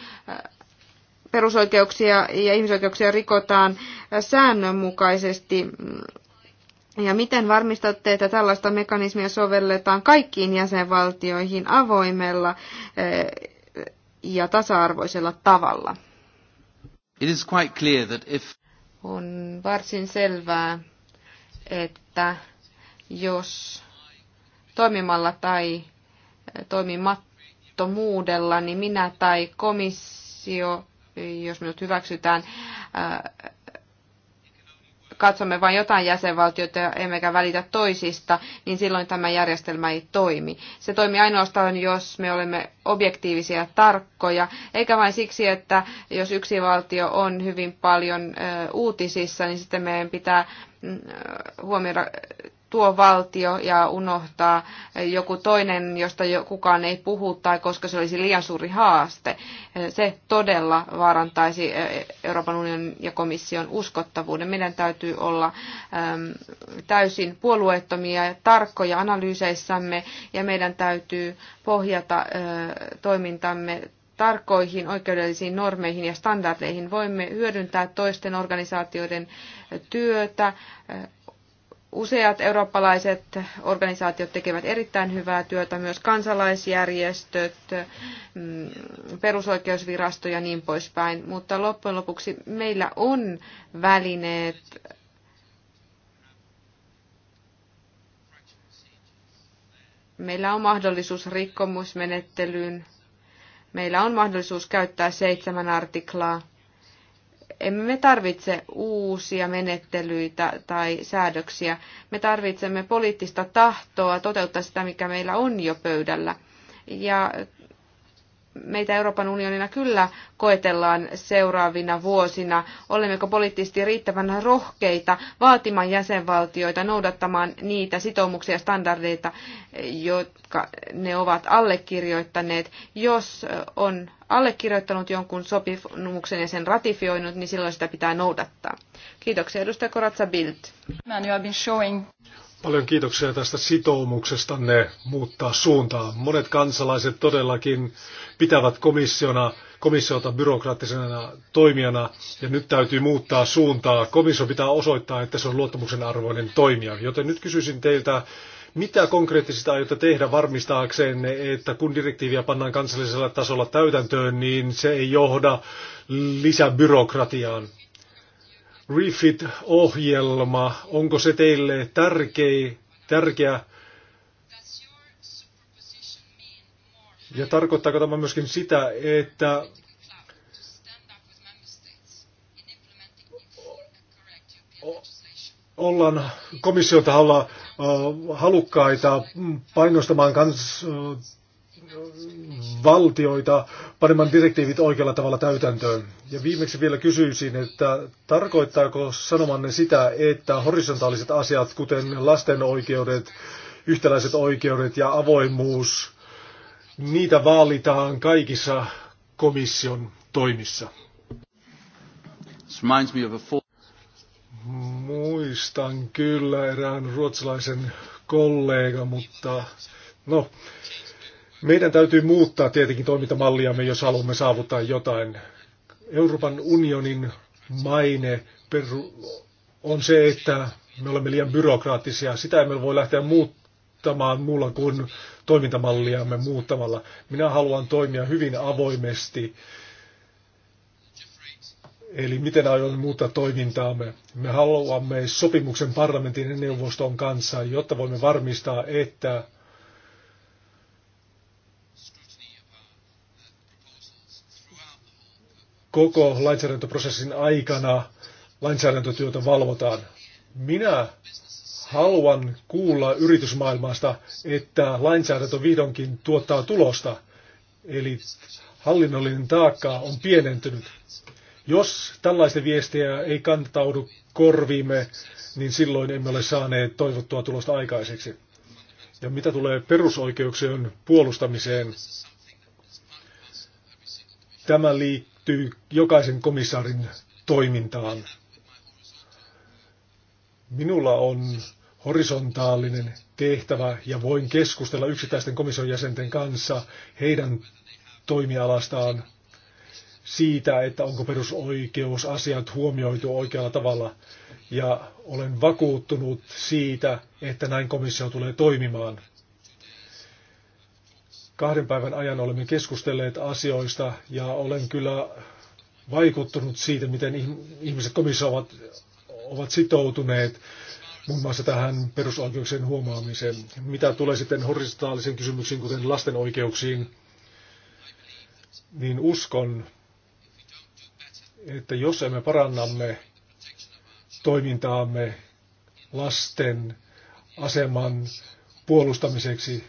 perusoikeuksia ja ihmisoikeuksia rikotaan säännönmukaisesti mm, ja miten varmistatte, että tällaista mekanismia sovelletaan kaikkiin jäsenvaltioihin avoimella ja tasa-arvoisella tavalla? It is quite clear that if on varsin selvää, että jos toimimalla tai toimimattomuudella, niin minä tai komissio, jos minut hyväksytään, katsomme vain jotain jäsenvaltioita emmekä välitä toisista, niin silloin tämä järjestelmä ei toimi. Se toimii ainoastaan, jos me olemme objektiivisia ja tarkkoja, eikä vain siksi, että jos yksi valtio on hyvin paljon uutisissa, niin sitten meidän pitää mm, huomioida tuo valtio ja unohtaa joku toinen, josta kukaan ei puhu tai koska se olisi liian suuri haaste. Se todella vaarantaisi eh, Euroopan unionin ja komission uskottavuuden. Meidän täytyy olla ehm, täysin puolueettomia ja tarkkoja analyyseissämme ja meidän täytyy pohjata eh, toimintamme tarkoihin oikeudellisiin normeihin ja standardeihin. Voimme hyödyntää toisten organisaatioiden eh, työtä Useat eurooppalaiset organisaatiot tekevät erittäin hyvää työtä, myös kansalaisjärjestöt, mm, perusoikeusvirasto ja niin poispäin, mutta loppujen lopuksi meillä on välineet Meillä on mahdollisuus rikkomusmenettelyyn. Meillä on mahdollisuus käyttää seitsemän artiklaa emme me tarvitse uusia menettelyitä tai säädöksiä. Me tarvitsemme poliittista tahtoa toteuttaa sitä, mikä meillä on jo pöydällä. Ja meitä Euroopan unionina kyllä koetellaan seuraavina vuosina. Olemmeko poliittisesti riittävän rohkeita vaatimaan jäsenvaltioita noudattamaan niitä sitoumuksia ja standardeita, jotka ne ovat allekirjoittaneet. Jos on allekirjoittanut jonkun sopimuksen ja sen ratifioinut, niin silloin sitä pitää noudattaa. Kiitoksia edustaja Koratsa Bild. Paljon kiitoksia tästä sitoumuksestanne muuttaa suuntaa. Monet kansalaiset todellakin pitävät komissiona, komissiota byrokraattisena toimijana ja nyt täytyy muuttaa suuntaa. Komissio pitää osoittaa, että se on luottamuksen arvoinen toimija. Joten nyt kysyisin teiltä, mitä konkreettista aiotte tehdä varmistaakseen, että kun direktiiviä pannaan kansallisella tasolla täytäntöön, niin se ei johda lisäbyrokratiaan? Refit-ohjelma, onko se teille tärkeä, tärkeä? Ja tarkoittaako tämä myöskin sitä, että ollaan komission taholla halukkaita painostamaan kans, valtioita panemaan direktiivit oikealla tavalla täytäntöön. Ja viimeksi vielä kysyisin, että tarkoittaako sanomanne sitä, että horisontaaliset asiat, kuten lasten oikeudet, yhtäläiset oikeudet ja avoimuus, niitä vaalitaan kaikissa komission toimissa. Muistan kyllä erään ruotsalaisen kollega, mutta no, meidän täytyy muuttaa tietenkin toimintamalliamme, jos haluamme saavuttaa jotain. Euroopan unionin maine peru on se, että me olemme liian byrokraattisia. Sitä emme voi lähteä muuttamaan muulla kuin toimintamalliamme muuttamalla. Minä haluan toimia hyvin avoimesti. Eli miten aion muuttaa toimintaamme? Me haluamme sopimuksen parlamentin ja neuvoston kanssa, jotta voimme varmistaa, että koko lainsäädäntöprosessin aikana lainsäädäntötyötä valvotaan. Minä haluan kuulla yritysmaailmasta, että lainsäädäntö vihdoinkin tuottaa tulosta, eli hallinnollinen taakka on pienentynyt. Jos tällaista viestiä ei kantaudu korviimme, niin silloin emme ole saaneet toivottua tulosta aikaiseksi. Ja mitä tulee perusoikeuksien puolustamiseen, tämä liittyy liittyy jokaisen komissaarin toimintaan. Minulla on horisontaalinen tehtävä ja voin keskustella yksittäisten komission jäsenten kanssa heidän toimialastaan siitä, että onko perusoikeusasiat huomioitu oikealla tavalla. Ja olen vakuuttunut siitä, että näin komissio tulee toimimaan. Kahden päivän ajan olemme keskustelleet asioista ja olen kyllä vaikuttunut siitä, miten ihmiset komissa ovat, ovat sitoutuneet muun muassa tähän perusoikeuksien huomaamiseen. Mitä tulee sitten horisontaalisiin kysymyksiin, kuten lasten oikeuksiin, niin uskon, että jos emme parannamme toimintaamme lasten aseman puolustamiseksi,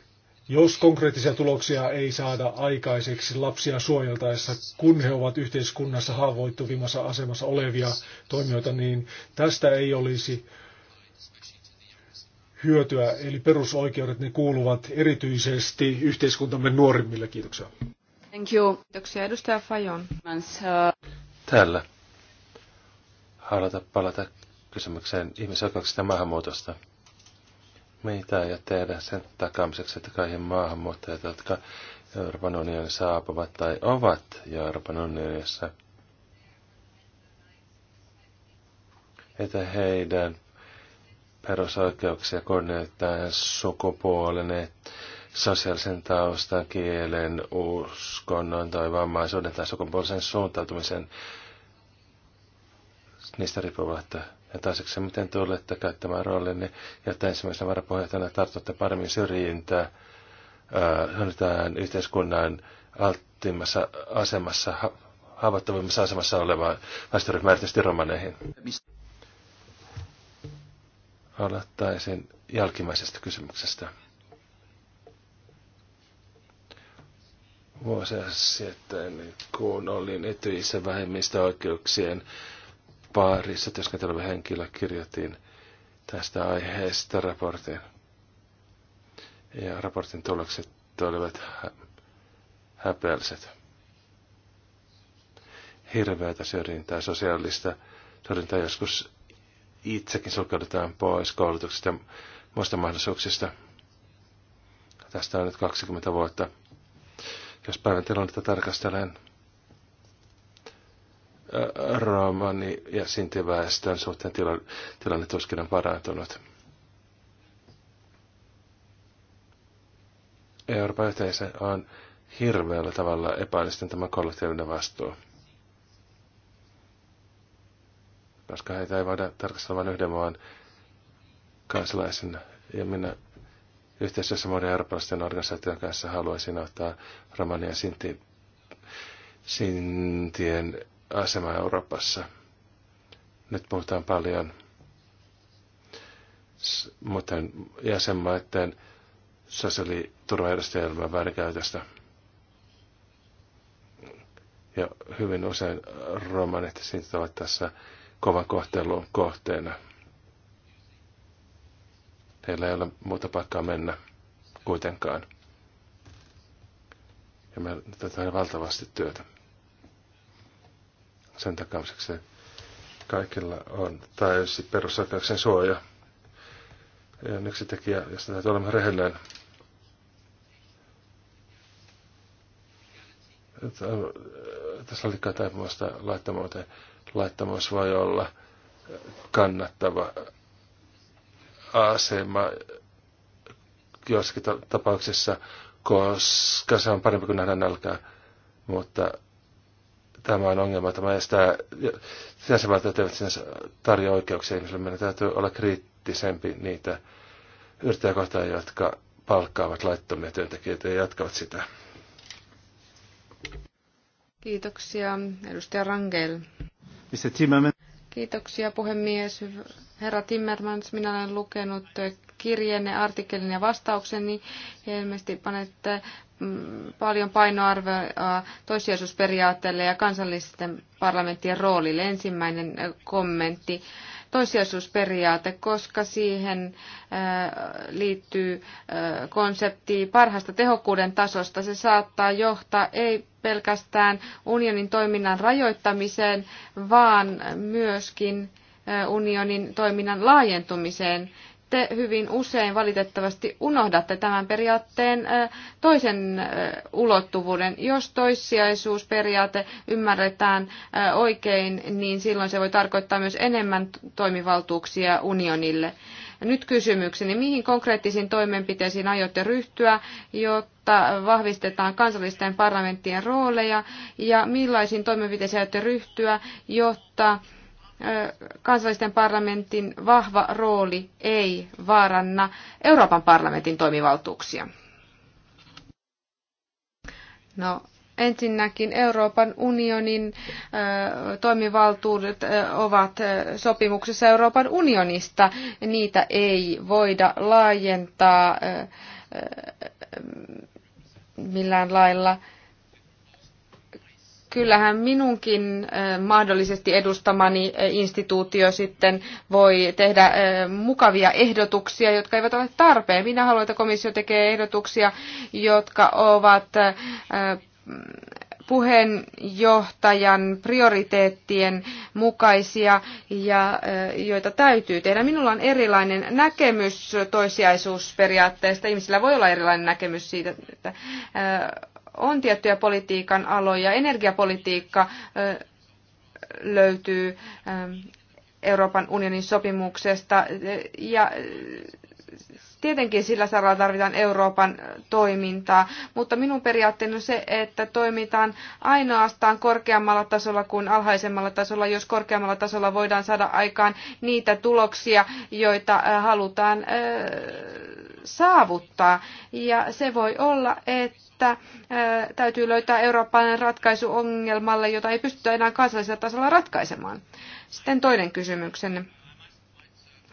jos konkreettisia tuloksia ei saada aikaiseksi lapsia suojeltaessa, kun he ovat yhteiskunnassa haavoittuvimmassa asemassa olevia toimijoita, niin tästä ei olisi hyötyä. Eli perusoikeudet ne kuuluvat erityisesti yhteiskuntamme nuorimmille. Kiitoksia. Thank you. Kiitoksia edustaja Fajon. Täällä. Haluta palata kysymykseen ihmisoikeuksista ja maahanmuutosta mitä ja tehdä sen takaamiseksi, että kaiken maahanmuuttajat, jotka Euroopan unionin saapuvat tai ovat Euroopan unionissa, että heidän perusoikeuksia kunnioitetaan sukupuolen, sosiaalisen taustan, kielen, uskonnon tai vammaisuuden tai sukupuolisen suuntautumisen niistä riippuvatta ja toiseksi, miten olette käyttämään roolinne, jotta ensimmäisenä varapuheenjohtajana tartutte paremmin syrjintää, hyödytään äh, yhteiskunnan alttimmassa asemassa, ha- haavoittuvimmassa asemassa olevaan väestöryhmään, erityisesti romaneihin. Aloittaisin jälkimmäisestä kysymyksestä. Vuosia sitten, kun olin etyissä vähemmistöoikeuksien parissa työskentelevä henkilö kirjoitin tästä aiheesta raportin. Ja raportin tulokset olivat häpeälliset. Hirveätä syrjintää, sosiaalista syrjintää joskus itsekin sulkeudutaan pois koulutuksesta ja muista mahdollisuuksista. Tästä on nyt 20 vuotta. Jos päivän tilannetta tarkastelen, romani- ja sintiväestön suhteen tilanne, tuskin on parantunut. Euroopan yhteisö on hirveällä tavalla epäonnistunut tämä kollektiivinen vastuu. Koska heitä ei voida tarkastella vain yhden maan kansalaisen Ja minä yhteistyössä muiden eurooppalaisten organisaation kanssa haluaisin ottaa Romania Sinti, Sintien asema Euroopassa. Nyt puhutaan paljon muuten jäsenmaiden sosiaaliturvajärjestelmän väärinkäytöstä. Ja hyvin usein romanit siitä ovat tässä kovan kohtelun kohteena. Heillä ei ole muuta paikkaa mennä kuitenkaan. Ja me tehdään valtavasti työtä sen takaamiseksi kaikilla on täysi perusoikeuksien suoja. Ja on yksi tekijä, josta täytyy olla rehellinen. Äh, tässä oli kai tämmöistä laittamuuteen. Laittamuus voi olla kannattava asema jossakin tapauksessa, koska se on parempi kuin nähdä nälkää. Mutta tämä on ongelma. Tämä estää, jäsenvaltiot eivät sinänsä tarjoa oikeuksia ihmisille. Meidän täytyy olla kriittisempi niitä yrittäjäkohtaa, jotka palkkaavat laittomia työntekijöitä ja jatkavat sitä. Kiitoksia. Edustaja Rangel. Kiitoksia puhemies. Herra Timmermans, minä olen lukenut kirjeenne, artikkelin ja vastaukseni. Ja ilmeisesti panette paljon painoarvoa toissijaisuusperiaatteelle ja kansallisten parlamenttien roolille. Ensimmäinen kommentti toissijaisuusperiaate, koska siihen liittyy konsepti parhaasta tehokkuuden tasosta. Se saattaa johtaa ei pelkästään unionin toiminnan rajoittamiseen, vaan myöskin unionin toiminnan laajentumiseen te hyvin usein valitettavasti unohdatte tämän periaatteen toisen ulottuvuuden. Jos toissijaisuusperiaate ymmärretään oikein, niin silloin se voi tarkoittaa myös enemmän toimivaltuuksia unionille. Nyt kysymykseni, mihin konkreettisiin toimenpiteisiin aiotte ryhtyä, jotta vahvistetaan kansallisten parlamenttien rooleja ja millaisiin toimenpiteisiin aiotte ryhtyä, jotta kansallisten parlamentin vahva rooli ei vaaranna Euroopan parlamentin toimivaltuuksia. No, ensinnäkin Euroopan unionin toimivaltuudet ovat sopimuksessa Euroopan unionista. Niitä ei voida laajentaa millään lailla kyllähän minunkin mahdollisesti edustamani instituutio sitten voi tehdä mukavia ehdotuksia, jotka eivät ole tarpeen. Minä haluan, että komissio tekee ehdotuksia, jotka ovat puheenjohtajan prioriteettien mukaisia ja joita täytyy tehdä. Minulla on erilainen näkemys toisiaisuusperiaatteesta. Ihmisillä voi olla erilainen näkemys siitä, että on tiettyjä politiikan aloja. Energiapolitiikka löytyy Euroopan unionin sopimuksesta e, ja tietenkin sillä saralla tarvitaan Euroopan toimintaa, mutta minun periaatteeni on se, että toimitaan ainoastaan korkeammalla tasolla kuin alhaisemmalla tasolla, jos korkeammalla tasolla voidaan saada aikaan niitä tuloksia, joita halutaan saavuttaa. Ja se voi olla, että äh, täytyy löytää eurooppalainen ratkaisu ongelmalle, jota ei pystytä enää kansallisella tasolla ratkaisemaan. Sitten toinen kysymyksenne.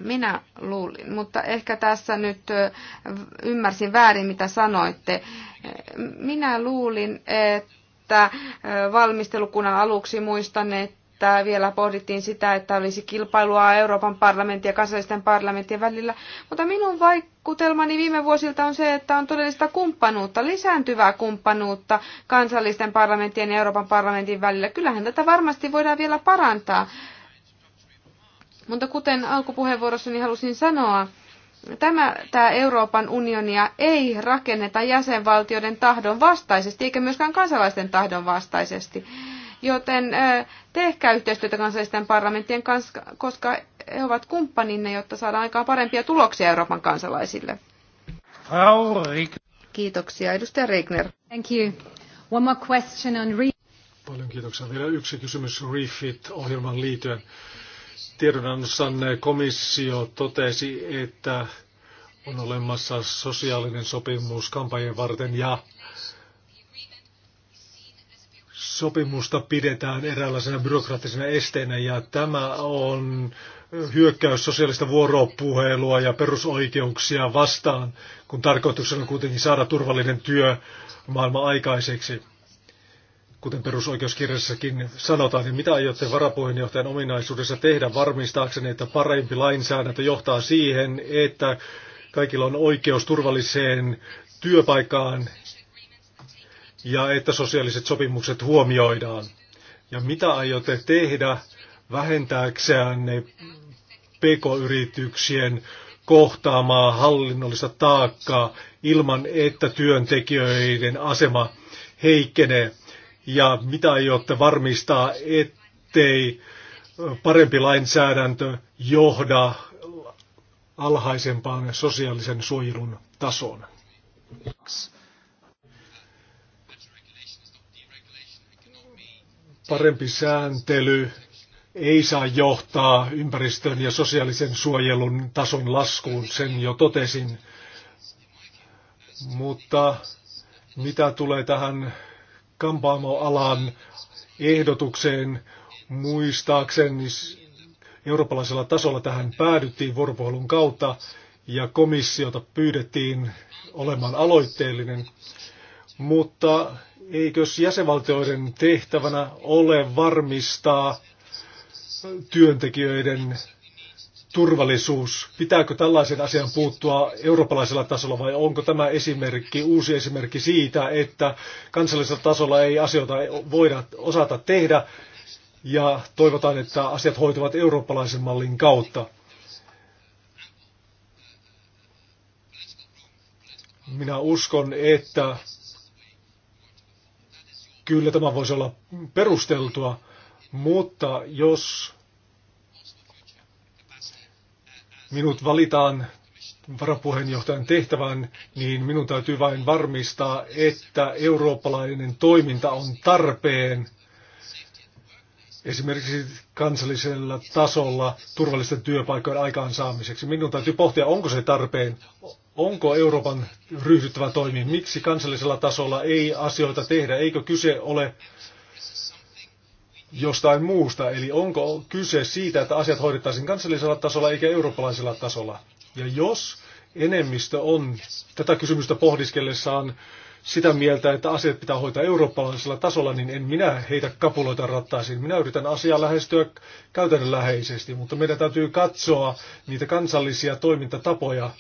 Minä luulin, mutta ehkä tässä nyt äh, ymmärsin väärin, mitä sanoitte. Minä luulin, että äh, valmistelukunnan aluksi muistaneet että vielä pohdittiin sitä, että olisi kilpailua Euroopan parlamentin ja kansallisten parlamenttien välillä. Mutta minun vaikutelmani viime vuosilta on se, että on todellista kumppanuutta, lisääntyvää kumppanuutta kansallisten parlamenttien ja Euroopan parlamentin välillä. Kyllähän tätä varmasti voidaan vielä parantaa. Mutta kuten alkupuheenvuorossani halusin sanoa, Tämä, tämä Euroopan unionia ei rakenneta jäsenvaltioiden tahdon vastaisesti, eikä myöskään kansalaisten tahdon vastaisesti Joten tehkää yhteistyötä kansallisten parlamenttien kanssa, koska he ovat kumppaninne, jotta saadaan aikaan parempia tuloksia Euroopan kansalaisille. Kiitoksia. Edustaja Regner. Thank you. One more question on re- Paljon kiitoksia. Vielä yksi kysymys REFIT-ohjelman liittyen. Tiedonannossanne komissio totesi, että on olemassa sosiaalinen sopimus kampanjan varten ja sopimusta pidetään eräänlaisena byrokraattisena esteenä ja tämä on hyökkäys sosiaalista vuoropuhelua ja perusoikeuksia vastaan, kun tarkoituksena on kuitenkin saada turvallinen työ maailma aikaiseksi. Kuten perusoikeuskirjassakin sanotaan, niin mitä aiotte varapuheenjohtajan ominaisuudessa tehdä varmistaakseni, että parempi lainsäädäntö johtaa siihen, että kaikilla on oikeus turvalliseen työpaikkaan ja että sosiaaliset sopimukset huomioidaan? Ja mitä aiotte tehdä vähentääkseen pk-yrityksien kohtaamaa hallinnollista taakkaa ilman, että työntekijöiden asema heikkenee? Ja mitä aiotte varmistaa, ettei parempi lainsäädäntö johda alhaisempaan sosiaalisen suojelun tasoon? parempi sääntely ei saa johtaa ympäristön ja sosiaalisen suojelun tason laskuun, sen jo totesin. Mutta mitä tulee tähän kampaamoalan ehdotukseen, muistaakseni niin eurooppalaisella tasolla tähän päädyttiin vuoropuhelun kautta ja komissiota pyydettiin olemaan aloitteellinen. Mutta eikös jäsenvaltioiden tehtävänä ole varmistaa työntekijöiden turvallisuus? Pitääkö tällaisen asian puuttua eurooppalaisella tasolla vai onko tämä esimerkki, uusi esimerkki siitä, että kansallisella tasolla ei asioita voida osata tehdä ja toivotaan, että asiat hoituvat eurooppalaisen mallin kautta? Minä uskon, että Kyllä tämä voisi olla perusteltua, mutta jos minut valitaan varapuheenjohtajan tehtävään, niin minun täytyy vain varmistaa, että eurooppalainen toiminta on tarpeen esimerkiksi kansallisella tasolla turvallisten työpaikkojen aikaansaamiseksi. Minun täytyy pohtia, onko se tarpeen, Onko Euroopan ryhdyttävä toimi? Miksi kansallisella tasolla ei asioita tehdä? Eikö kyse ole jostain muusta? Eli onko kyse siitä, että asiat hoidettaisiin kansallisella tasolla eikä eurooppalaisella tasolla? Ja jos enemmistö on tätä kysymystä pohdiskellessaan sitä mieltä, että asiat pitää hoitaa eurooppalaisella tasolla, niin en minä heitä kapuloita rattaisiin. Minä yritän asiaa lähestyä käytännönläheisesti, mutta meidän täytyy katsoa niitä kansallisia toimintatapoja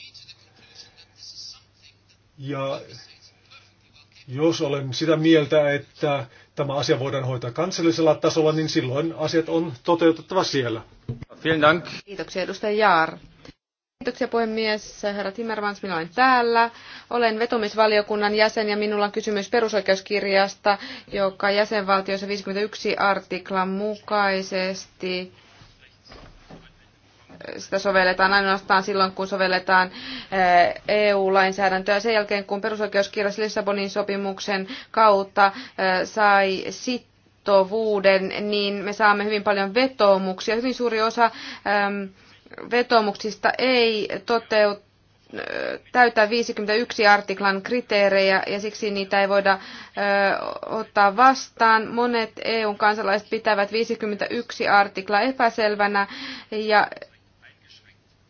ja jos olen sitä mieltä, että tämä asia voidaan hoitaa kansallisella tasolla, niin silloin asiat on toteutettava siellä. Kiitoksia edustaja Jaar. Kiitoksia puhemies. Herra Timmermans, minä olen täällä. Olen vetomisvaliokunnan jäsen ja minulla on kysymys perusoikeuskirjasta, joka jäsenvaltioissa 51 artiklan mukaisesti sitä sovelletaan ainoastaan silloin, kun sovelletaan eh, EU-lainsäädäntöä. Sen jälkeen, kun perusoikeuskirjas Lissabonin sopimuksen kautta eh, sai sitovuuden, niin me saamme hyvin paljon vetoomuksia. Hyvin suuri osa ehm, vetoomuksista ei toteut eh, täytä 51 artiklan kriteerejä ja siksi niitä ei voida ö, ottaa vastaan. Monet EUn kansalaiset pitävät 51 artikla epäselvänä ja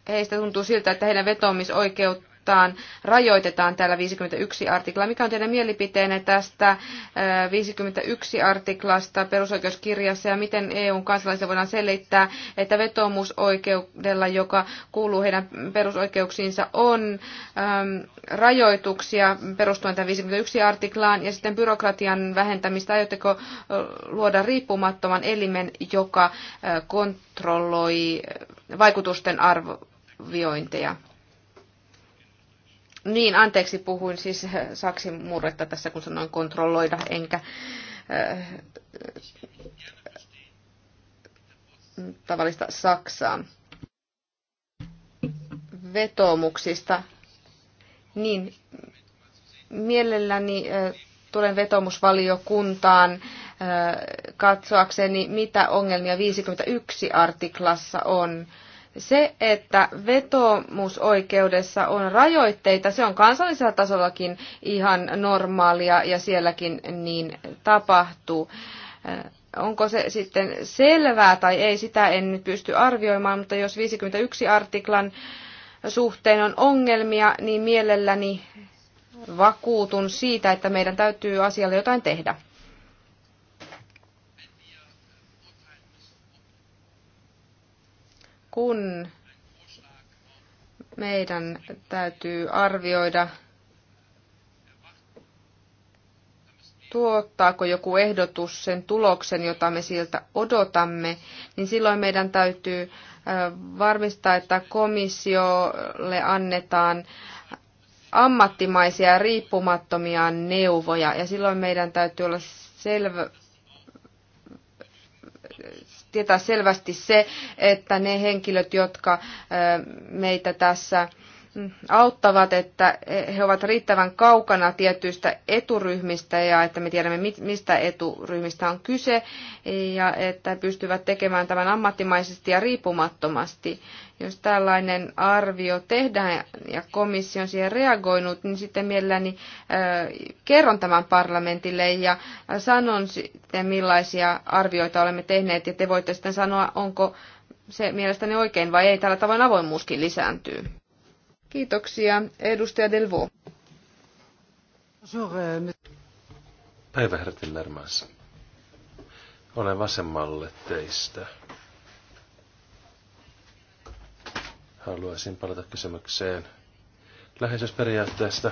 heistä tuntuu siltä, että heidän vetoamisoikeuttaan rajoitetaan täällä 51 artikla. Mikä on teidän mielipiteenne tästä 51 äh, artiklasta perusoikeuskirjassa ja miten EUn kansalaisille voidaan selittää, että vetoomusoikeudella, joka kuuluu heidän perusoikeuksiinsa, on äm, rajoituksia perustuen tämän 51 artiklaan ja sitten byrokratian vähentämistä. Aiotteko äh, luoda riippumattoman elimen, joka äh, kontrolloi vaikutusten arvo, viointeja. Niin, anteeksi, puhuin siis äh, saksin murretta tässä, kun sanoin kontrolloida, enkä äh, tavallista Saksaa. Vetomuksista. Niin, mielelläni äh, tulen vetomusvaliokuntaan äh, katsoakseni, mitä ongelmia 51 artiklassa on. Äh, se, että vetomusoikeudessa on rajoitteita, se on kansallisella tasollakin ihan normaalia ja sielläkin niin tapahtuu. Äh, onko se sitten selvää tai ei, sitä en nyt pysty arvioimaan, mutta jos 51 artiklan suhteen on ongelmia, niin mielelläni vakuutun siitä, että meidän täytyy asialle jotain tehdä. kun meidän täytyy arvioida, tuottaako joku ehdotus sen tuloksen, jota me siltä odotamme, niin silloin meidän täytyy varmistaa, että komissiolle annetaan ammattimaisia riippumattomia neuvoja. Ja silloin meidän täytyy olla selvä, tietää selvästi se, että ne henkilöt, jotka meitä tässä auttavat, että he ovat riittävän kaukana tietyistä eturyhmistä ja että me tiedämme, mistä eturyhmistä on kyse ja että pystyvät tekemään tämän ammattimaisesti ja riippumattomasti. Jos tällainen arvio tehdään ja komissio on siihen reagoinut, niin sitten mielelläni äh, kerron tämän parlamentille ja sanon sitten, millaisia arvioita olemme tehneet ja te voitte sitten sanoa, onko se mielestäni oikein vai ei. Tällä tavoin avoimuuskin lisääntyy. Kiitoksia. Edustaja Delvo. Päivä herra Olen vasemmalle teistä. Haluaisin palata kysymykseen läheisyysperiaatteesta.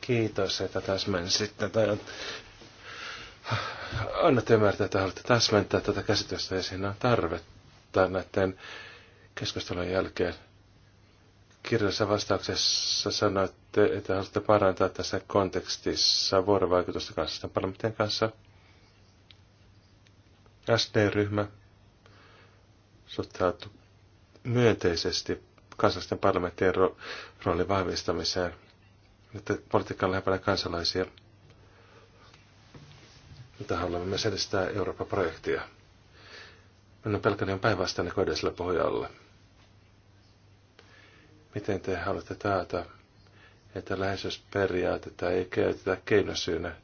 Kiitos, että täsmensitte. Tai on... Annatte ymmärtää, että haluatte täsmentää tätä käsitystä ja siinä on tarvetta näiden keskustelun jälkeen kirjallisessa vastauksessa sanoitte, että haluatte parantaa tässä kontekstissa vuorovaikutusta kanssa. parlamentin kanssa. SD-ryhmä suhtautuu myönteisesti kansallisten parlamenttien ro- roolin vahvistamiseen, että politiikka on lähempänä kansalaisia, mutta haluamme myös edistää Euroopan projektia. Minun pelkäni on päinvastainen kuin edellisellä pohjalla. Miten te haluatte taata, että läheisyysperiaatetta ei käytetä keinosyynä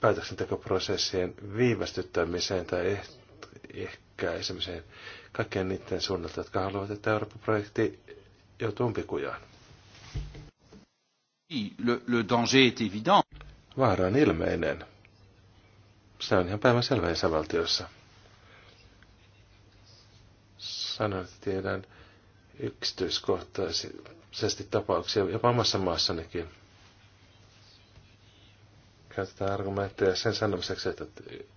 päätöksentekoprosessien viivästyttämiseen tai eh-, ehkäisemiseen kaikkien niiden suunnalta, jotka haluavat, että Euroopan projekti joutuu umpikujaan? Le, le danger est évident. Vaara on ilmeinen. Se on ihan selvä isävaltiossa. Sanoin, että tiedän yksityiskohtaisesti tapauksia, jopa omassa maassanikin. Käytetään argumentteja sen sanomiseksi, että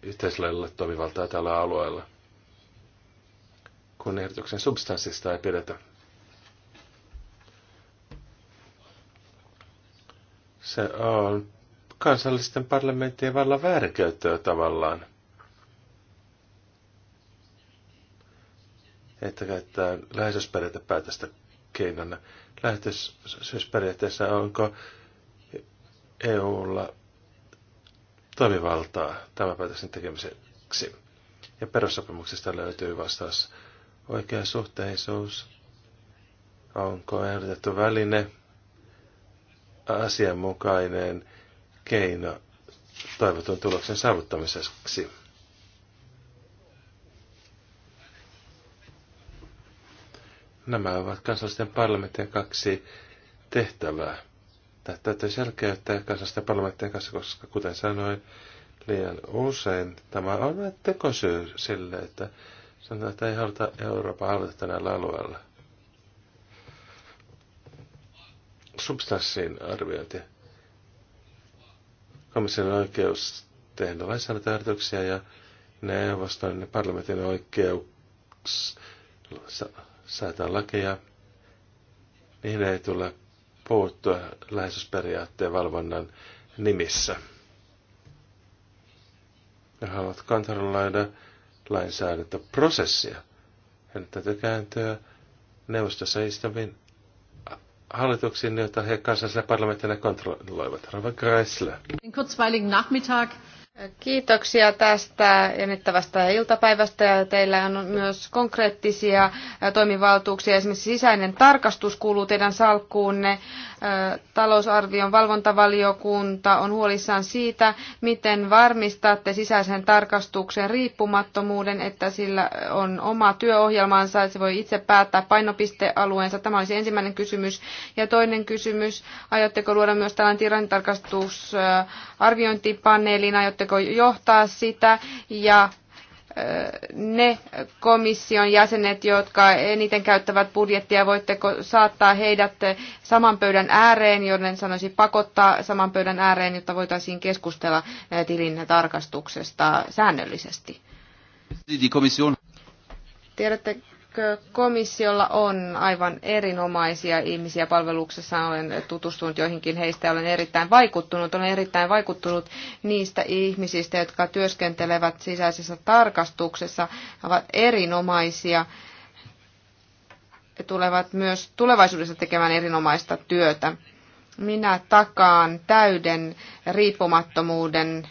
yhteisöllä toimivaltaa tällä alueella, kun ehdotuksen substanssista ei pidetä. Se on kansallisten parlamenttien vallan väärinkäyttöä tavallaan. että käyttää läheisyysperiaatepäätöstä keinona. Läheisyysperiaatteessa onko EUlla toimivaltaa tämän päätöksen tekemiseksi. Ja perussopimuksesta löytyy vastaus oikea suhteisuus, onko ehdotettu väline asianmukainen keino toivotun tuloksen saavuttamiseksi. Nämä ovat kansallisten parlamenttien kaksi tehtävää. Tätä Täytyy selkeyttää kansallisten parlamenttien kanssa, koska kuten sanoin, liian usein tämä on tekosyy sille, että sanotaan, että ei haluta Euroopan hallita näillä alueella. Substanssiin arviointi. Komission oikeus tehdä lainsäädäntöehdotuksia ja neuvoston parlamentin oikeus säätää lakeja, niihin ei tule puuttua läheisyysperiaatteen valvonnan nimissä. Ja haluat kontrolloida lainsäädäntöprosessia. Heidän täytyy kääntyä neuvostossa istuviin hallituksiin, joita he kansallisella parlamenttina kontrolloivat. Rova Kreisler. Den kurzweiligen Nachmittag Kiitoksia tästä jännittävästä iltapäivästä ja teillä on myös konkreettisia toimivaltuuksia. Esimerkiksi sisäinen tarkastus kuuluu teidän salkkuunne. Talousarvion valvontavaliokunta on huolissaan siitä, miten varmistatte sisäisen tarkastuksen riippumattomuuden, että sillä on oma työohjelmansa, että se voi itse päättää painopistealueensa. Tämä olisi ensimmäinen kysymys. Ja toinen kysymys, aiotteko luoda myös tällainen tilantarkastusarviointipaneelin, aiotteko Voitteko johtaa sitä ja ne komission jäsenet, jotka eniten käyttävät budjettia, voitteko saattaa heidät saman pöydän ääreen, joiden sanoisi pakottaa saman pöydän ääreen, jotta voitaisiin keskustella tilin tarkastuksesta säännöllisesti? Tiedätte komissiolla on aivan erinomaisia ihmisiä palveluksessa. Olen tutustunut joihinkin heistä ja olen erittäin vaikuttunut. Olen erittäin vaikuttunut niistä ihmisistä, jotka työskentelevät sisäisessä tarkastuksessa. He ovat erinomaisia tulevat myös tulevaisuudessa tekemään erinomaista työtä. Minä takaan täyden riippumattomuuden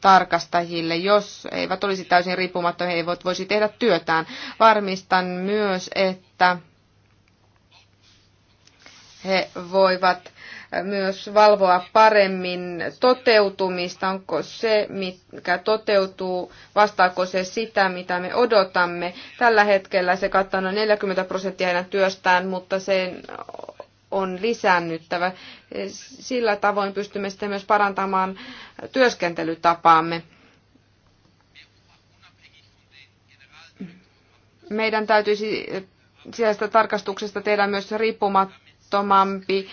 tarkastajille. Jos eivät olisi täysin riippumattomia, he eivät voisi tehdä työtään. Varmistan myös, että he voivat myös valvoa paremmin toteutumista, onko se, mikä toteutuu, vastaako se sitä, mitä me odotamme. Tällä hetkellä se kattaa noin 40 prosenttia heidän työstään, mutta sen on lisännyttävä. Sillä tavoin pystymme sitten myös parantamaan työskentelytapaamme. Meidän täytyisi sisäisestä tarkastuksesta tehdä myös riippumattomampi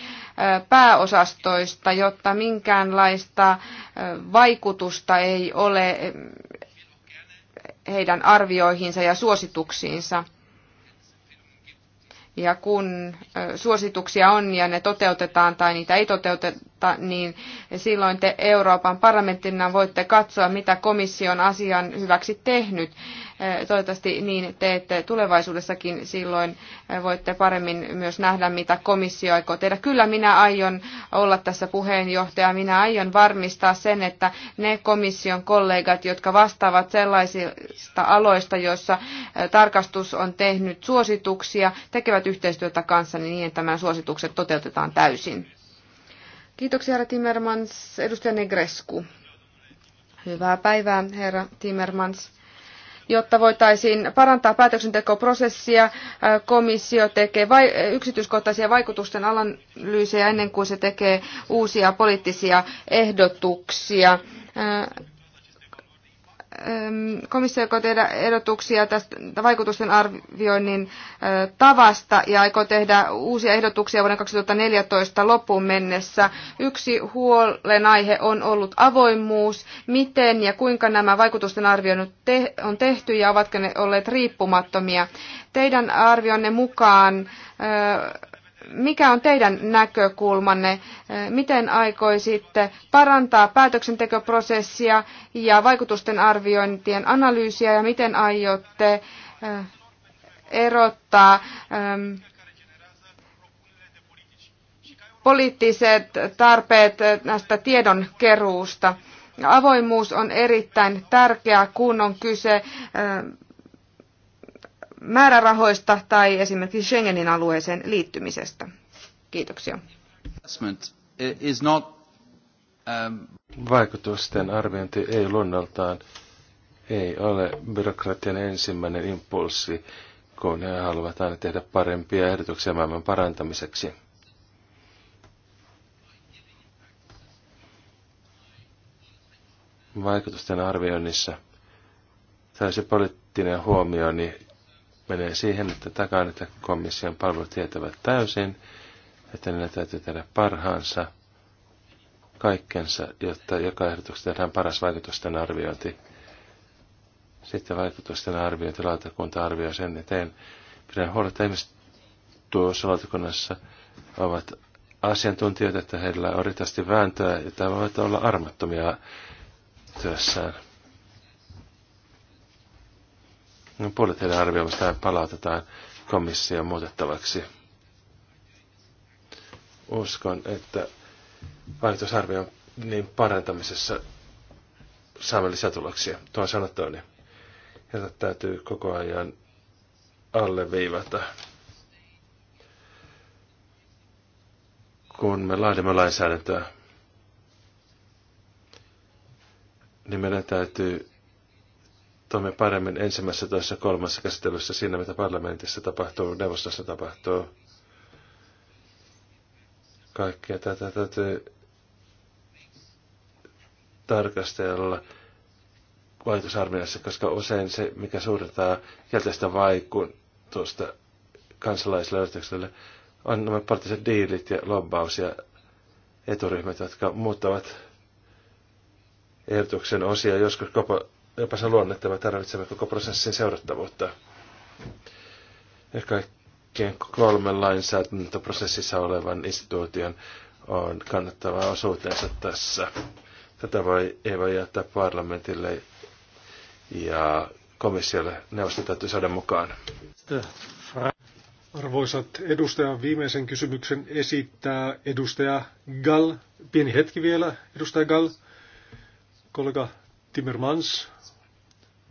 pääosastoista, jotta minkäänlaista vaikutusta ei ole heidän arvioihinsa ja suosituksiinsa. Ja kun suosituksia on ja ne toteutetaan tai niitä ei toteuteta, niin silloin te Euroopan parlamenttina voitte katsoa, mitä komissio on asian hyväksi tehnyt. Toivottavasti niin teette tulevaisuudessakin silloin voitte paremmin myös nähdä, mitä komissio aikoo tehdä. Kyllä minä aion olla tässä puheenjohtaja. Minä aion varmistaa sen, että ne komission kollegat, jotka vastaavat sellaisista aloista, joissa tarkastus on tehnyt suosituksia, tekevät yhteistyötä kanssani niin, että nämä suositukset toteutetaan täysin. Kiitoksia, herra Timmermans. Edustaja Negrescu. Hyvää päivää, herra Timmermans jotta voitaisiin parantaa päätöksentekoprosessia. Komissio tekee vai, yksityiskohtaisia vaikutusten analyysejä ennen kuin se tekee uusia poliittisia ehdotuksia komissio aikoo tehdä ehdotuksia tästä vaikutusten arvioinnin tavasta ja aikoo tehdä uusia ehdotuksia vuoden 2014 loppuun mennessä. Yksi huolenaihe on ollut avoimuus, miten ja kuinka nämä vaikutusten arvioinnit on tehty ja ovatko ne olleet riippumattomia. Teidän arvionne mukaan mikä on teidän näkökulmanne? Miten aikoisitte parantaa päätöksentekoprosessia ja vaikutusten arviointien analyysiä ja miten aiotte eh, erottaa ehm, poliittiset tarpeet eh, näistä tiedon keruusta? Avoimuus on erittäin tärkeää, kun on kyse eh, määrärahoista tai esimerkiksi Schengenin alueeseen liittymisestä. Kiitoksia. Um, Vaikutusten arviointi ei luonnoltaan ei ole byrokratian ensimmäinen impulssi, kun he haluavat aina tehdä parempia ehdotuksia maailman parantamiseksi. Vaikutusten arvioinnissa täysi poliittinen huomio, niin menee siihen, että takaan, että komission palvelut tietävät täysin, että niillä täytyy tehdä parhaansa kaikkensa, jotta joka ehdotuksessa tehdään paras vaikutusten arviointi. Sitten vaikutusten arviointi, lautakunta arvioi sen eteen. Pidän huolta, että ihmiset tuossa lautakunnassa ovat asiantuntijoita, että heillä on riittävästi vääntöä, että voivat olla armattomia työssään. No, puolet heidän arvioimastaan palautetaan komission muutettavaksi. Uskon, että vaikutusarvion niin parantamisessa saamme lisätuloksia. Tuo sanottuani, jota täytyy koko ajan alleviivata. Kun me laadimme lainsäädäntöä, niin meidän täytyy toimme paremmin ensimmäisessä, toisessa, kolmassa käsittelyssä siinä, mitä parlamentissa tapahtuu, neuvostossa tapahtuu. Kaikkea tätä täytyy tarkastella vaikutusarvioissa, koska usein se, mikä suurtaa kielteistä vaikutusta kansalaisille on nämä poliittiset diilit ja lobbaus ja eturyhmät, jotka muuttavat ehdotuksen osia joskus koko jopa sen että me tarvitsemme koko prosessin seurattavuutta. Ja kaikkien kolmen lainsäädäntöprosessissa olevan instituution on kannattava osuutensa tässä. Tätä voi, ei voi jättää parlamentille ja komissiolle. Neuvosto täytyy saada mukaan. Arvoisat edustajan viimeisen kysymyksen esittää edustaja Gall. Pieni hetki vielä, edustaja Gall. Kollega Timmermans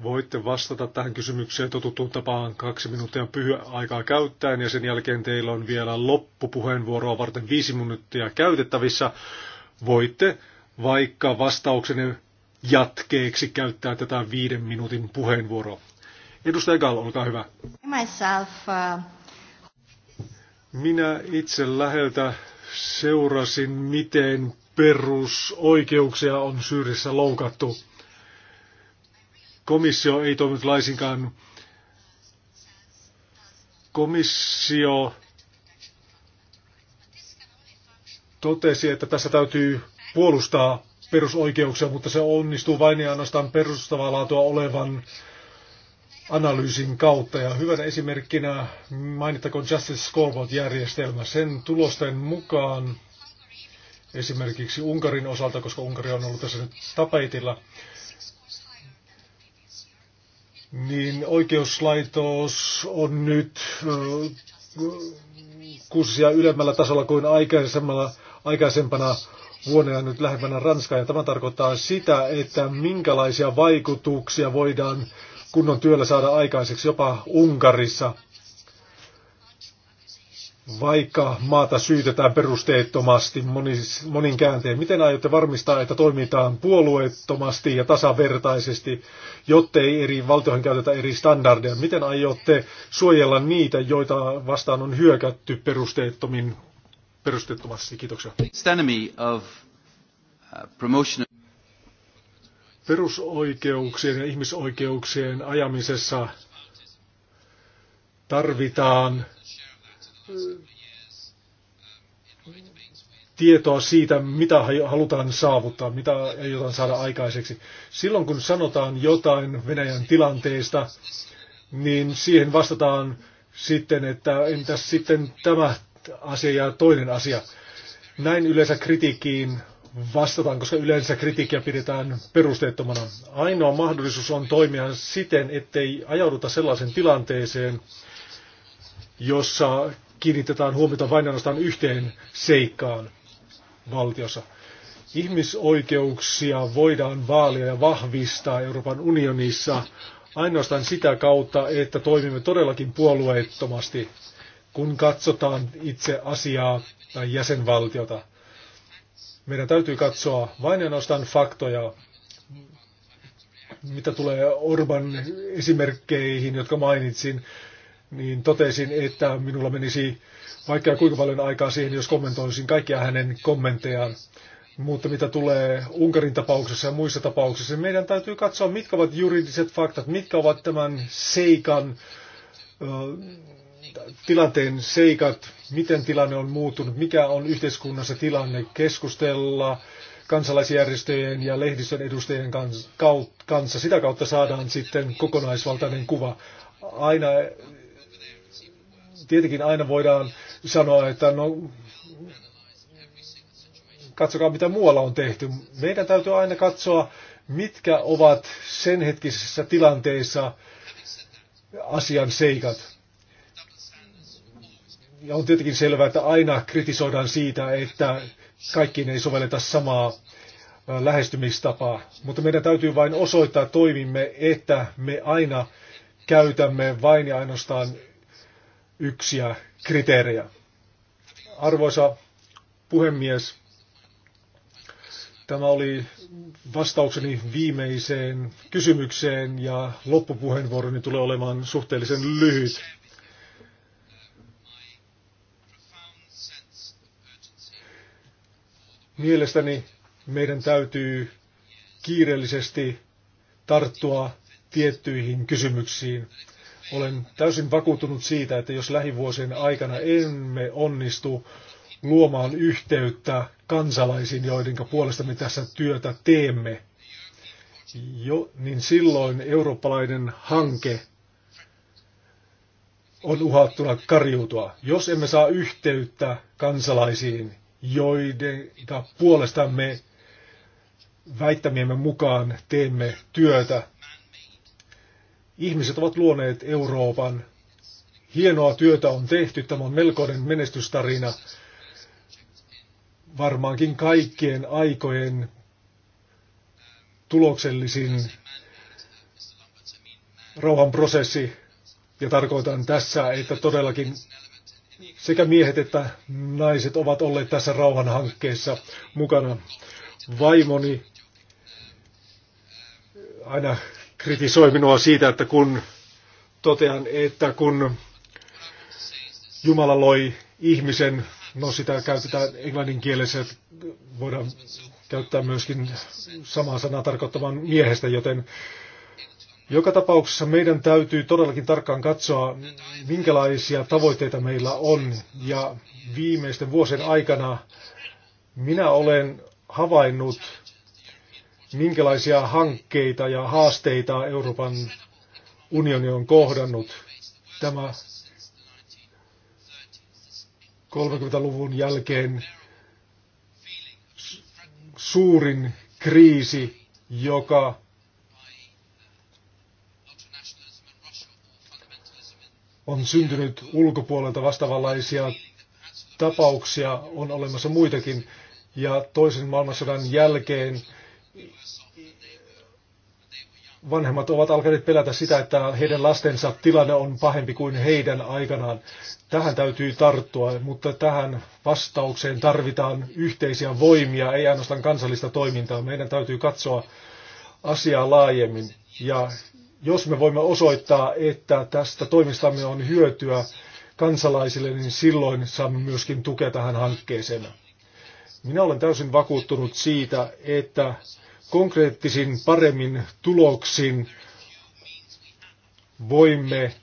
Voitte vastata tähän kysymykseen totuttuun tapaan kaksi minuuttia aikaa käyttäen ja sen jälkeen teillä on vielä loppupuheenvuoroa varten viisi minuuttia käytettävissä. Voitte vaikka vastauksenne jatkeeksi käyttää tätä viiden minuutin puheenvuoroa. Edustaja Gall, olkaa hyvä. Myself, uh... Minä itse läheltä seurasin, miten perusoikeuksia on Syyrissä loukattu komissio ei toiminut laisinkaan. Komissio totesi, että tässä täytyy puolustaa perusoikeuksia, mutta se onnistuu vain ja ainoastaan perustavaa laatua olevan analyysin kautta. Ja hyvänä esimerkkinä mainittakoon Justice Scoreboard-järjestelmä. Sen tulosten mukaan esimerkiksi Unkarin osalta, koska Unkari on ollut tässä nyt tapetilla, niin oikeuslaitos on nyt äh, kurssia ylemmällä tasolla kuin aikaisemmalla, aikaisempana vuonna nyt lähempänä Ranska Ja tämä tarkoittaa sitä, että minkälaisia vaikutuksia voidaan kunnon työllä saada aikaiseksi jopa Unkarissa – vaikka maata syytetään perusteettomasti monin, monin käänteen, miten aiotte varmistaa, että toimitaan puolueettomasti ja tasavertaisesti, jottei eri valtioihin käytetä eri standardeja? Miten aiotte suojella niitä, joita vastaan on hyökätty perusteettomin, perusteettomasti? Kiitoksia. Uh, Perusoikeuksien ja ihmisoikeuksien ajamisessa tarvitaan Mm. tietoa siitä, mitä halutaan saavuttaa, mitä aiotaan saada aikaiseksi. Silloin kun sanotaan jotain Venäjän tilanteesta, niin siihen vastataan sitten, että entäs sitten tämä asia ja toinen asia. Näin yleensä kritiikkiin vastataan, koska yleensä kritiikkiä pidetään perusteettomana. Ainoa mahdollisuus on toimia siten, ettei ajauduta sellaisen tilanteeseen, jossa kiinnitetään huomiota vain ainoastaan yhteen seikkaan valtiossa. Ihmisoikeuksia voidaan vaalia ja vahvistaa Euroopan unionissa ainoastaan sitä kautta, että toimimme todellakin puolueettomasti, kun katsotaan itse asiaa tai jäsenvaltiota. Meidän täytyy katsoa vain ainoastaan faktoja, mitä tulee Orban esimerkkeihin, jotka mainitsin niin totesin, että minulla menisi vaikka kuinka paljon aikaa siihen, jos kommentoisin kaikkia hänen kommenttejaan. Mutta mitä tulee Unkarin tapauksessa ja muissa tapauksissa, niin meidän täytyy katsoa, mitkä ovat juridiset faktat, mitkä ovat tämän seikan, tilanteen seikat, miten tilanne on muuttunut, mikä on yhteiskunnassa tilanne, keskustella kansalaisjärjestöjen ja lehdistön edustajien kanssa. Sitä kautta saadaan sitten kokonaisvaltainen kuva. Aina tietenkin aina voidaan sanoa, että no, katsokaa mitä muualla on tehty. Meidän täytyy aina katsoa, mitkä ovat sen hetkisessä tilanteessa asian seikat. Ja on tietenkin selvää, että aina kritisoidaan siitä, että kaikkiin ei sovelleta samaa lähestymistapaa. Mutta meidän täytyy vain osoittaa toimimme, että me aina käytämme vain ja ainoastaan yksiä kriteerejä. Arvoisa puhemies, tämä oli vastaukseni viimeiseen kysymykseen ja loppupuheenvuoroni tulee olemaan suhteellisen lyhyt. Mielestäni meidän täytyy kiireellisesti tarttua tiettyihin kysymyksiin. Olen täysin vakuuttunut siitä, että jos lähivuosien aikana emme onnistu luomaan yhteyttä kansalaisiin, joiden puolesta me tässä työtä teemme, jo, niin silloin eurooppalainen hanke on uhattuna karjuutua. Jos emme saa yhteyttä kansalaisiin, joiden puolesta me väittämiemme mukaan teemme työtä, Ihmiset ovat luoneet Euroopan. Hienoa työtä on tehty. Tämä on melkoinen menestystarina. Varmaankin kaikkien aikojen tuloksellisin rauhanprosessi. Ja tarkoitan tässä, että todellakin sekä miehet että naiset ovat olleet tässä rauhanhankkeessa mukana. Vaimoni aina kritisoi minua siitä, että kun totean, että kun Jumala loi ihmisen, no sitä käytetään että voidaan käyttää myöskin samaa sanaa tarkoittavan miehestä, joten joka tapauksessa meidän täytyy todellakin tarkkaan katsoa, minkälaisia tavoitteita meillä on. Ja viimeisten vuosien aikana minä olen havainnut minkälaisia hankkeita ja haasteita Euroopan unioni on kohdannut. Tämä 30-luvun jälkeen suurin kriisi, joka on syntynyt ulkopuolelta vastaavanlaisia tapauksia, on olemassa muitakin. Ja toisen maailmansodan jälkeen vanhemmat ovat alkaneet pelätä sitä, että heidän lastensa tilanne on pahempi kuin heidän aikanaan. Tähän täytyy tarttua, mutta tähän vastaukseen tarvitaan yhteisiä voimia, ei ainoastaan kansallista toimintaa. Meidän täytyy katsoa asiaa laajemmin. Ja jos me voimme osoittaa, että tästä toimistamme on hyötyä kansalaisille, niin silloin saamme myöskin tukea tähän hankkeeseen. Minä olen täysin vakuuttunut siitä, että konkreettisin paremmin tuloksin voimme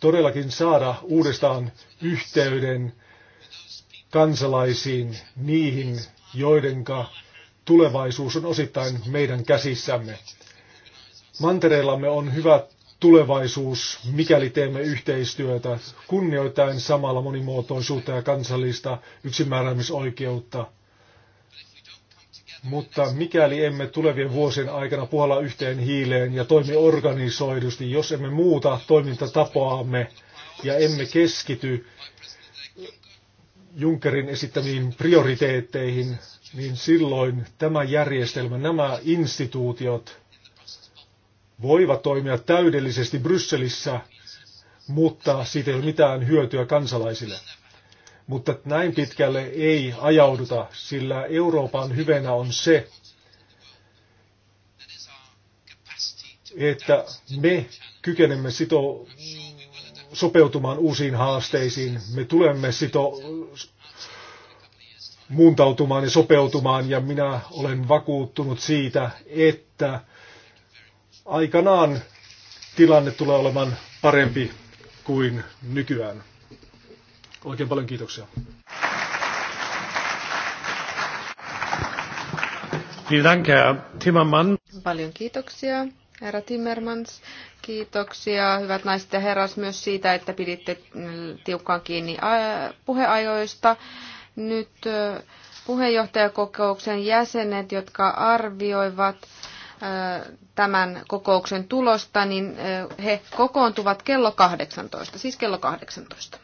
todellakin saada uudestaan yhteyden kansalaisiin, niihin, joidenka tulevaisuus on osittain meidän käsissämme. Mantereillamme on hyvä tulevaisuus, mikäli teemme yhteistyötä, kunnioittaen samalla monimuotoisuutta ja kansallista yksimääräämisoikeutta. Mutta mikäli emme tulevien vuosien aikana puhalla yhteen hiileen ja toimi organisoidusti, jos emme muuta toimintatapaamme ja emme keskity Junckerin esittämiin prioriteetteihin, niin silloin tämä järjestelmä, nämä instituutiot voivat toimia täydellisesti Brysselissä, mutta siitä ei ole mitään hyötyä kansalaisille mutta näin pitkälle ei ajauduta, sillä Euroopan hyvänä on se, että me kykenemme sito sopeutumaan uusiin haasteisiin. Me tulemme sito muuntautumaan ja sopeutumaan ja minä olen vakuuttunut siitä, että aikanaan tilanne tulee olemaan parempi kuin nykyään. Oikein paljon kiitoksia. Paljon kiitoksia, herra Timmermans. Kiitoksia, hyvät naiset ja herras, myös siitä, että piditte tiukkaan kiinni äh, puheajoista. Nyt äh, puheenjohtajakokouksen jäsenet, jotka arvioivat äh, tämän kokouksen tulosta, niin he kokoontuvat kello 18, siis kello 18.